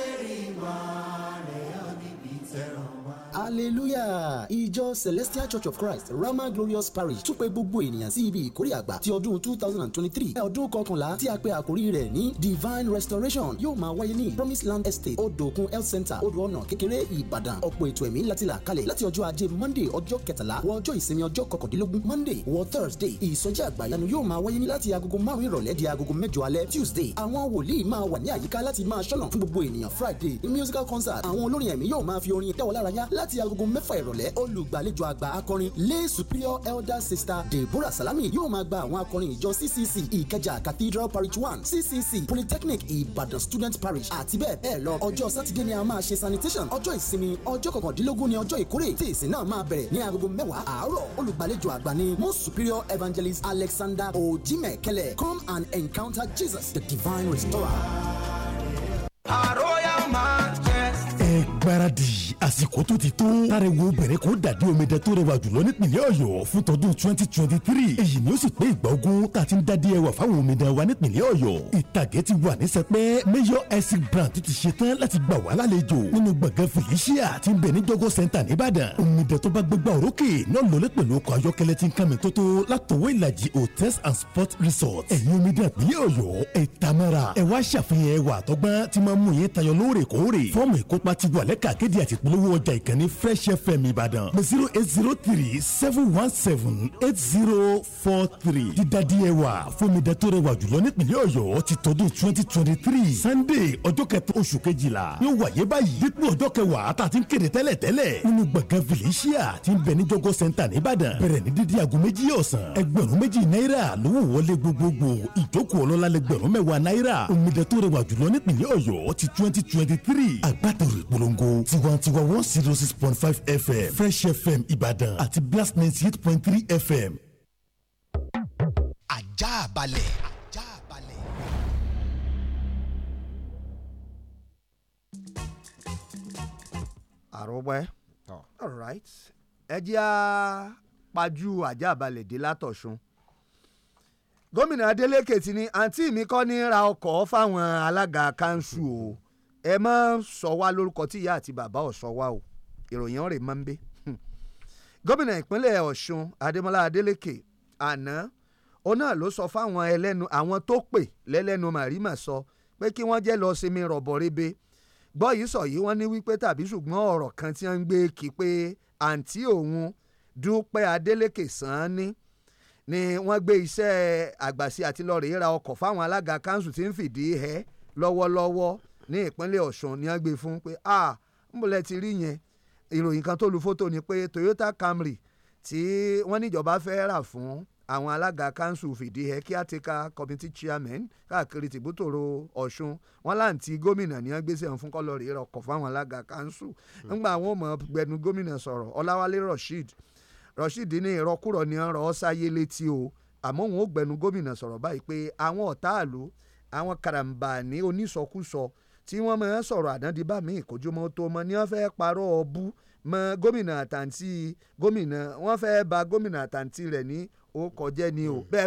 hallelujah ìjọ celestial church of christ rama glorious parish tún pè gbogbo ènìyàn sí ibi ìkórè àgbà ti ọdún two thousand and twenty-three ọdún kọkànlá tí a pè àkórí rẹ̀ ní divine restoration yóò máa wáyé ní promise land estate odòkun health center odò ọ̀nà kékeré ìbàdàn ọ̀pọ̀ ètò ẹ̀mí láti là kalẹ̀ láti ọjọ́ ajé monday ọjọ́ kẹtàlá wọ ọjọ́ ìsinmi ọjọ́ kọkàndínlógún monday wọ thursday ìsọjí àgbàyanu yóò máa wáyé ní láti agogo márùn ìrọ̀lẹ́ di agogo mẹ́jọ alẹ́ tuesday àwọn wòlíì máa wà ní àyíká láti máa ṣọ́nà fún gbogbo ènìyàn friday musical concert àwọn olórin ẹ̀mí yóò máa fi orin tẹ́wọ́ lára yá láti láti agogo mẹ́fà ìrọ̀lẹ́ olùgbàlejò àgbà akọrin lay superior elder sister deborah salami yóò máa gba àwọn akọrin ìjọ ccc ìkẹjà cathedral parish one ccc polytechnic ìbàdàn student parish àti bẹ́ẹ̀ bẹ́ẹ̀ lọ ọjọ́ sátidé ni a máa ṣe sanitation ọjọ́ ìsinmi ọjọ́ kọkàndínlógún ni ọjọ́ ìkórè tí ìsìn náà máa bẹ̀rẹ̀ ní agogo mẹ́wàá àárọ̀ olùgbàlejò àgbà ni most superior evangelist alexander ojimekele come and encounter jesus the divine restorer. àròyà máa jẹ́. ẹ gbáradì àsìkò tó ti tó. tariwo bẹ̀rẹ̀ kó dàdí omidan tó rẹwà jùlọ nípìnlẹ̀ ọ̀yọ́ fún tọdún twenty twenty three. èyí ni ó sì pé ìgbà ogún tá a ti ń dádí ẹwà fáwọn omidan wa nípìnlẹ̀ ọ̀yọ́. ìtàgé ti wà ní sẹpẹ́ mayor essex brand ti ṣe tán láti gbà wá lálejò nínú gbọ̀ngàn felicia ti ń bẹ ní jọgọ center nìbàdàn. omidan tó bá gbégbá òrókè náà lọlé pẹ̀lú ọkọ̀ ayọ́kẹ́lẹ́ ti ń kàmì tótó látọwọ́ hotels and sports resort. ẹ̀yin omidan ìpínlẹ̀ ọ̀yọ́ ẹ̀ tamara ẹ̀ wá ṣàfihàn ẹwà àtọ́gbọ́n ti máa mú yín tayọ lóòrèkóòrè. fọ́ọ̀mù ìkópa ti polówó ọjà ìkànnì fresh fm ìbàdàn zero eight zero three seven one seven eight zero four three dídádì ẹwà fomidà tó rẹwà jùlọ nípìnlẹ̀ ọ̀yọ́ ti tọdún twenty twenty three sunday ọjọ́ kẹta oṣù kejìlá yóò wáyé báyìí dípò ọjọ́ kẹwàá tá a ti ń kéde tẹ́lẹ̀tẹ́lẹ̀ nínú gbọ̀ngàn felicia ti ń bẹ ní jọgọ́ center nìbàdàn bẹ̀rẹ̀ ní dídí aago méjì ọ̀sán ẹgbẹ̀rún méjì náírà lówó wọlé gbogbogbò ìjókòó ọlọ́lá lẹgbẹ̀rún mẹ́wàá náírà omidà tó rẹwà jùlọ nípìnlẹ̀ ọ̀yọ́ ti twenty twenty three agbátẹrù ìpolongo tiwantiwa one zero oh six point five fm fresh fm ìbàdàn àti blast ninety eight point three fm. ajá balẹ̀. ajá balẹ̀. all right ẹ jẹ́ a pajú ajá balẹ̀ dé látọ̀sùn gómìnà Adeleke ti ní àǹtí mi kọ́ ní ra ọkọ̀ fáwọn alága kanṣu o. Mm -hmm ẹ má sọ wá lórúkọ tí ìyá àti bàbá ò sọ wá o ìròyìn ọ̀rẹ́ máa ń bẹ. gómìnà ìpínlẹ̀ ọ̀ṣun adémọlá adélèké àná òun náà ló sọ fáwọn ẹlẹ́nu àwọn tó pè lẹ́lẹ́nu màrímà sọ pé kí wọ́n jẹ́ lọ sinmi rọ̀bọ̀ rebe gbọ́ yìí sọ yìí wọ́n ní wípé tàbí ṣùgbọ́n ọ̀rọ̀ kan tí wọ́n ń gbé kí pé àǹtí òun dúpẹ́ adélèké sàn án ní ni wọ́n gbé iṣẹ́ àgbàṣe àti lọ́ọ̀rì ra ọkọ̀ fáwọn alága kanṣu tí ń fìdí ẹ lọ́wọ́lọ́wọ́ ní ìpínlẹ̀ Ọ̀ṣun ni wọ́n gbé fún pé ah ńbọ̀lẹ́ ti rí yẹn ìròyìn kan tó lu fótó ni pé Toyota Camry tí wọ́n níjọba fẹ́ rà fún àwọn alága kanṣu fìdí ẹ caretaker committee chairman káàkiri tìbútòrò ọ̀ṣun wọn láǹtí gómìnà ní wọn gbèsè fún kọlọ́ọ̀rì ọkọ̀ fáwọn alága kanṣu hmm. ńgbà àwọn ọmọ gbẹnu gómìnà sọ̀rọ̀ ọláwálé rasheed rasheed ní ìrọkúrọ̀ ni ọ̀rọ̀ ṣáyé létí o àmọ́ òun ó gbẹnu gómìnà sọ̀rọ̀ báyìí pé àwọn ọ̀táàlú àwọn karambà onísọkúsọ so tí wọ́n máa ń sọ̀rọ̀ àdáńdí bá mi ìkójúmọ́ tó mọ ni wọ́n fẹ́ parọ́ ọbú mọ gómìnà àtàǹtí gómìnà wọ́n fẹ́ bà gómìnà àtàǹtí rẹ̀ ní ó kọjẹ́ ni o hmm. bẹ́ẹ̀